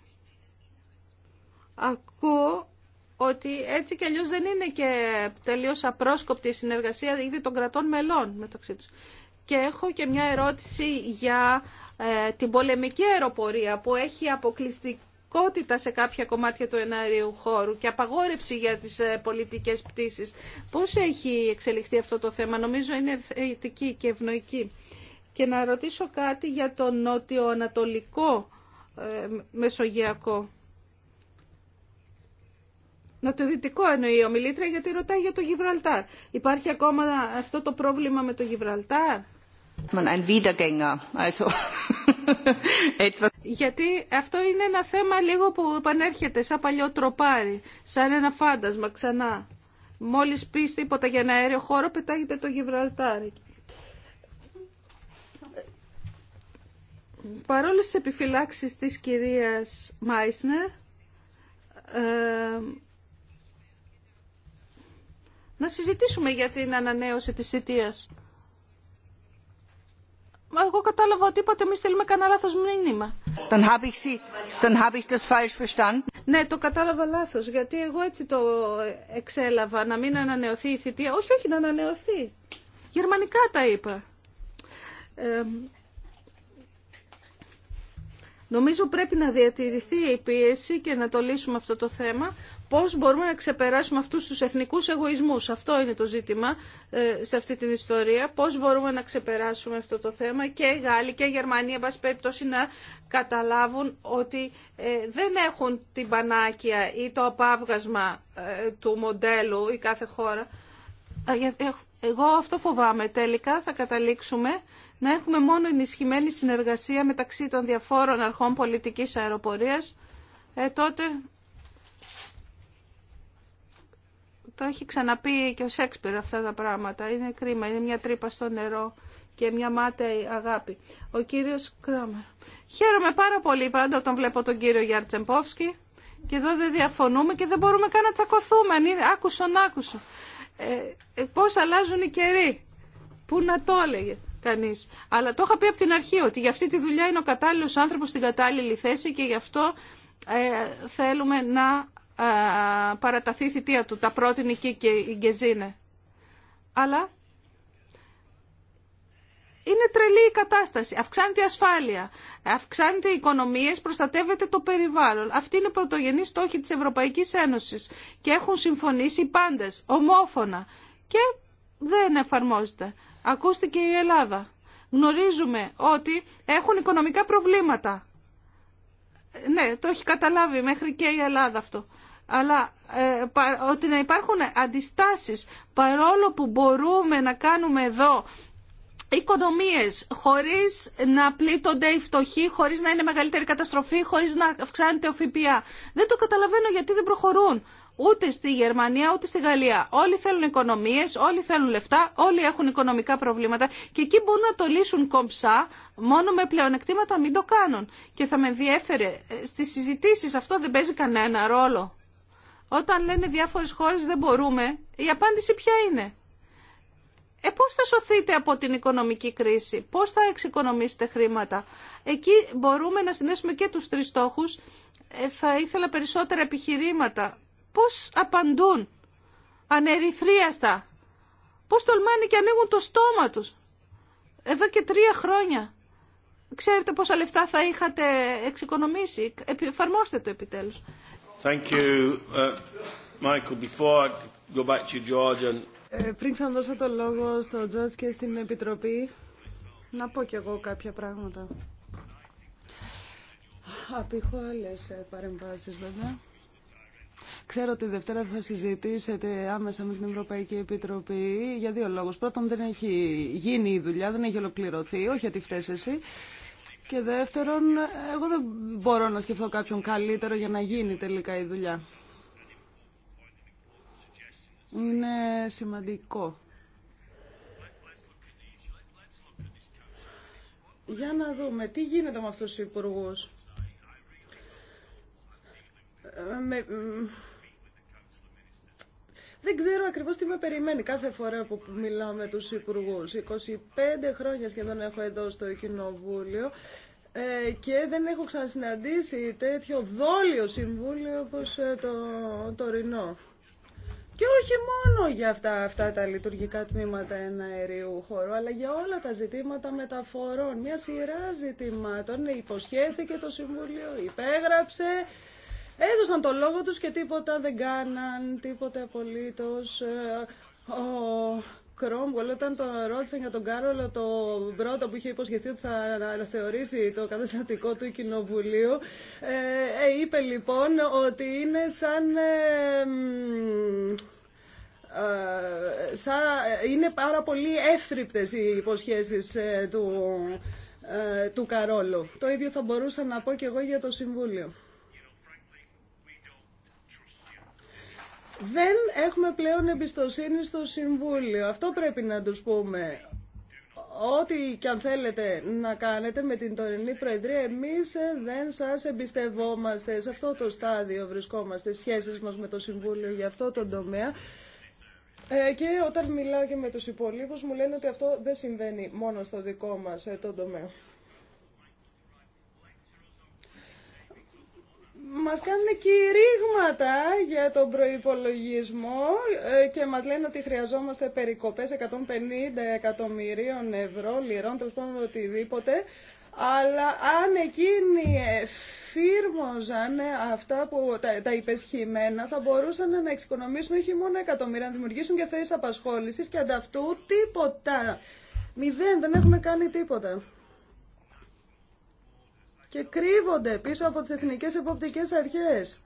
ακούω ότι έτσι κι αλλιώς δεν είναι και τελείως απρόσκοπτη η συνεργασία ήδη δηλαδή των κρατών μελών μεταξύ τους. Και έχω και μια ερώτηση για ε, την πολεμική αεροπορία που έχει αποκλειστικότητα σε κάποια κομμάτια του εναέριου χώρου και απαγόρευση για τις ε, πολιτικές πτήσεις. Πώς έχει εξελιχθεί αυτό το θέμα. Νομίζω είναι θετική και ευνοϊκή. Και να ρωτήσω κάτι για το νότιο-ανατολικό ε, μεσογειακό. Να το δυτικό εννοεί ο Μιλήτρια γιατί ρωτάει για το Γιβραλτάρ. Υπάρχει ακόμα αυτό το πρόβλημα με το Γιβραλτάρ. Γιατί αυτό είναι ένα θέμα λίγο που επανέρχεται σαν παλιό τροπάρι, σαν ένα φάντασμα ξανά. Μόλις πεις τίποτα για ένα αέριο χώρο πετάγεται το Γιβραλτάρι. Παρόλες τι επιφυλάξεις της κυρίας Μάισνερ, ε, να συζητήσουμε για την ανανέωση της θητείας εγώ κατάλαβα ότι είπατε εμεί θέλουμε κανένα λάθο μήνυμα. Ναι, το κατάλαβα λάθο, γιατί εγώ έτσι το εξέλαβα, να μην ανανεωθεί η θητεία. Όχι, όχι, να ανανεωθεί. Γερμανικά τα είπα. νομίζω πρέπει να διατηρηθεί η πίεση και να το λύσουμε αυτό το θέμα, Πώς μπορούμε να ξεπεράσουμε αυτούς τους εθνικούς εγωισμούς. Αυτό είναι το ζήτημα ε, σε αυτή την ιστορία. Πώς μπορούμε να ξεπεράσουμε αυτό το θέμα και οι Γάλλοι και οι Γερμανοί, εν πάση περιπτώσει, να καταλάβουν ότι ε, δεν έχουν την πανάκια ή το απάβγασμα ε, του μοντέλου η κάθε χώρα. Εγώ αυτό φοβάμαι. Τελικά θα καταλήξουμε να έχουμε μόνο ενισχυμένη συνεργασία μεταξύ των διαφόρων αρχών πολιτικής αεροπορίας. Ε, τότε Το έχει ξαναπεί και ο Σέξπιρ αυτά τα πράγματα. Είναι κρίμα, είναι μια τρύπα στο νερό και μια μάταιη αγάπη. Ο κύριος Κράμερ. Χαίρομαι πάρα πολύ πάντα όταν βλέπω τον κύριο Γιαρτσεμπόφσκι και εδώ δεν διαφωνούμε και δεν μπορούμε καν να τσακωθούμε. Άκουσον, άκουσον. Ε, ε, πώς αλλάζουν οι καιροί. Πού να το έλεγε κανείς. Αλλά το είχα πει από την αρχή ότι για αυτή τη δουλειά είναι ο κατάλληλος άνθρωπος στην κατάλληλη θέση και γι' αυτό ε, θέλουμε να παραταθεί η θητεία του, τα πρότεινε και η Γκεζίνε. Αλλά είναι τρελή η κατάσταση. Αυξάνεται η ασφάλεια, αυξάνεται οι οικονομίε, προστατεύεται το περιβάλλον. Αυτή είναι η πρωτογενή στόχη τη Ευρωπαϊκή Ένωση και έχουν συμφωνήσει οι πάντε, ομόφωνα. Και δεν εφαρμόζεται. Ακούστηκε η Ελλάδα. Γνωρίζουμε ότι έχουν οικονομικά προβλήματα. Ε, ναι, το έχει καταλάβει μέχρι και η Ελλάδα αυτό αλλά ε, ότι να υπάρχουν αντιστάσεις παρόλο που μπορούμε να κάνουμε εδώ οικονομίες χωρίς να πλήττονται οι φτωχοί, χωρίς να είναι μεγαλύτερη καταστροφή, χωρίς να αυξάνεται ο ΦΠΑ. Δεν το καταλαβαίνω γιατί δεν προχωρούν. Ούτε στη Γερμανία, ούτε στη Γαλλία. Όλοι θέλουν οικονομίες, όλοι θέλουν λεφτά, όλοι έχουν οικονομικά προβλήματα και εκεί μπορούν να το λύσουν κομψά, μόνο με πλεονεκτήματα μην το κάνουν. Και θα με ενδιέφερε, ε, στις συζητήσεις αυτό δεν παίζει κανένα ρόλο. Όταν λένε διάφορες χώρες δεν μπορούμε, η απάντηση ποια είναι. Ε, πώς θα σωθείτε από την οικονομική κρίση, πώς θα εξοικονομήσετε χρήματα. Εκεί μπορούμε να συνέσουμε και τους τρεις στόχους. Ε, θα ήθελα περισσότερα επιχειρήματα. Πώς απαντούν ανερυθρίαστα. Πώς τολμάνε και ανοίγουν το στόμα τους. Εδώ και τρία χρόνια. Ξέρετε πόσα λεφτά θα είχατε εξοικονομήσει. Εφαρμόστε το επιτέλους. Thank you, πριν ξαναδώσω το λόγο στον Τζορτ και στην Επιτροπή, να πω κι εγώ κάποια πράγματα. Απήχω άλλε παρεμβάσει βέβαια. Ξέρω ότι Δευτέρα θα συζητήσετε άμεσα με την Ευρωπαϊκή Επιτροπή για δύο λόγους. Πρώτον, δεν έχει γίνει η δουλειά, δεν έχει ολοκληρωθεί, όχι ότι τη εσύ. Και δεύτερον, εγώ δεν μπορώ να σκεφτώ κάποιον καλύτερο για να γίνει τελικά η δουλειά. Είναι σημαντικό. Για να δούμε τι γίνεται με αυτούς τους υπουργούς. Ε, δεν ξέρω ακριβώς τι με περιμένει κάθε φορά που μιλάω με τους υπουργούς. 25 χρόνια σχεδόν έχω εδώ στο Κοινοβούλιο ε, και δεν έχω ξανασυναντήσει τέτοιο δόλιο συμβούλιο όπως ε, το τωρινό. Και όχι μόνο για αυτά, αυτά τα λειτουργικά τμήματα ένα αερίου χώρου, αλλά για όλα τα ζητήματα μεταφορών. Μια σειρά ζητημάτων υποσχέθηκε το Συμβούλιο, υπέγραψε, Έδωσαν το λόγο τους και τίποτα δεν κάναν, τίποτα απολύτως. Ε, ο Κρόμβολ, όταν το ρώτησαν για τον Κάρολο, το πρώτο που είχε υποσχεθεί ότι θα αναθεωρήσει το καταστατικό του κοινοβουλίου, ε, ε είπε λοιπόν ότι είναι ε, σαν... Ε, είναι πάρα πολύ εύθρυπτες οι υποσχέσεις του, του Καρόλου. Το ίδιο θα μπορούσα να πω και εγώ για το Συμβούλιο. Δεν έχουμε πλέον εμπιστοσύνη στο Συμβούλιο. Αυτό πρέπει να τους πούμε. Ό,τι και αν θέλετε να κάνετε με την τωρινή Προεδρία, εμείς ε, δεν σας εμπιστευόμαστε. Σε αυτό το στάδιο βρισκόμαστε σχέσεις μας με το Συμβούλιο για αυτό το τομέα. Ε, και όταν μιλάω και με τους υπολείπους μου λένε ότι αυτό δεν συμβαίνει μόνο στο δικό μας ε, το τομέα. μας κάνουν κηρύγματα για τον προϋπολογισμό ε, και μας λένε ότι χρειαζόμαστε περικοπές 150 εκατομμυρίων ευρώ, λιρών, τέλος πάντων οτιδήποτε. Αλλά αν εκείνοι φύρμοζαν αυτά που, τα, τα υπεσχημένα, θα μπορούσαν να εξοικονομήσουν όχι μόνο εκατομμύρια, να δημιουργήσουν και θέσεις απασχόλησης και ανταυτού τίποτα. Μηδέν, δεν έχουμε κάνει τίποτα και κρύβονται πίσω από τις εθνικές εποπτικές αρχές.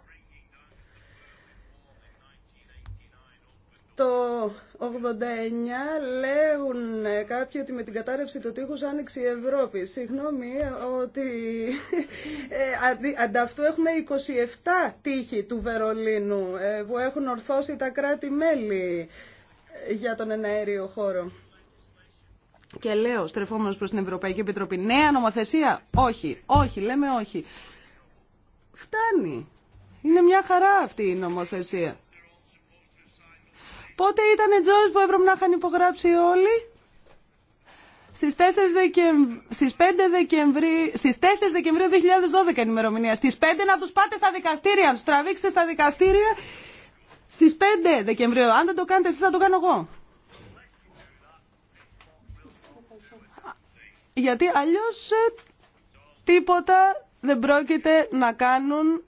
Το 89 λέγουν κάποιοι ότι με την κατάρρευση του τείχους άνοιξε η Ευρώπη. Συγγνώμη ότι ε, ανταυτού έχουμε 27 τείχη του Βερολίνου ε, που έχουν ορθώσει τα κράτη-μέλη για τον εναέριο χώρο. Και λέω, στρεφόμενος προς την Ευρωπαϊκή Επιτροπή, νέα νομοθεσία, όχι, όχι, λέμε όχι. Φτάνει. Είναι μια χαρά αυτή η νομοθεσία. Πότε ήταν Τζόρις που έπρεπε να είχαν υπογράψει όλοι. Στις 4 Δεκεμβρίου, στις 5 στις 4 Δεκεμβρίου 2012 η ημερομηνία. Στις 5 να τους πάτε στα δικαστήρια, να τους τραβήξετε στα δικαστήρια. Στις 5 Δεκεμβρίου. Αν δεν το κάνετε εσείς θα το κάνω εγώ. γιατί αλλιώς ε, τίποτα δεν πρόκειται να κάνουν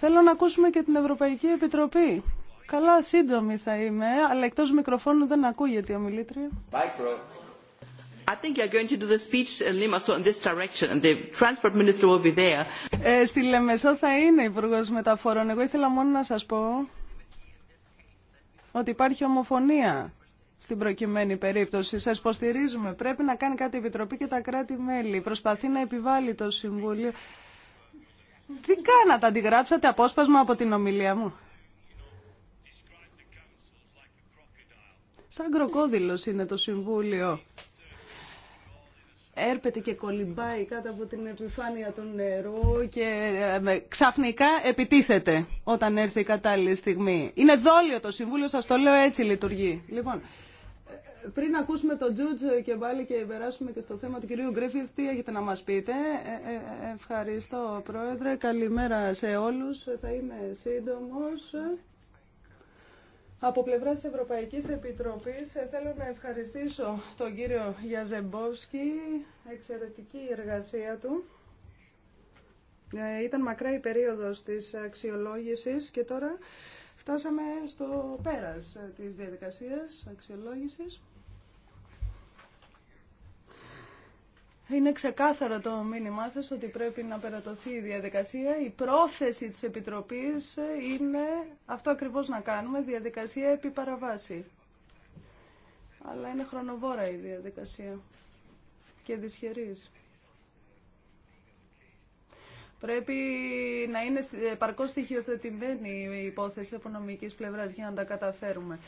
Θέλω να ακούσουμε και την Ευρωπαϊκή Επιτροπή. Καλά, σύντομη θα είμαι, αλλά εκτός μικροφώνου δεν ακούγεται η ομιλήτρια. Στη Λεμεσό θα είναι υπουργό Μεταφορών. Εγώ ήθελα μόνο να σας πω ότι υπάρχει ομοφωνία στην προκειμένη περίπτωση. Σα υποστηρίζουμε. Πρέπει να κάνει κάτι η Επιτροπή και τα κράτη-μέλη. Προσπαθεί να επιβάλλει το Συμβούλιο. Τι κάνατε, αντιγράψατε απόσπασμα από την ομιλία μου. Σαν κροκόδηλος είναι το Συμβούλιο έρπεται και κολυμπάει κάτω από την επιφάνεια του νερού και ε, ξαφνικά επιτίθεται όταν έρθει η κατάλληλη στιγμή. Είναι δόλιο το Συμβούλιο, σας το λέω έτσι λειτουργεί. Λοιπόν, ε, πριν ακούσουμε τον Τζούτζ και πάλι και περάσουμε και στο θέμα του κυρίου Γκρίφιθ, τι έχετε να μας πείτε. Ε, ευχαριστώ Πρόεδρε, καλημέρα σε όλους, θα είμαι σύντομος. Από πλευρά τη Ευρωπαϊκή Επιτροπή ε, θέλω να ευχαριστήσω τον κύριο Γιαζεμπόσκι, εξαιρετική η εργασία του. Ε, ήταν μακρά η περίοδος της αξιολόγησης και τώρα φτάσαμε στο πέρας ε, της διαδικασίας αξιολόγησης. Είναι ξεκάθαρο το μήνυμά σα ότι πρέπει να περατωθεί η διαδικασία. Η πρόθεση της Επιτροπής είναι αυτό ακριβώς να κάνουμε, διαδικασία επί παραβάση. Αλλά είναι χρονοβόρα η διαδικασία και δυσχερής. Πρέπει να είναι παρκώ στοιχειοθετημένη η υπόθεση από νομική πλευράς για να τα καταφέρουμε.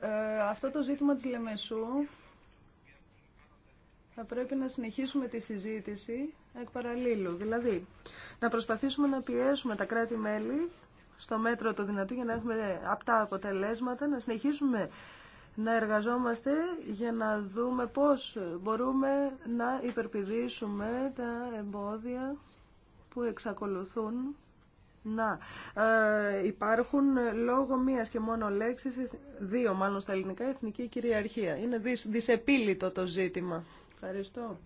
Ε, αυτό το ζήτημα της Λεμεσού θα πρέπει να συνεχίσουμε τη συζήτηση εκ παραλίλου. Δηλαδή, να προσπαθήσουμε να πιέσουμε τα κράτη-μέλη στο μέτρο το δυνατό για να έχουμε απτά αποτελέσματα, να συνεχίσουμε να εργαζόμαστε για να δούμε πώς μπορούμε να υπερπηδήσουμε τα εμπόδια που εξακολουθούν να ε, υπάρχουν λόγω μίας και μόνο λέξης, δύο μάλλον στα ελληνικά, εθνική κυριαρχία. Είναι δυσεπίλητο το ζήτημα. Ευχαριστώ.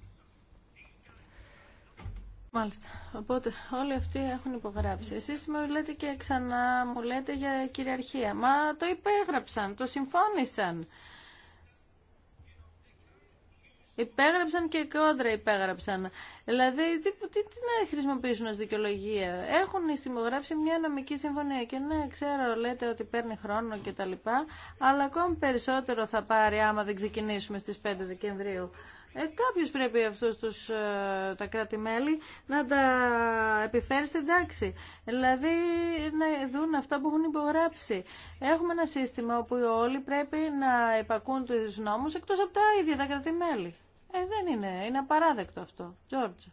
Μάλιστα. Οπότε όλοι αυτοί έχουν υπογράψει. Εσεί, μου λέτε και ξανά, μου λέτε για κυριαρχία. Μα το υπέγραψαν, το συμφώνησαν. Υπέγραψαν και κόντρα υπέγραψαν. Δηλαδή, τι, τι, τι να χρησιμοποιήσουν ω δικαιολογία. Έχουν συμμογράψει μια νομική συμφωνία και ναι, ξέρω, λέτε ότι παίρνει χρόνο κτλ. αλλά ακόμη περισσότερο θα πάρει άμα δεν ξεκινήσουμε στι 5 Δεκεμβρίου. Ε, πρέπει αυτούς τους, ε, τα κράτη-μέλη να τα επιφέρει στην τάξη. Δηλαδή να δουν αυτά που έχουν υπογράψει. Έχουμε ένα σύστημα όπου όλοι πρέπει να υπακούν τους νόμους εκτός από τα ίδια τα κράτη-μέλη. Ε, δεν είναι. Είναι απαράδεκτο αυτό. Τζόρτζο.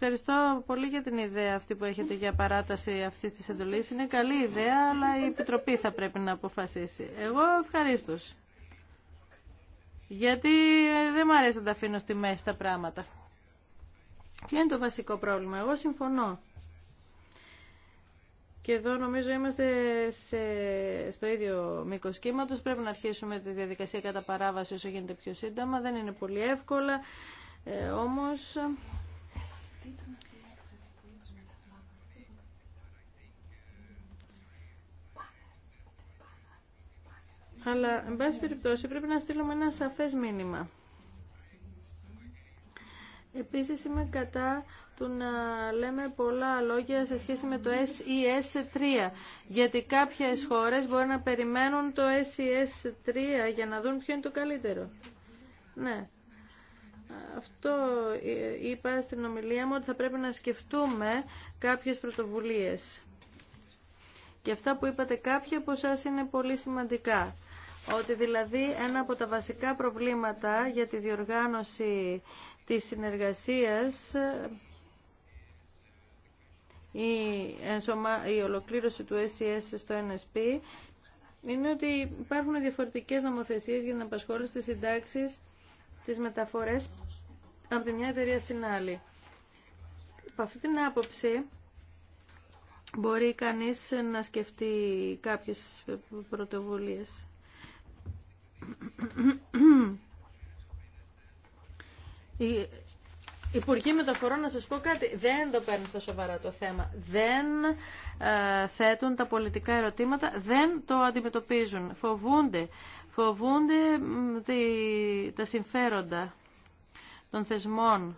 Ευχαριστώ πολύ για την ιδέα αυτή που έχετε για παράταση αυτή τη εντολή. Είναι καλή ιδέα, αλλά η Επιτροπή θα πρέπει να αποφασίσει. Εγώ ευχαρίστω. Γιατί ε, δεν μου αρέσει να τα αφήνω στη μέση τα πράγματα. Ποιο είναι το βασικό πρόβλημα. Εγώ συμφωνώ. Και εδώ νομίζω είμαστε σε, στο ίδιο μήκο κύματο. Πρέπει να αρχίσουμε τη διαδικασία κατά παράβαση όσο γίνεται πιο σύντομα. Δεν είναι πολύ εύκολα. Ε, όμως Αλλά, εν πάση περιπτώσει, πρέπει να στείλουμε ένα σαφές μήνυμα. Επίσης, είμαι κατά του να λέμε πολλά λόγια σε σχέση με το SES3, γιατί κάποιες χώρες μπορεί να περιμένουν το SES3 για να δουν ποιο είναι το καλύτερο. Ναι. Αυτό είπα στην ομιλία μου ότι θα πρέπει να σκεφτούμε κάποιες πρωτοβουλίες. Και αυτά που είπατε κάποια από εσά είναι πολύ σημαντικά ότι δηλαδή ένα από τα βασικά προβλήματα για τη διοργάνωση της συνεργασίας η, η ολοκλήρωση του SES στο NSP είναι ότι υπάρχουν διαφορετικές νομοθεσίες για την απασχόληση της συντάξης, τις μεταφορές από τη μια εταιρεία στην άλλη. Από αυτή την άποψη μπορεί κανείς να σκεφτεί κάποιες πρωτοβουλίες. Η Υπουργοί Μεταφορών, να σας πω κάτι, δεν το παίρνουν στα σοβαρά το θέμα. Δεν ε, θέτουν τα πολιτικά ερωτήματα, δεν το αντιμετωπίζουν. Φοβούνται. Φοβούνται τη, τα συμφέροντα των θεσμών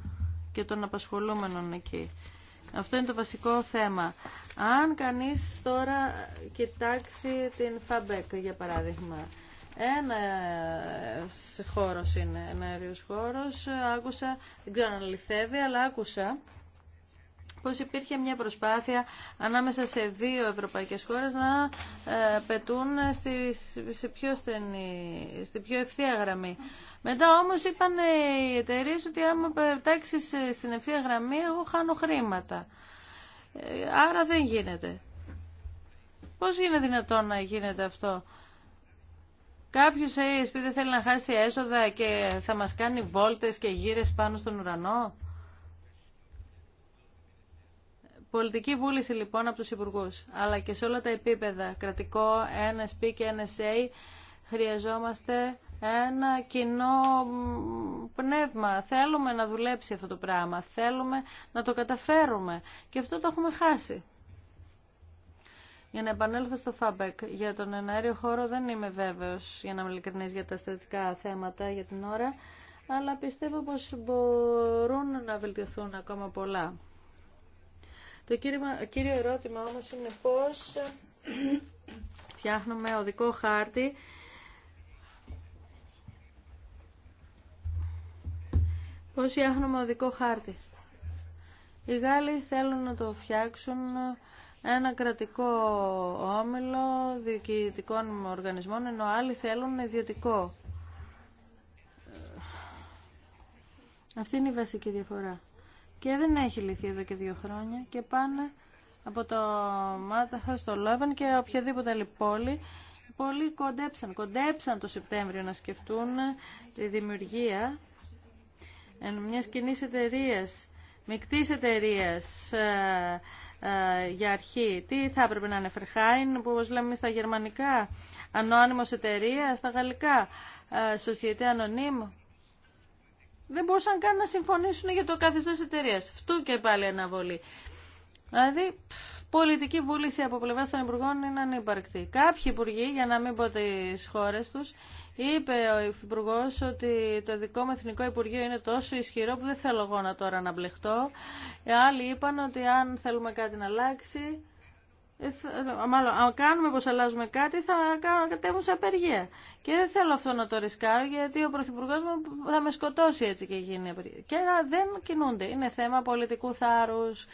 και των απασχολούμενων εκεί. Αυτό είναι το βασικό θέμα. Αν κανείς τώρα κοιτάξει την ΦΑΜΠΕΚ, για παράδειγμα, ένα ε, χώρος είναι, ένα αέριο χώρος. Άκουσα, δεν ξέρω αν αληθεύει, αλλά άκουσα πως υπήρχε μια προσπάθεια ανάμεσα σε δύο ευρωπαϊκές χώρες να ε, πετούν στη, σε πιο στενή, στη πιο ευθεία γραμμή. Μετά όμως είπαν οι εταιρείε ότι άμα στην ευθεία γραμμή εγώ χάνω χρήματα. Ε, άρα δεν γίνεται. Πώς είναι δυνατόν να γίνεται αυτό. Κάποιο ASP ε, δεν θέλει να χάσει έσοδα και θα μας κάνει βόλτες και γύρες πάνω στον ουρανό. Πολιτική βούληση λοιπόν από τους υπουργούς, αλλά και σε όλα τα επίπεδα, κρατικό, NSP και NSA, χρειαζόμαστε ένα κοινό πνεύμα. Θέλουμε να δουλέψει αυτό το πράγμα, θέλουμε να το καταφέρουμε και αυτό το έχουμε χάσει. Για να επανέλθω στο ΦΑΜΠΕΚ, για τον εναέριο χώρο δεν είμαι βέβαιος, για να είμαι για τα στρατικά θέματα για την ώρα, αλλά πιστεύω πως μπορούν να βελτιωθούν ακόμα πολλά. Το κύριο, ερώτημα όμως είναι πώς φτιάχνουμε οδικό χάρτη Πώς φτιάχνουμε οδικό χάρτη. Οι Γάλλοι θέλουν να το φτιάξουν ένα κρατικό όμιλο διοικητικών οργανισμών, ενώ άλλοι θέλουν ιδιωτικό. Αυτή είναι η βασική διαφορά. Και δεν έχει λυθεί εδώ και δύο χρόνια και πάνε από το Μάταχα στο Λόβεν και οποιαδήποτε άλλη πόλη. Πολλοί κοντέψαν, κοντέψαν το Σεπτέμβριο να σκεφτούν τη δημιουργία μιας κοινής εταιρείας, μεικτής εταιρεία ε, ε, για αρχή. Τι θα έπρεπε να είναι Φερχάιν, που όπως λέμε στα γερμανικά, ανώνυμος εταιρεία, στα γαλλικά, ε, Société Anonyme. Δεν μπορούσαν καν να συμφωνήσουν για το καθεστώς εταιρεία. Φτου και πάλι αναβολή. Δηλαδή, πολιτική βούληση από πλευρά των Υπουργών είναι ανύπαρκτη. Κάποιοι Υπουργοί, για να μην πω τι χώρε του, Είπε ο Υφυπουργό ότι το δικό μου Εθνικό Υπουργείο είναι τόσο ισχυρό που δεν θέλω εγώ να τώρα να μπλεχτώ. Οι άλλοι είπαν ότι αν θέλουμε κάτι να αλλάξει, ε, ε, μάλλον αν κάνουμε πως αλλάζουμε κάτι θα κατέβουν σε απεργία. Και δεν θέλω αυτό να το ρισκάρω γιατί ο Πρωθυπουργό μου θα με σκοτώσει έτσι και γίνει απεργία. Και δεν κινούνται. Είναι θέμα πολιτικού θάρρους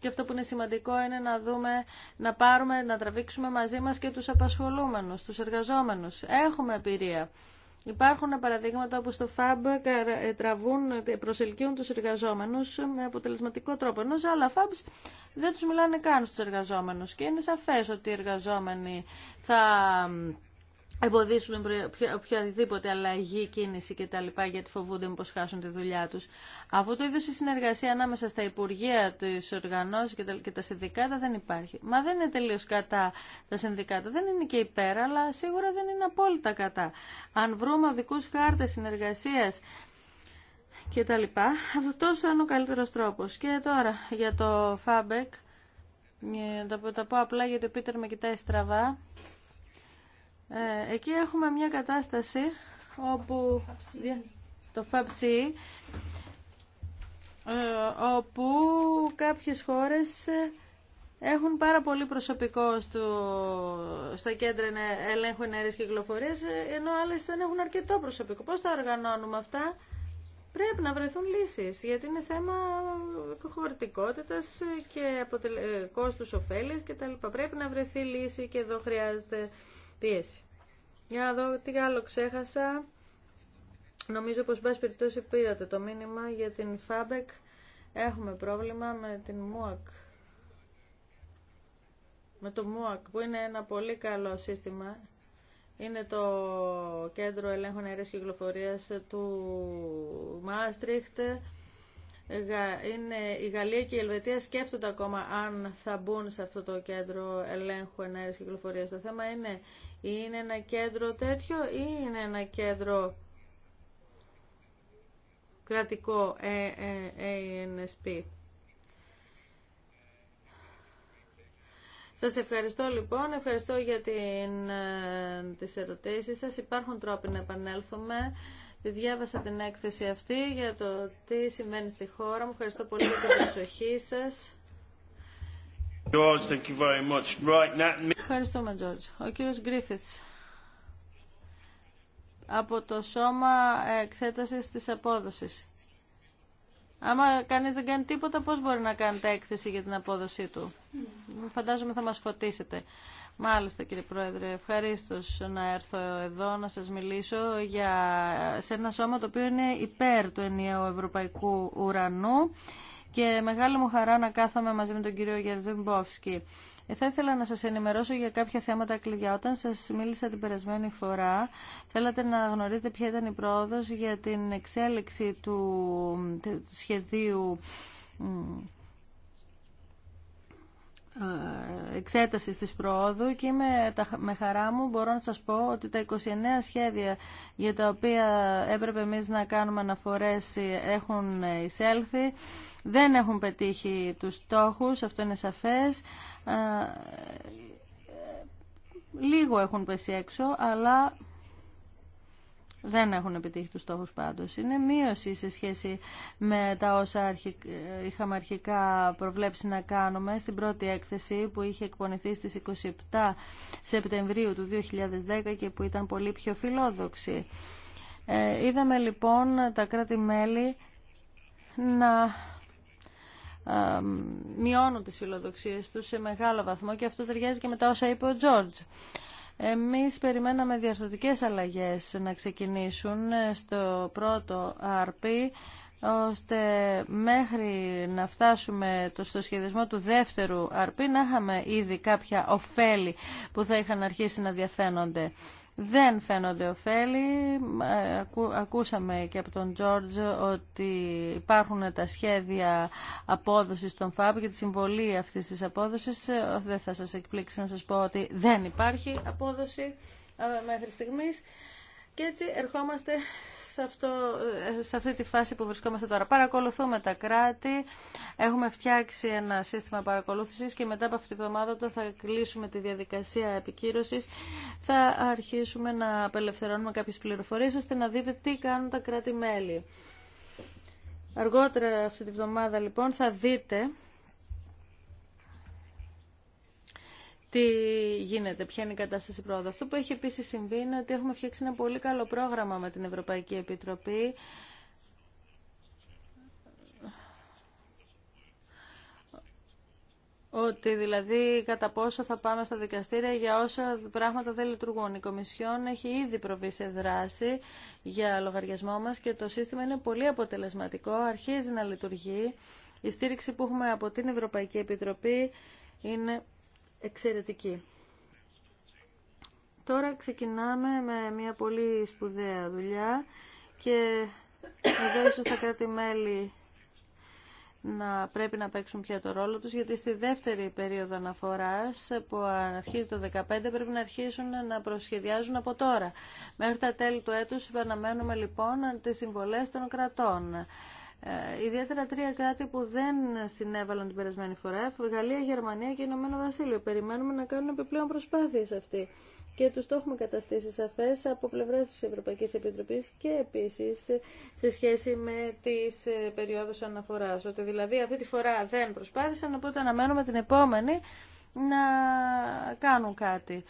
και αυτό που είναι σημαντικό είναι να δούμε, να πάρουμε, να τραβήξουμε μαζί μας και τους απασχολούμενους, τους εργαζόμενους. Έχουμε εμπειρία. Υπάρχουν παραδείγματα όπου στο ΦΑΜΠ ε, τραβούν, προσελκύουν τους εργαζόμενους με αποτελεσματικό τρόπο, ενώ σε άλλα FAB δεν τους μιλάνε καν στους εργαζόμενους και είναι σαφές ότι οι εργαζόμενοι θα εμποδίσουν οποιαδήποτε αλλαγή, κίνηση κτλ. γιατί φοβούνται μήπως χάσουν τη δουλειά τους. Αυτό το είδος η συνεργασία ανάμεσα στα Υπουργεία, τις οργανώσεις και τα συνδικάτα δεν υπάρχει. Μα δεν είναι τελείως κατά τα συνδικάτα, δεν είναι και υπέρα, αλλά σίγουρα δεν είναι απόλυτα κατά. Αν βρούμε δικούς χάρτες συνεργασίας και τα λοιπά, θα είναι ο καλύτερος τρόπος. Και τώρα για το ΦΑΜΠΕΚ, τα ε, πω απλά γιατί ο Πίτερ με κοιτάει στραβά. Ε, εκεί έχουμε μια κατάσταση όπου το FAPC ε, όπου κάποιες χώρες έχουν πάρα πολύ προσωπικό στο, στα κέντρα ελέγχου ενέργειας κυκλοφορίας ενώ άλλες δεν έχουν αρκετό προσωπικό. Πώς τα οργανώνουμε αυτά. Πρέπει να βρεθούν λύσεις, γιατί είναι θέμα χωρητικότητας και αποτελε... Ε, κόστους τα κτλ. Πρέπει να βρεθεί λύση και εδώ χρειάζεται πίεση. Για να δω τι άλλο ξέχασα. Νομίζω πως μπας περιπτώσει πήρατε το μήνυμα για την FABEC. Έχουμε πρόβλημα με την MUAC. Με το MUAC που είναι ένα πολύ καλό σύστημα. Είναι το κέντρο ελέγχων και κυκλοφορίας του Μάστριχτ είναι, η Γαλλία και η Ελβετία σκέφτονται ακόμα αν θα μπουν σε αυτό το κέντρο ελέγχου ενέργειας κυκλοφορίας. Το θέμα είναι, είναι ένα κέντρο τέτοιο ή είναι ένα κέντρο κρατικό ANSP. Ε, ε, ε σας ευχαριστώ λοιπόν, ευχαριστώ για την, τις ερωτήσεις σας. Υπάρχουν τρόποι να επανέλθουμε. Διάβασα την έκθεση αυτή για το τι σημαίνει στη χώρα μου. Ευχαριστώ πολύ για την προσοχή σας. George, thank you very much. Right now... Ευχαριστούμε, George. Ο κύριος Γκρίφιτς από το Σώμα Εξέτασης της Απόδοσης. Άμα κανείς δεν κάνει τίποτα, πώς μπορεί να κάνετε έκθεση για την απόδοσή του. Φαντάζομαι θα μας φωτίσετε. Μάλιστα κύριε Πρόεδρε, ευχαρίστω να έρθω εδώ να σας μιλήσω για, σε ένα σώμα το οποίο είναι υπέρ του ενιαίου ευρωπαϊκού ουρανού και μεγάλη μου χαρά να κάθομαι μαζί με τον κύριο Γερζεμπόφσκι. Ε, θα ήθελα να σας ενημερώσω για κάποια θέματα κλειδιά. Όταν σας μίλησα την περασμένη φορά, θέλατε να γνωρίζετε ποια ήταν η πρόοδος για την εξέλιξη του σχεδίου Εξέταση της προόδου και με χαρά μου μπορώ να σας πω ότι τα 29 σχέδια για τα οποία έπρεπε εμείς να κάνουμε αναφορές έχουν εισέλθει. Δεν έχουν πετύχει τους στόχους, αυτό είναι σαφές. Λίγο έχουν πέσει έξω, αλλά δεν έχουν επιτύχει τους στόχους πάντως. Είναι μείωση σε σχέση με τα όσα είχαμε αρχικά προβλέψει να κάνουμε στην πρώτη έκθεση που είχε εκπονηθεί στις 27 Σεπτεμβρίου του 2010 και που ήταν πολύ πιο φιλόδοξη. Ε, είδαμε λοιπόν τα κράτη-μέλη να ε, μειώνουν τις φιλοδοξίες τους σε μεγάλο βαθμό και αυτό ταιριάζει και με τα όσα είπε ο Τζόρτζ. Εμείς περιμέναμε διαρθρωτικές αλλαγές να ξεκινήσουν στο πρώτο ΑΡΠΗ ώστε μέχρι να φτάσουμε στο σχεδιασμό του δεύτερου αρπή να είχαμε ήδη κάποια ωφέλη που θα είχαν αρχίσει να διαφαίνονται δεν φαίνονται ωφέλη. Ε, ακούσαμε και από τον Τζόρτζ ότι υπάρχουν τα σχέδια απόδοσης των ΦΑΠ και τη συμβολή αυτής της απόδοσης. Ε, δεν θα σας εκπλήξει να σας πω ότι δεν υπάρχει απόδοση ε, μέχρι στιγμής. Και έτσι ερχόμαστε σε, αυτό, ε, σε αυτή τη φάση που βρισκόμαστε τώρα. Παρακολουθούμε τα κράτη, έχουμε φτιάξει ένα σύστημα παρακολούθησης και μετά από αυτή τη βδομάδα λοιπόν, θα κλείσουμε τη διαδικασία επικύρωσης θα αρχίσουμε να απελευθερώνουμε κάποιες πληροφορίες ώστε να δείτε τι κάνουν τα κράτη-μέλη. Αργότερα αυτή τη βδομάδα λοιπόν θα δείτε τι γίνεται, ποια είναι η κατάσταση πρόοδου. Αυτό που έχει επίση συμβεί είναι ότι έχουμε φτιάξει ένα πολύ καλό πρόγραμμα με την Ευρωπαϊκή Επιτροπή Ότι δηλαδή κατά πόσο θα πάμε στα δικαστήρια για όσα πράγματα δεν λειτουργούν. Η Κομισιόν έχει ήδη προβεί σε δράση για λογαριασμό μας και το σύστημα είναι πολύ αποτελεσματικό, αρχίζει να λειτουργεί. Η στήριξη που έχουμε από την Ευρωπαϊκή Επιτροπή είναι εξαιρετική. Τώρα ξεκινάμε με μια πολύ σπουδαία δουλειά και εδώ ίσως τα κράτη-μέλη να πρέπει να παίξουν πια το ρόλο τους, γιατί στη δεύτερη περίοδο αναφοράς που αρχίζει το 2015 πρέπει να αρχίσουν να προσχεδιάζουν από τώρα. Μέχρι τα τέλη του έτους αναμένουμε λοιπόν τις συμβολές των κρατών. Ε, ιδιαίτερα τρία κράτη που δεν συνέβαλαν την περασμένη φορά, Γαλλία, Γερμανία και Ηνωμένο Βασίλειο. Περιμένουμε να κάνουν επιπλέον προσπάθειες αυτοί και τους το έχουμε καταστήσει σαφές από πλευράς της Ευρωπαϊκής Επιτροπής και επίσης σε σχέση με τις ε, περιόδους αναφοράς. Ότι δηλαδή αυτή τη φορά δεν προσπάθησαν, οπότε αναμένουμε την επόμενη να κάνουν κάτι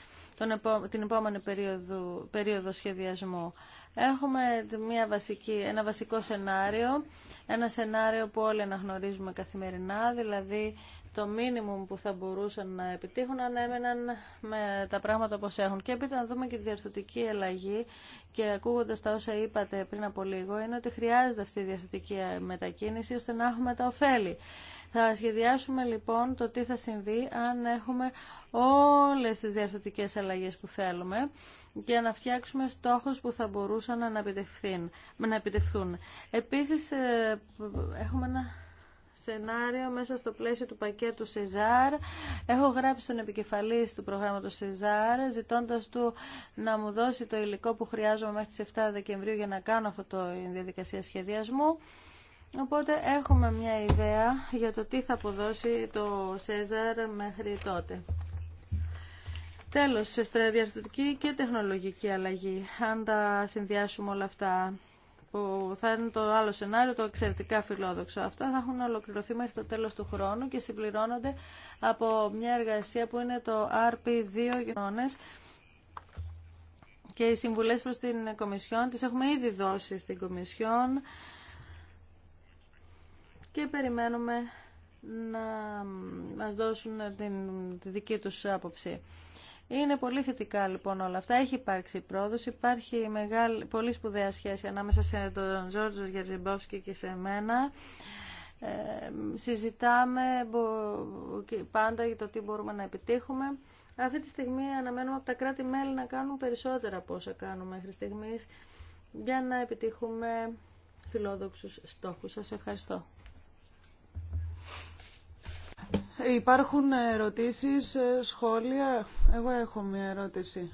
την επόμενη περίοδο, περίοδο σχεδιασμού. Έχουμε μια βασική, ένα βασικό σενάριο, ένα σενάριο που όλοι αναγνωρίζουμε καθημερινά, δηλαδή το μήνυμο που θα μπορούσαν να επιτύχουν αν έμεναν με τα πράγματα όπως έχουν. Και έπειτα να δούμε και τη διαρθωτική αλλαγή και ακούγοντας τα όσα είπατε πριν από λίγο είναι ότι χρειάζεται αυτή η διαρθωτική μετακίνηση ώστε να έχουμε τα ωφέλη. Θα σχεδιάσουμε λοιπόν το τι θα συμβεί αν έχουμε όλες τις διαρθωτικές αλλαγές που θέλουμε για να φτιάξουμε στόχους που θα μπορούσαν να επιτευχθούν. Επίσης ε, έχουμε ένα σενάριο μέσα στο πλαίσιο του πακέτου ΣΕΖΑΡ. Έχω γράψει τον επικεφαλή του προγράμματο ΣΕΖΑΡ, ζητώντα του να μου δώσει το υλικό που χρειάζομαι μέχρι τι 7 Δεκεμβρίου για να κάνω αυτό το διαδικασία σχεδιασμού. Οπότε έχουμε μια ιδέα για το τι θα αποδώσει το ΣΕΖΑΡ μέχρι τότε. Τέλος, σε στρατιωτική και τεχνολογική αλλαγή, αν τα συνδυάσουμε όλα αυτά που θα είναι το άλλο σενάριο, το εξαιρετικά φιλόδοξο. Αυτά θα έχουν ολοκληρωθεί μέχρι το τέλος του χρόνου και συμπληρώνονται από μια εργασία που είναι το RP2 γεγονές και οι συμβουλές προς την Κομισιόν τις έχουμε ήδη δώσει στην Κομισιόν και περιμένουμε να μας δώσουν τη δική τους άποψη. Είναι πολύ θετικά λοιπόν όλα αυτά. Έχει υπάρξει πρόοδος, υπάρχει μεγάλη, πολύ σπουδαία σχέση ανάμεσα σε τον Ζόρτζο Γερζιμπόφσκι και σε μένα. Ε, συζητάμε πάντα για το τι μπορούμε να επιτύχουμε. Αυτή τη στιγμή αναμένουμε από τα κράτη-μέλη να κάνουν περισσότερα από όσα κάνουμε μέχρι στιγμής για να επιτύχουμε φιλόδοξους στόχους. Σας ευχαριστώ. Υπάρχουν ερωτήσεις, ε, σχόλια. Εγώ έχω μια ερώτηση.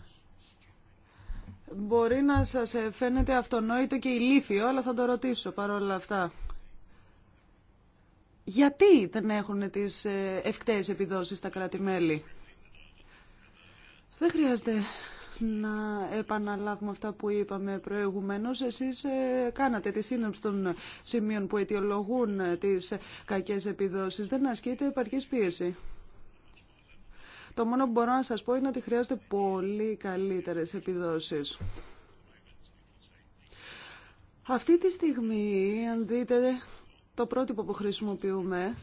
Μπορεί να σας ε, φαίνεται αυτονόητο και ηλίθιο, αλλά θα το ρωτήσω παρόλα αυτά. Γιατί δεν έχουν τις ευκταίες επιδόσεις τα κράτη-μέλη. Δεν χρειάζεται να επαναλάβουμε αυτά που είπαμε προηγουμένως. Εσείς ε, κάνατε τη σύνοψη των σημείων που αιτιολογούν τις κακές επιδόσεις. Δεν ασκείται επαρκή πίεση. Το μόνο που μπορώ να σας πω είναι ότι χρειάζεται πολύ καλύτερες επιδόσεις. Αυτή τη στιγμή, αν δείτε το πρότυπο που χρησιμοποιούμε,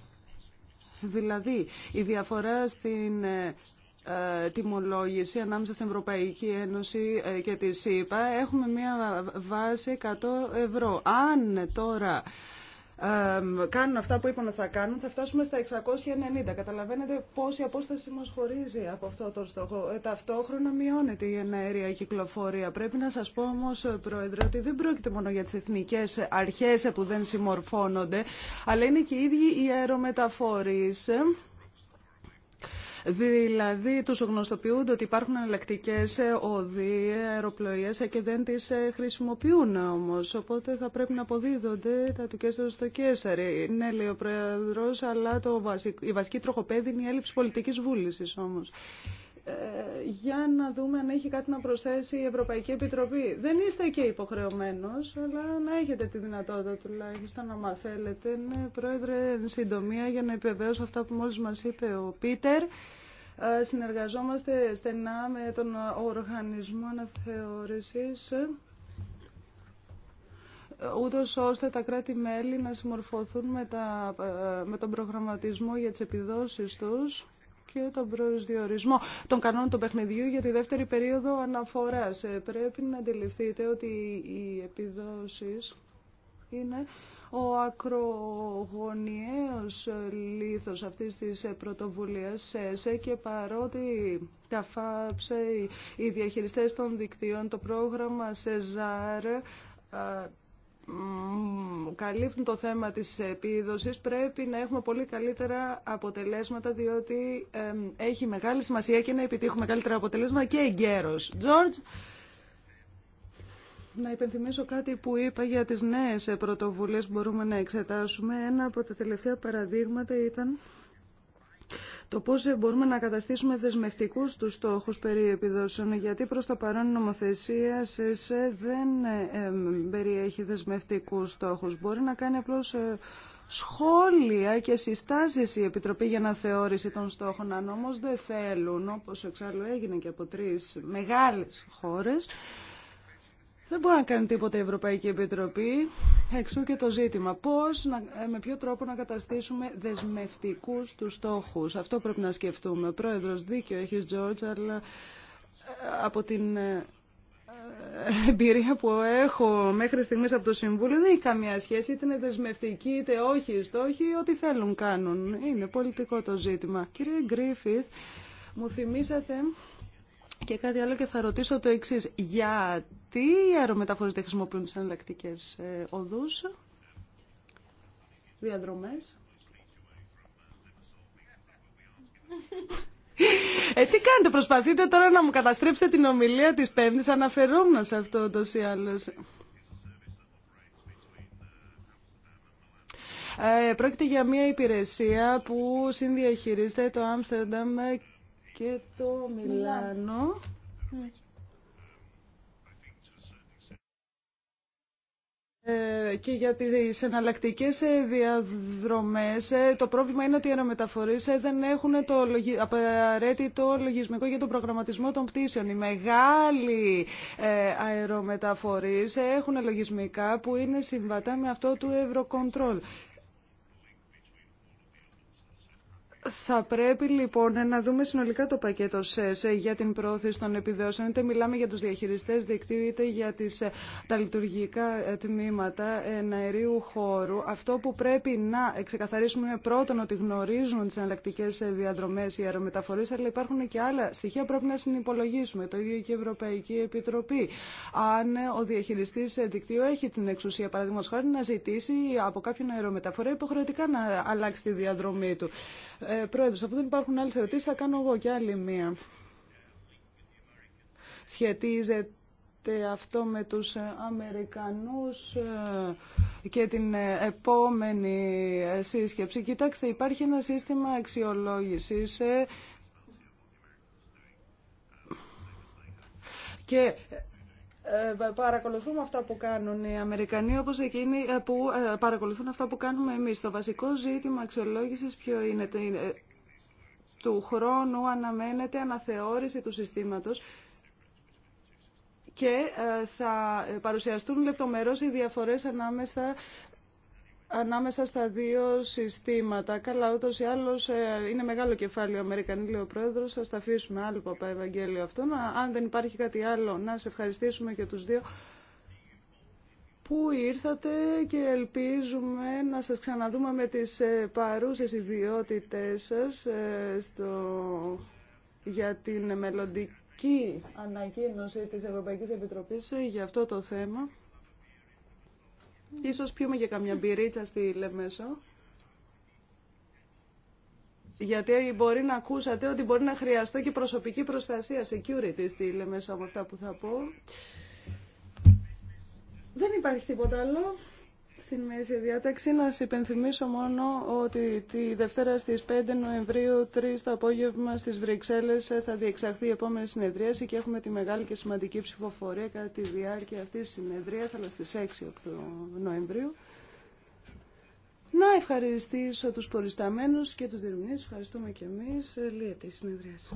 δηλαδή η διαφορά στην ε, ε, τιμολόγηση ανάμεσα στην Ευρωπαϊκή Ένωση ε, και τη ΣΥΠΑ έχουμε μία βάση 100 ευρώ. Αν τώρα ε, κάνουν αυτά που είπαμε θα κάνουν, θα φτάσουμε στα 690. Καταλαβαίνετε πόση απόσταση μας χωρίζει από αυτό το στόχο. Ε, ταυτόχρονα μειώνεται η εναέρια κυκλοφορία. Πρέπει να σας πω όμως, Πρόεδρε, ότι δεν πρόκειται μόνο για τις εθνικές αρχές που δεν συμμορφώνονται, αλλά είναι και οι ίδιοι οι αερομεταφορείς Δηλαδή του γνωστοποιούνται ότι υπάρχουν εναλλακτικέ οδοί, αεροπλοίες και δεν τι χρησιμοποιούν όμω. Οπότε θα πρέπει να αποδίδονται τα του Κέσσερ στο Κέσσερ. Ναι, λέει ο πρόεδρο, αλλά το βασικ... η βασική τροχοπέδη είναι η έλλειψη πολιτική βούληση όμω. Ε, για να δούμε αν έχει κάτι να προσθέσει η Ευρωπαϊκή Επιτροπή. Δεν είστε και υποχρεωμένος, αλλά να έχετε τη δυνατότητα τουλάχιστον άμα θέλετε. Ναι, Πρόεδρε, εν συντομία για να επιβεβαιώσω αυτά που μόλις μας είπε ο Πίτερ. Ε, συνεργαζόμαστε στενά με τον Οργανισμό Αναθεώρησης ούτως ώστε τα κράτη-μέλη να συμμορφωθούν με, ε, με τον προγραμματισμό για τις επιδόσεις τους και τον προσδιορισμό των κανόνων του παιχνιδιού για τη δεύτερη περίοδο αναφοράς. Ε, πρέπει να αντιληφθείτε ότι οι επιδόσεις είναι ο ακρογωνιαίος λίθος αυτής της πρωτοβουλίας ΣΕΣΕ και παρότι τα ΦΑΠΣΕ, οι διαχειριστές των δικτύων, το πρόγραμμα ΣΕΖΑΡ καλύπτουν το θέμα της επίδοσης πρέπει να έχουμε πολύ καλύτερα αποτελέσματα διότι έχει μεγάλη σημασία και να επιτύχουμε καλύτερα αποτελέσματα και εγκαίρως. George, να υπενθυμίσω κάτι που είπα για τις νέες πρωτοβουλίες που μπορούμε να εξετάσουμε. Ένα από τα τελευταία παραδείγματα ήταν το πώς μπορούμε να καταστήσουμε δεσμευτικούς τους στόχους περί επιδόσεων, γιατί προς το παρόν η νομοθεσία σε δεν ε, περιέχει δεσμευτικούς στόχους. Μπορεί να κάνει απλώς ε, σχόλια και συστάσεις η Επιτροπή για να θεώρηση των στόχων. Αν όμως δεν θέλουν, όπως εξάλλου έγινε και από τρεις μεγάλες χώρες, δεν μπορεί να κάνει τίποτα η Ευρωπαϊκή Επιτροπή. Εξού και το ζήτημα. Πώς, ε, με ποιο τρόπο να καταστήσουμε δεσμευτικούς τους στόχους. Αυτό πρέπει να σκεφτούμε. Πρόεδρος, δίκιο έχεις, Τζόρτζ, αλλά ε, από την ε, εμπειρία που έχω μέχρι στιγμής από το Συμβούλιο δεν έχει καμία σχέση, είτε είναι δεσμευτική είτε όχι οι στόχοι, ό,τι θέλουν κάνουν. Είναι πολιτικό το ζήτημα. Κύριε Γκρίφιθ, μου θυμήσατε και κάτι άλλο και θα ρωτήσω το εξή. Τι αερομεταφορές δεν χρησιμοποιούν τις εναλλακτικέ ε, οδούς, διαδρομές. Ε, τι κάνετε, προσπαθείτε τώρα να μου καταστρέψετε την ομιλία της Πέμπτης, αναφερόμουν σε αυτό το ή άλλως. Ε, πρόκειται για μια υπηρεσία που συνδιαχειρίζεται το Άμστερνταμ και το Μιλάνο. Mm. Ε, και για τις εναλλακτικέ ε, διαδρομές ε, το πρόβλημα είναι ότι οι αερομεταφορείς δεν έχουν το απαραίτητο λογισμικό για τον προγραμματισμό των πτήσεων. Οι μεγάλοι αερομεταφορείς έχουν λογισμικά που είναι συμβατά με αυτό του Eurocontrol. Θα πρέπει λοιπόν να δούμε συνολικά το πακέτο ΣΕΣ για την πρόθεση των επιδόσεων. Είτε μιλάμε για τους διαχειριστές δικτύου, είτε για τις, ε, τα λειτουργικά ε, τμήματα ε, εναερίου χώρου. Αυτό που πρέπει να ξεκαθαρίσουμε είναι πρώτον ότι γνωρίζουν τις εναλλακτικέ διαδρομές οι αερομεταφορές, αλλά υπάρχουν και άλλα στοιχεία που πρέπει να συνυπολογίσουμε. Το ίδιο και η Ευρωπαϊκή Επιτροπή. Αν ο διαχειριστής δικτύου έχει την εξουσία, παραδείγματο χάρη, να ζητήσει από κάποιον αερομεταφορέα υποχρεωτικά να αλλάξει τη διαδρομή του. Ε, πρόεδρος, αφού δεν υπάρχουν άλλες ερωτήσεις, θα κάνω εγώ και άλλη μία. Σχετίζεται αυτό με τους Αμερικανούς ε, και την επόμενη σύσκεψη. Κοιτάξτε, υπάρχει ένα σύστημα αξιολόγησης ε, και ε, παρακολουθούμε αυτά που κάνουν οι Αμερικανοί όπως εκείνοι ε, που ε, παρακολουθούν αυτά που κάνουμε εμείς. Το βασικό ζήτημα αξιολόγησης ποιο είναι του χρόνου αναμένεται αναθεώρηση του συστήματος και θα παρουσιαστούν λεπτομερώς οι διαφορές ανάμεσα ανάμεσα στα δύο συστήματα. Καλά, ούτως ή άλλως ε, είναι μεγάλο κεφάλαιο Αμερικανή, λέει ο Πρόεδρος. Θα τα αφήσουμε άλλο Παπαευαγγέλιο, Ευαγγέλιο αυτό. αν δεν υπάρχει κάτι άλλο, να σε ευχαριστήσουμε και τους δύο που ήρθατε και ελπίζουμε να σας ξαναδούμε με τις ε, παρούσες ιδιότητές σας ε, στο... για την μελλοντική ανακοίνωση της Ευρωπαϊκής Επιτροπής για αυτό το θέμα. Ίσως πιούμε και καμιά μπυρίτσα στη Λεμεσό. Γιατί μπορεί να ακούσατε ότι μπορεί να χρειαστώ και προσωπική προστασία, security στη Λεμεσό από αυτά που θα πω. Δεν υπάρχει τίποτα άλλο στην Μέση διάταξη. Να σα υπενθυμίσω μόνο ότι τη Δευτέρα στις 5 Νοεμβρίου, 3 το απόγευμα στις Βρυξέλλες ε, θα διεξαχθεί η επόμενη συνεδρίαση και έχουμε τη μεγάλη και σημαντική ψηφοφορία κατά τη διάρκεια αυτής της συνεδρίας, αλλά στις 6 Νοεμβρίου. Να ευχαριστήσω τους πολισταμένους και τους διερμηνείς. Ευχαριστούμε και εμείς. Ε, λύεται η συνεδρίαση.